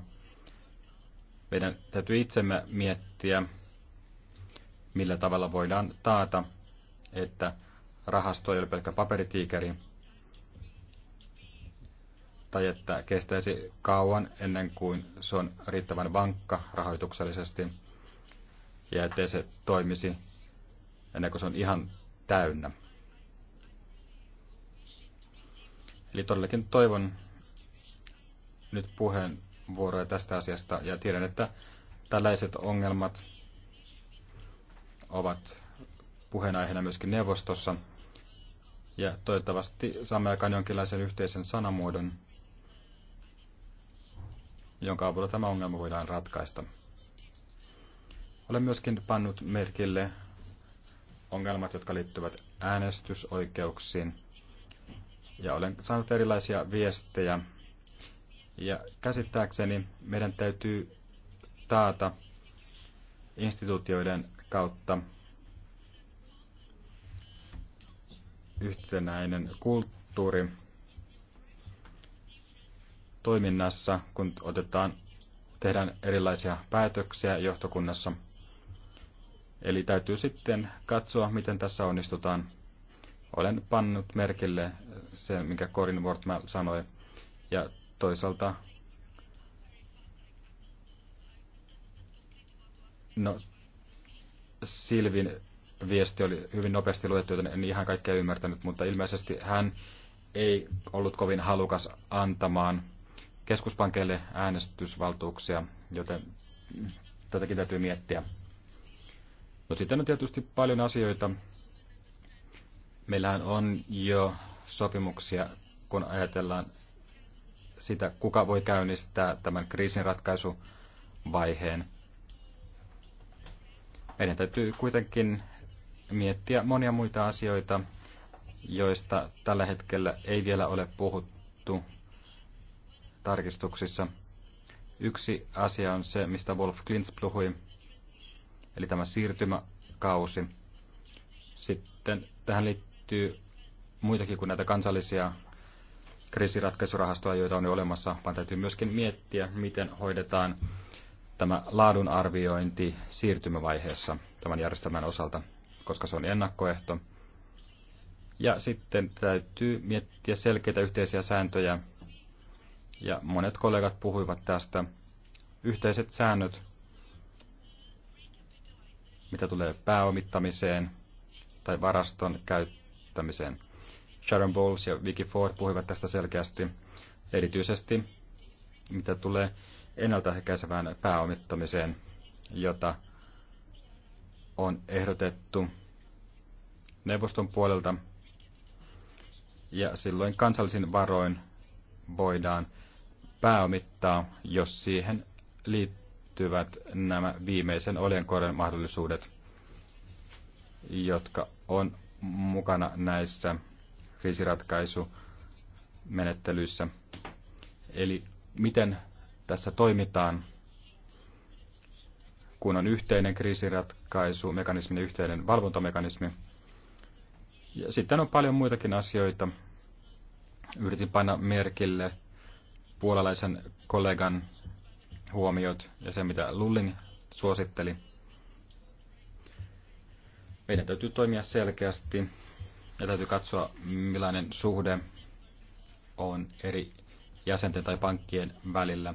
Meidän täytyy itsemme miettiä, millä tavalla voidaan taata, että rahasto ei ole pelkkä paperitiikeri, tai että kestäisi kauan ennen kuin se on riittävän vankka rahoituksellisesti, ja ettei se toimisi ennen kuin se on ihan täynnä. Eli todellakin toivon nyt puheenvuoroja tästä asiasta, ja tiedän, että tällaiset ongelmat ovat puheenaiheena myöskin neuvostossa – ja toivottavasti saamme aikaan jonkinlaisen yhteisen sanamuodon, jonka avulla tämä ongelma voidaan ratkaista. Olen myöskin pannut merkille ongelmat, jotka liittyvät äänestysoikeuksiin. Ja olen saanut erilaisia viestejä. Ja käsittääkseni meidän täytyy taata instituutioiden kautta yhtenäinen kulttuuri toiminnassa, kun otetaan, tehdään erilaisia päätöksiä johtokunnassa. Eli täytyy sitten katsoa, miten tässä onnistutaan. Olen pannut merkille sen, mikä Corin Wortman sanoi, ja toisaalta no, Silvin viesti oli hyvin nopeasti luettu, joten en ihan kaikkea ymmärtänyt, mutta ilmeisesti hän ei ollut kovin halukas antamaan keskuspankeille äänestysvaltuuksia, joten tätäkin täytyy miettiä. No sitten on tietysti paljon asioita. Meillähän on jo sopimuksia, kun ajatellaan sitä, kuka voi käynnistää tämän kriisin ratkaisuvaiheen. Meidän täytyy kuitenkin miettiä monia muita asioita, joista tällä hetkellä ei vielä ole puhuttu tarkistuksissa. Yksi asia on se, mistä Wolf Klintz puhui, eli tämä siirtymäkausi. Sitten tähän liittyy muitakin kuin näitä kansallisia kriisiratkaisurahastoja, joita on jo olemassa, vaan täytyy myöskin miettiä, miten hoidetaan tämä laadun arviointi siirtymävaiheessa tämän järjestelmän osalta koska se on ennakkoehto. Ja sitten täytyy miettiä selkeitä yhteisiä sääntöjä. Ja monet kollegat puhuivat tästä. Yhteiset säännöt, mitä tulee pääomittamiseen tai varaston käyttämiseen. Sharon Bowles ja Vicky Ford puhuivat tästä selkeästi. Erityisesti mitä tulee ennaltaehkäisevään pääomittamiseen, jota on ehdotettu neuvoston puolelta, ja silloin kansallisin varoin voidaan pääomittaa, jos siihen liittyvät nämä viimeisen oljenkorren mahdollisuudet, jotka on mukana näissä kriisiratkaisumenettelyissä. Eli miten tässä toimitaan kun on yhteinen kriisiratkaisu mekanismi ja yhteinen valvontamekanismi. Ja sitten on paljon muitakin asioita. Yritin painaa merkille puolalaisen kollegan huomiot ja se, mitä Lullin suositteli. Meidän täytyy toimia selkeästi ja täytyy katsoa, millainen suhde on eri jäsenten tai pankkien välillä,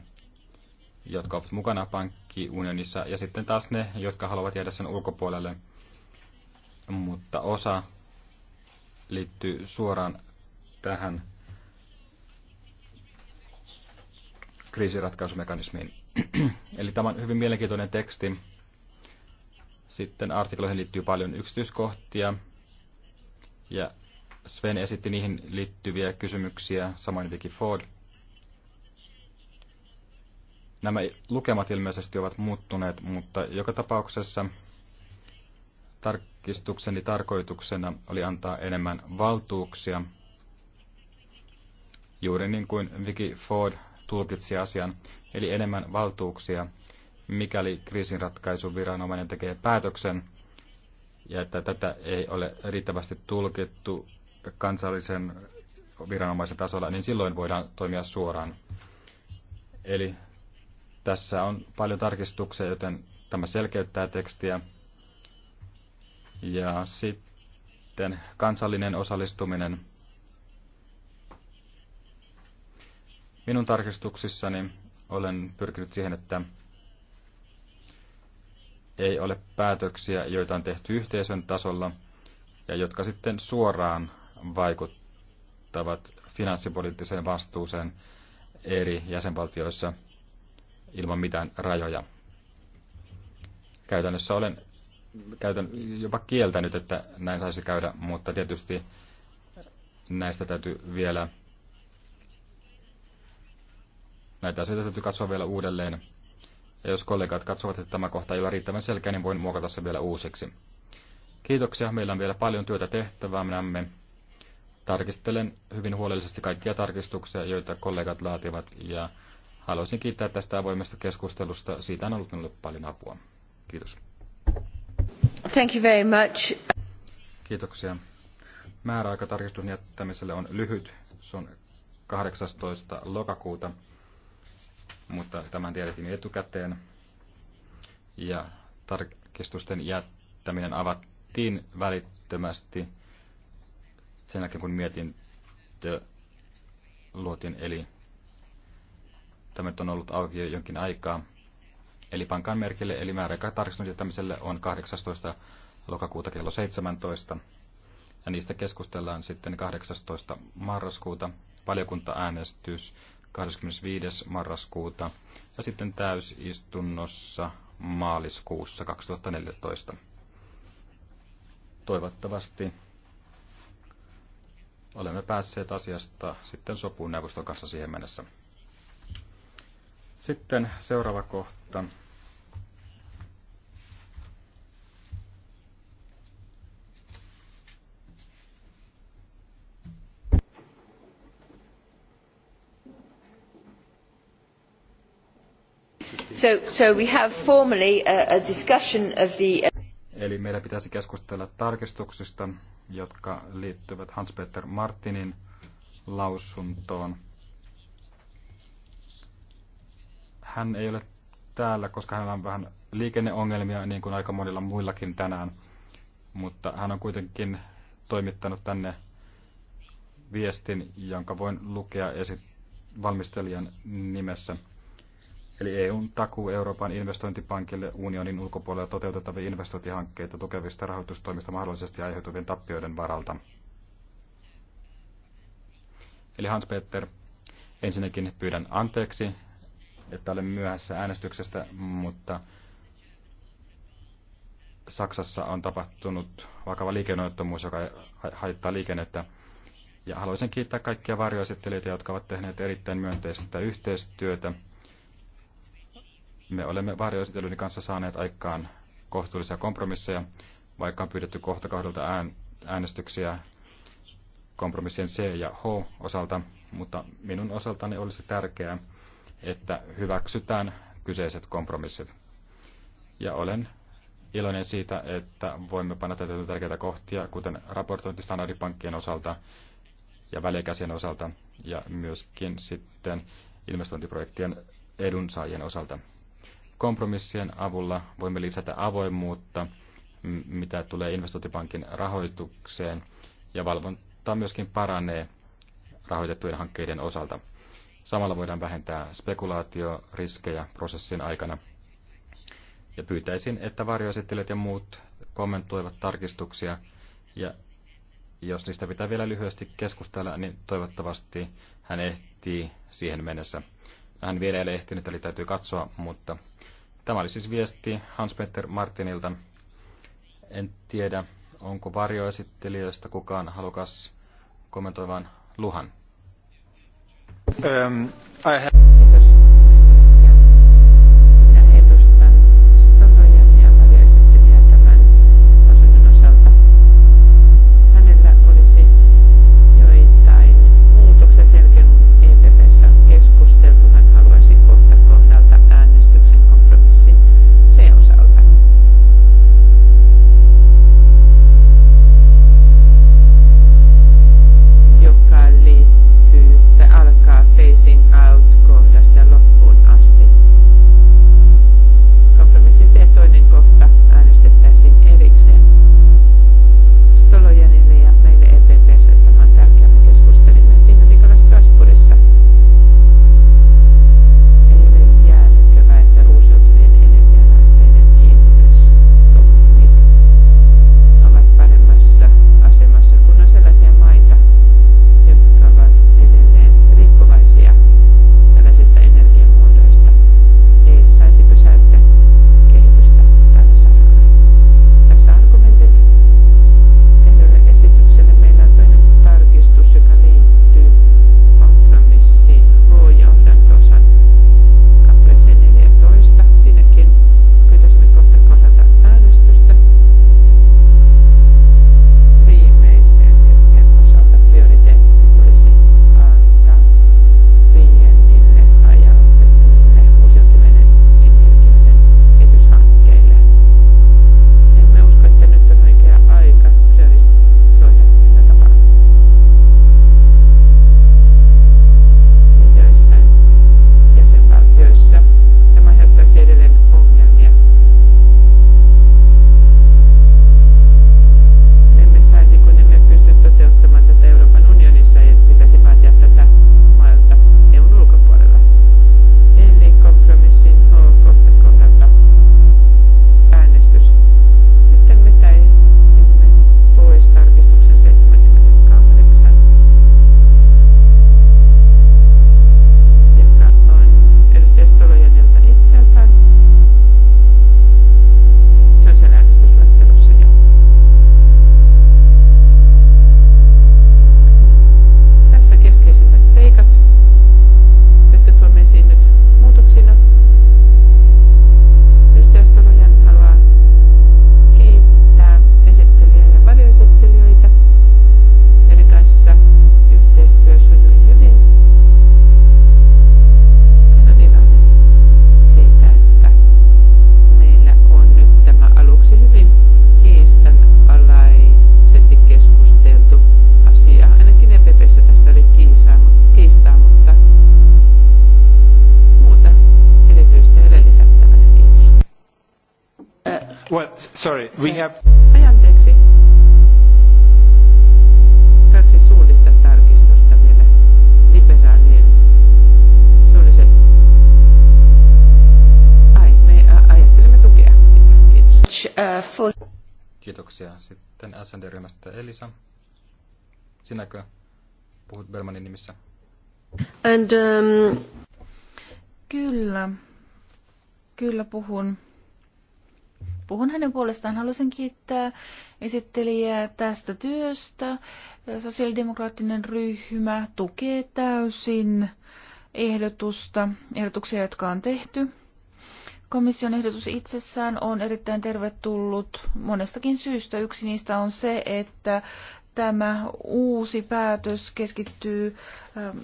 jotka ovat mukana pankkien unionissa ja sitten taas ne, jotka haluavat jäädä sen ulkopuolelle. Mutta osa liittyy suoraan tähän kriisiratkaisumekanismiin. Eli tämä on hyvin mielenkiintoinen teksti. Sitten artikloihin liittyy paljon yksityiskohtia ja Sven esitti niihin liittyviä kysymyksiä, samoin Vicky Ford – Nämä lukemat ilmeisesti ovat muuttuneet, mutta joka tapauksessa tarkistukseni tarkoituksena oli antaa enemmän valtuuksia, juuri niin kuin Vicky Ford tulkitsi asian, eli enemmän valtuuksia, mikäli kriisinratkaisuviranomainen tekee päätöksen, ja että tätä ei ole riittävästi tulkittu kansallisen viranomaisen tasolla, niin silloin voidaan toimia suoraan. Eli tässä on paljon tarkistuksia, joten tämä selkeyttää tekstiä. Ja sitten kansallinen osallistuminen. Minun tarkistuksissani olen pyrkinyt siihen, että ei ole päätöksiä, joita on tehty yhteisön tasolla ja jotka sitten suoraan vaikuttavat finanssipoliittiseen vastuuseen eri jäsenvaltioissa – ilman mitään rajoja. Käytännössä olen käytän jopa kieltänyt, että näin saisi käydä, mutta tietysti näistä täytyy vielä, näitä asioita täytyy katsoa vielä uudelleen. Ja jos kollegat katsovat, että tämä kohta ei ole riittävän selkeä, niin voin muokata se vielä uusiksi. Kiitoksia, meillä on vielä paljon työtä tehtävänämme. Tarkistelen hyvin huolellisesti kaikkia tarkistuksia, joita kollegat laativat, ja Haluaisin kiittää tästä avoimesta keskustelusta. Siitä on ollut minulle paljon apua. Kiitos. Thank you very much. Kiitoksia. Määräaikatarkistun jättämiselle on lyhyt. Se on 18. lokakuuta, mutta tämän tiedettiin etukäteen. Ja tarkistusten jättäminen avattiin välittömästi sen jälkeen, kun mietintö luotiin. Eli Tämä on ollut auki jonkin aikaa. Eli pankan merkille, eli määräaika jättämiselle on 18. lokakuuta kello 17. Ja niistä keskustellaan sitten 18. marraskuuta. äänestys 25. marraskuuta ja sitten täysistunnossa maaliskuussa 2014. Toivottavasti olemme päässeet asiasta sitten sopuun neuvoston kanssa siihen mennessä. Sitten seuraava kohta. So, so we have formally a, a discussion of the... Eli meillä pitäisi keskustella tarkistuksista, jotka liittyvät Hans-Peter Martinin lausuntoon hän ei ole täällä, koska hänellä on vähän liikenneongelmia, niin kuin aika monilla muillakin tänään. Mutta hän on kuitenkin toimittanut tänne viestin, jonka voin lukea esit- valmistelijan nimessä. Eli EUn takuu Euroopan investointipankille unionin ulkopuolella toteutettavia investointihankkeita tukevista rahoitustoimista mahdollisesti aiheutuvien tappioiden varalta. Eli Hans-Peter, ensinnäkin pyydän anteeksi että olen myöhässä äänestyksestä, mutta Saksassa on tapahtunut vakava liikennoittomuus, joka haittaa liikennettä. Ja haluaisin kiittää kaikkia varjoesittelijöitä, jotka ovat tehneet erittäin myönteistä yhteistyötä. Me olemme varjoesittelyiden kanssa saaneet aikaan kohtuullisia kompromisseja, vaikka on pyydetty kohta kahdelta äänestyksiä kompromissien C ja H osalta, mutta minun osaltani olisi tärkeää, että hyväksytään kyseiset kompromissit. Ja olen iloinen siitä, että voimme panna tätä tärkeitä kohtia, kuten raportointistandardipankkien osalta ja välikäsien osalta ja myöskin sitten investointiprojektien edunsaajien osalta. Kompromissien avulla voimme lisätä avoimuutta, mitä tulee investointipankin rahoitukseen, ja valvontaa myöskin paranee rahoitettujen hankkeiden osalta. Samalla voidaan vähentää spekulaatioriskejä prosessin aikana. Ja pyytäisin, että varjoesittelijät ja muut kommentoivat tarkistuksia. Ja jos niistä pitää vielä lyhyesti keskustella, niin toivottavasti hän ehtii siihen mennessä. Hän vielä ei ole ehtinyt, eli täytyy katsoa, mutta tämä oli siis viesti Hans-Peter Martinilta. En tiedä, onko varjoesittelijöistä kukaan halukas kommentoivan Luhan. Um, I have... Kiitoksia. Sitten SND-ryhmästä Elisa. Sinäkö puhut Bermanin nimissä? And, um... Kyllä. Kyllä puhun. Puhun hänen puolestaan. Haluaisin kiittää esittelijää tästä työstä. Sosiaalidemokraattinen ryhmä tukee täysin ehdotusta, ehdotuksia, jotka on tehty. Komission ehdotus itsessään on erittäin tervetullut monestakin syystä. Yksi niistä on se, että tämä uusi päätös keskittyy ähm,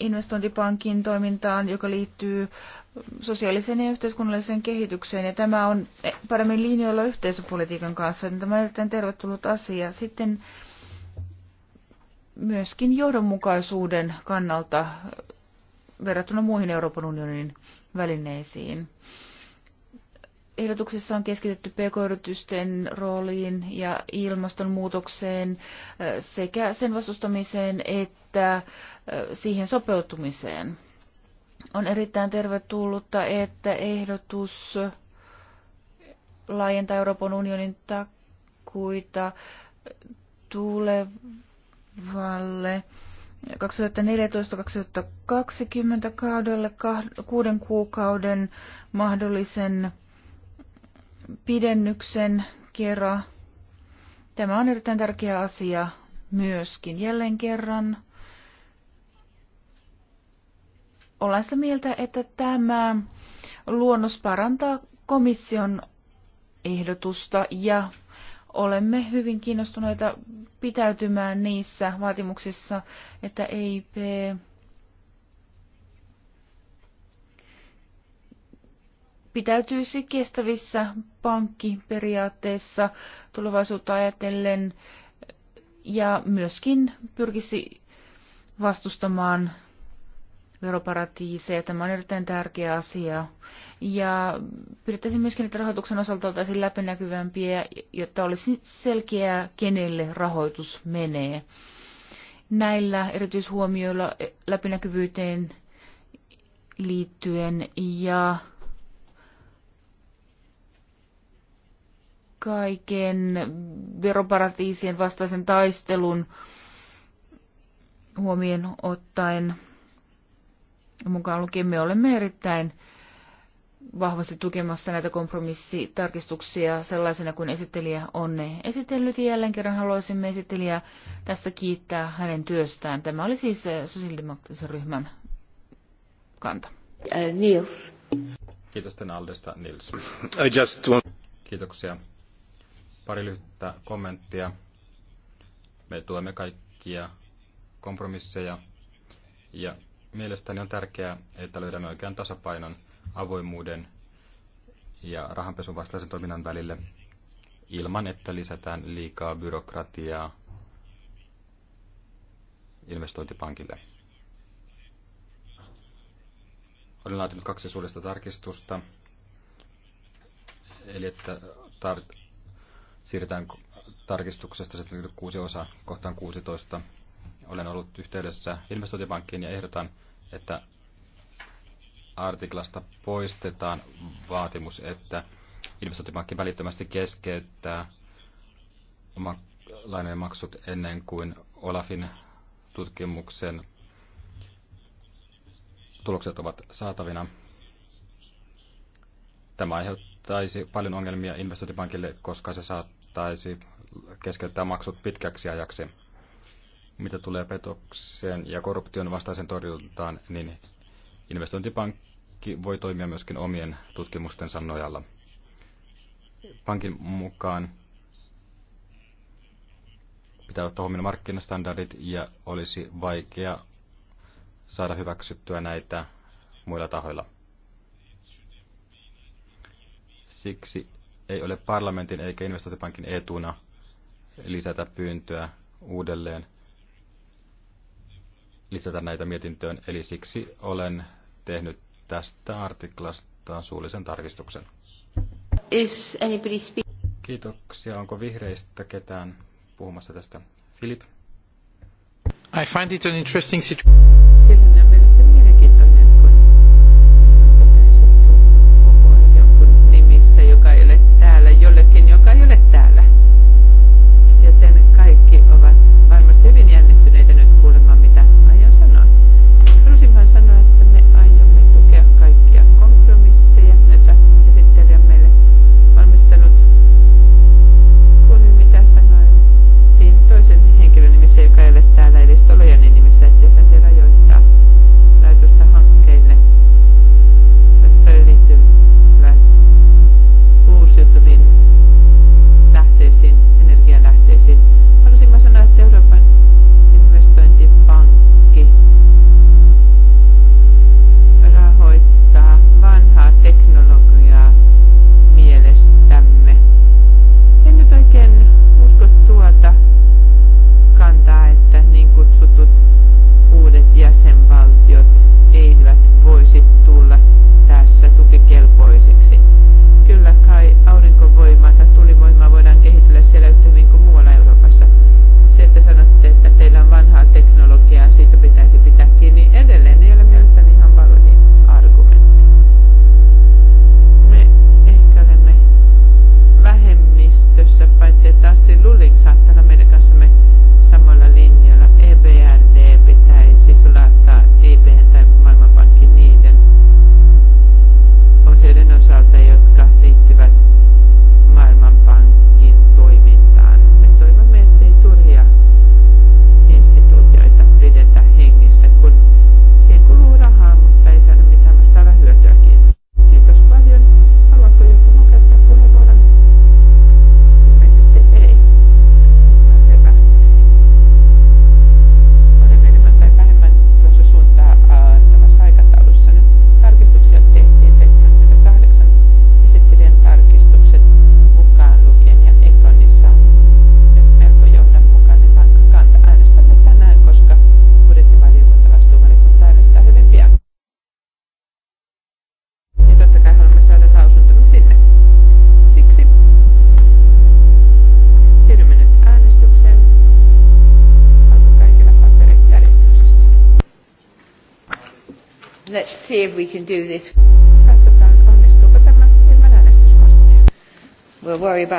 investointipankin toimintaan, joka liittyy ähm, sosiaaliseen ja yhteiskunnalliseen kehitykseen. Ja tämä on eh, paremmin linjoilla yhteisöpolitiikan kanssa, tämä on erittäin tervetullut asia. Sitten myöskin johdonmukaisuuden kannalta äh, verrattuna muihin Euroopan unionin välineisiin. Ehdotuksessa on keskitetty pk-yritysten rooliin ja ilmastonmuutokseen sekä sen vastustamiseen että siihen sopeutumiseen. On erittäin tervetullutta, että ehdotus laajentaa Euroopan unionin takuita tulevalle 2014-2020 kaudelle kuuden kuukauden mahdollisen pidennyksen kerran. Tämä on erittäin tärkeä asia myöskin. Jälleen kerran ollaan sitä mieltä, että tämä luonnos parantaa komission ehdotusta ja olemme hyvin kiinnostuneita pitäytymään niissä vaatimuksissa, että EIP pitäytyisi kestävissä pankkiperiaatteissa tulevaisuutta ajatellen ja myöskin pyrkisi vastustamaan veroparatiiseja. Tämä on erittäin tärkeä asia. Ja pidettäisiin myöskin, että rahoituksen osalta oltaisiin läpinäkyvämpiä, jotta olisi selkeää, kenelle rahoitus menee. Näillä erityishuomioilla e, läpinäkyvyyteen liittyen ja kaiken veroparatiisien vastaisen taistelun huomioon ottaen – mukaan lukien me olemme erittäin vahvasti tukemassa näitä kompromissitarkistuksia sellaisena kuin esittelijä on ne esitellyt. Ja jälleen kerran haluaisimme esittelijä tässä kiittää hänen työstään. Tämä oli siis eh, sosiaalidemokraattisen ryhmän kanta. Äh, Nils. Kiitos tänä Aldesta, Nils. I just want... Kiitoksia. Pari lyhyttä kommenttia. Me tuemme kaikkia kompromisseja ja mielestäni on tärkeää, että löydämme oikean tasapainon avoimuuden ja rahanpesun vastaisen toiminnan välille ilman, että lisätään liikaa byrokratiaa investointipankille. Olen laatinut kaksi suurista tarkistusta, eli että tar- siirretään tarkistuksesta 76 osa kohtaan 16 olen ollut yhteydessä investointipankkiin ja ehdotan, että artiklasta poistetaan vaatimus, että investointipankki välittömästi keskeyttää lainojen maksut ennen kuin Olafin tutkimuksen tulokset ovat saatavina. Tämä aiheuttaisi paljon ongelmia investointipankille, koska se saattaisi keskeyttää maksut pitkäksi ajaksi mitä tulee petokseen ja korruption vastaisen torjuntaan, niin investointipankki voi toimia myöskin omien tutkimustensa nojalla. Pankin mukaan pitää ottaa huomioon markkinastandardit ja olisi vaikea saada hyväksyttyä näitä muilla tahoilla. Siksi ei ole parlamentin eikä investointipankin etuna lisätä pyyntöä uudelleen lisätä näitä mietintöön, eli siksi olen tehnyt tästä artiklasta suullisen tarkistuksen. Is anybody speak? Kiitoksia. Onko vihreistä ketään puhumassa tästä? Filip? I find it an interesting situation.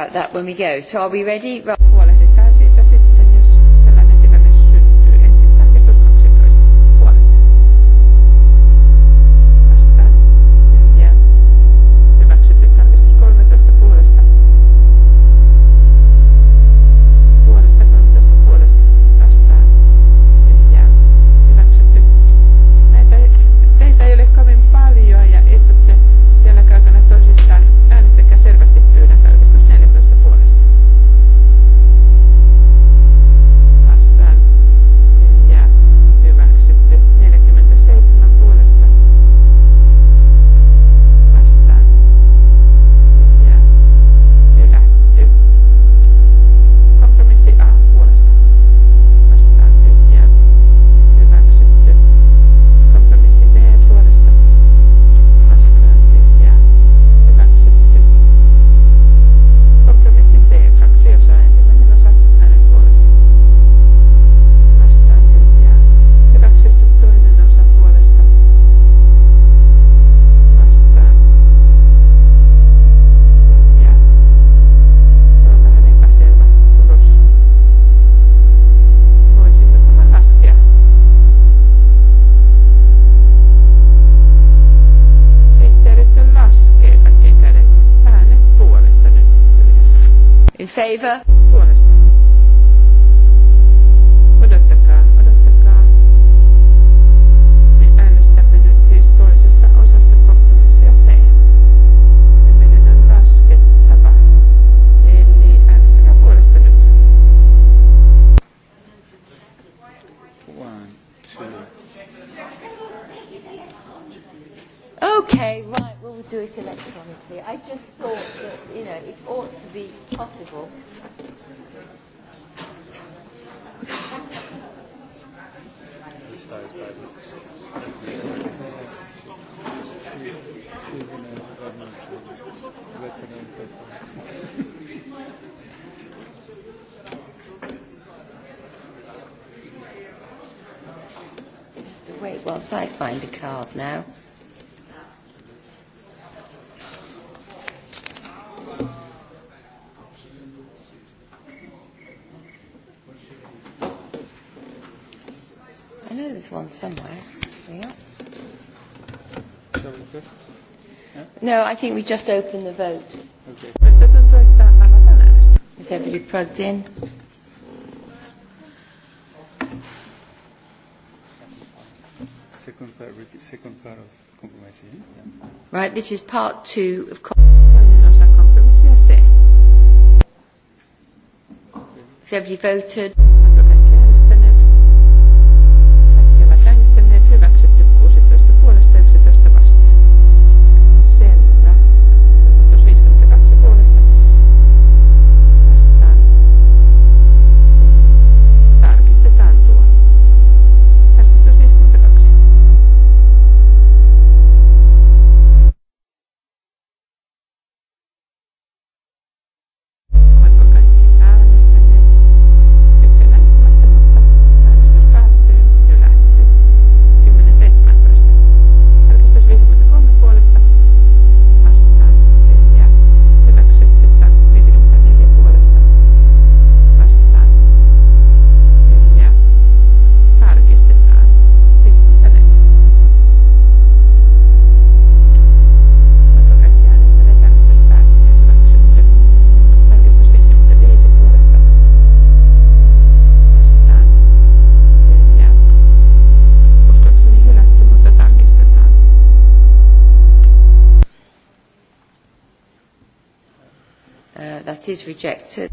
about that when we go. So are we ready? No, I think we just open the vote. Okay. Is everybody plugged in? Second part, second part of compromise. Yeah. Right, this is part two of compromise. osa kompromissia Has everybody voted? is rejected.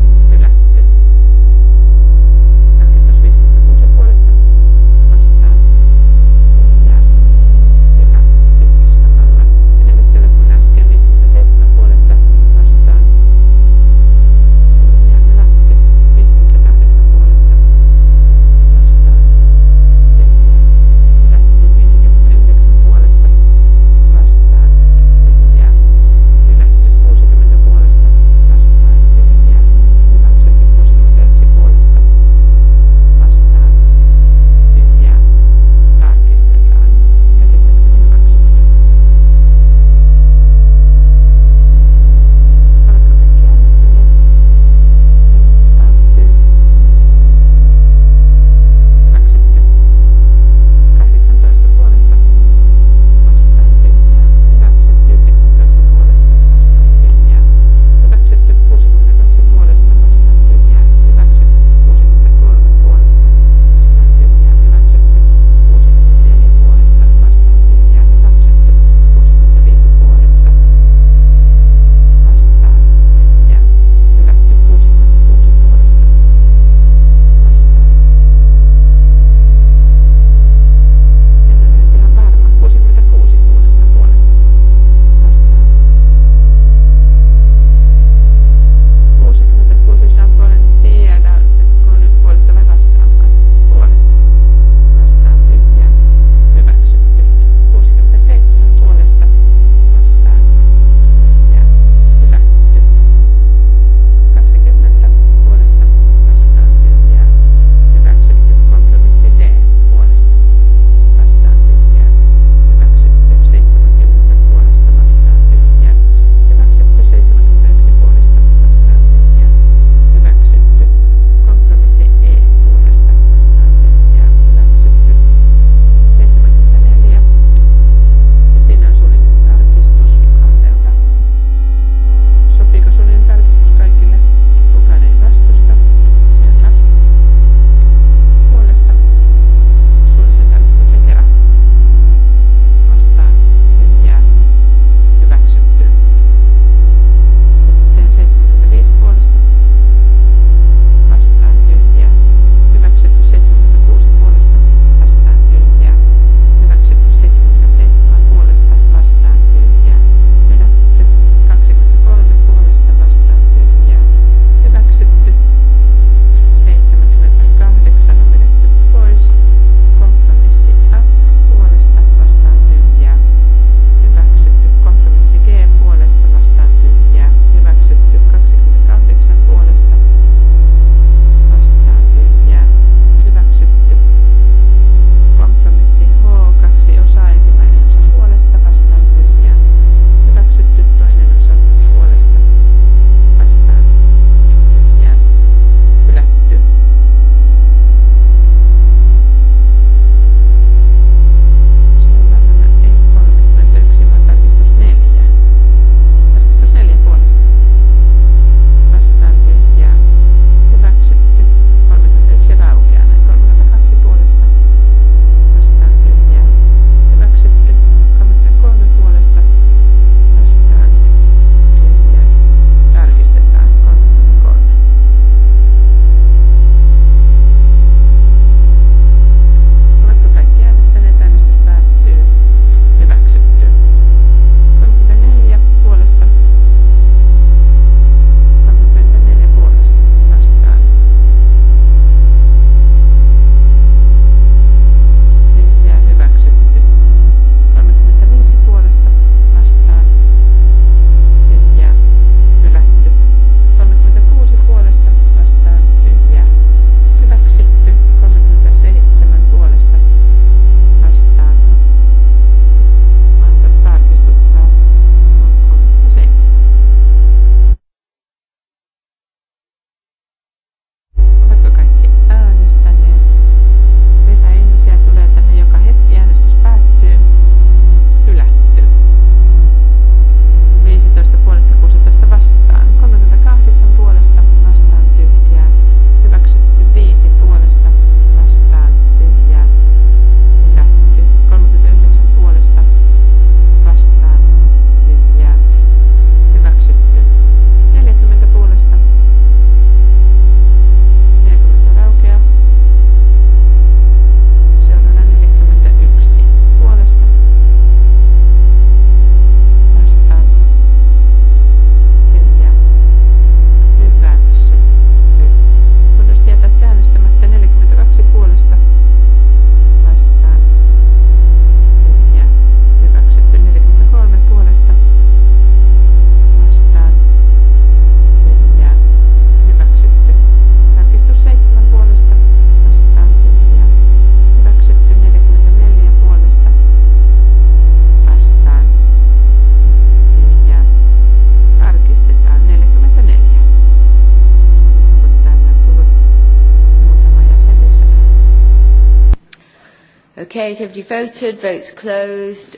Has everybody voted? Votes closed.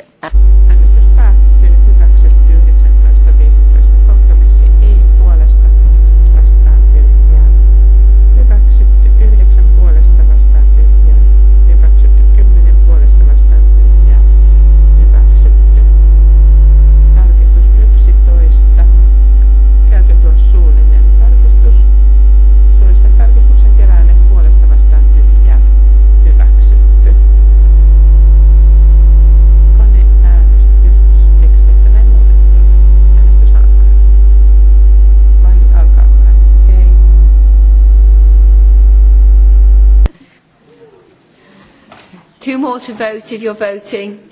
Two more to vote if you are voting.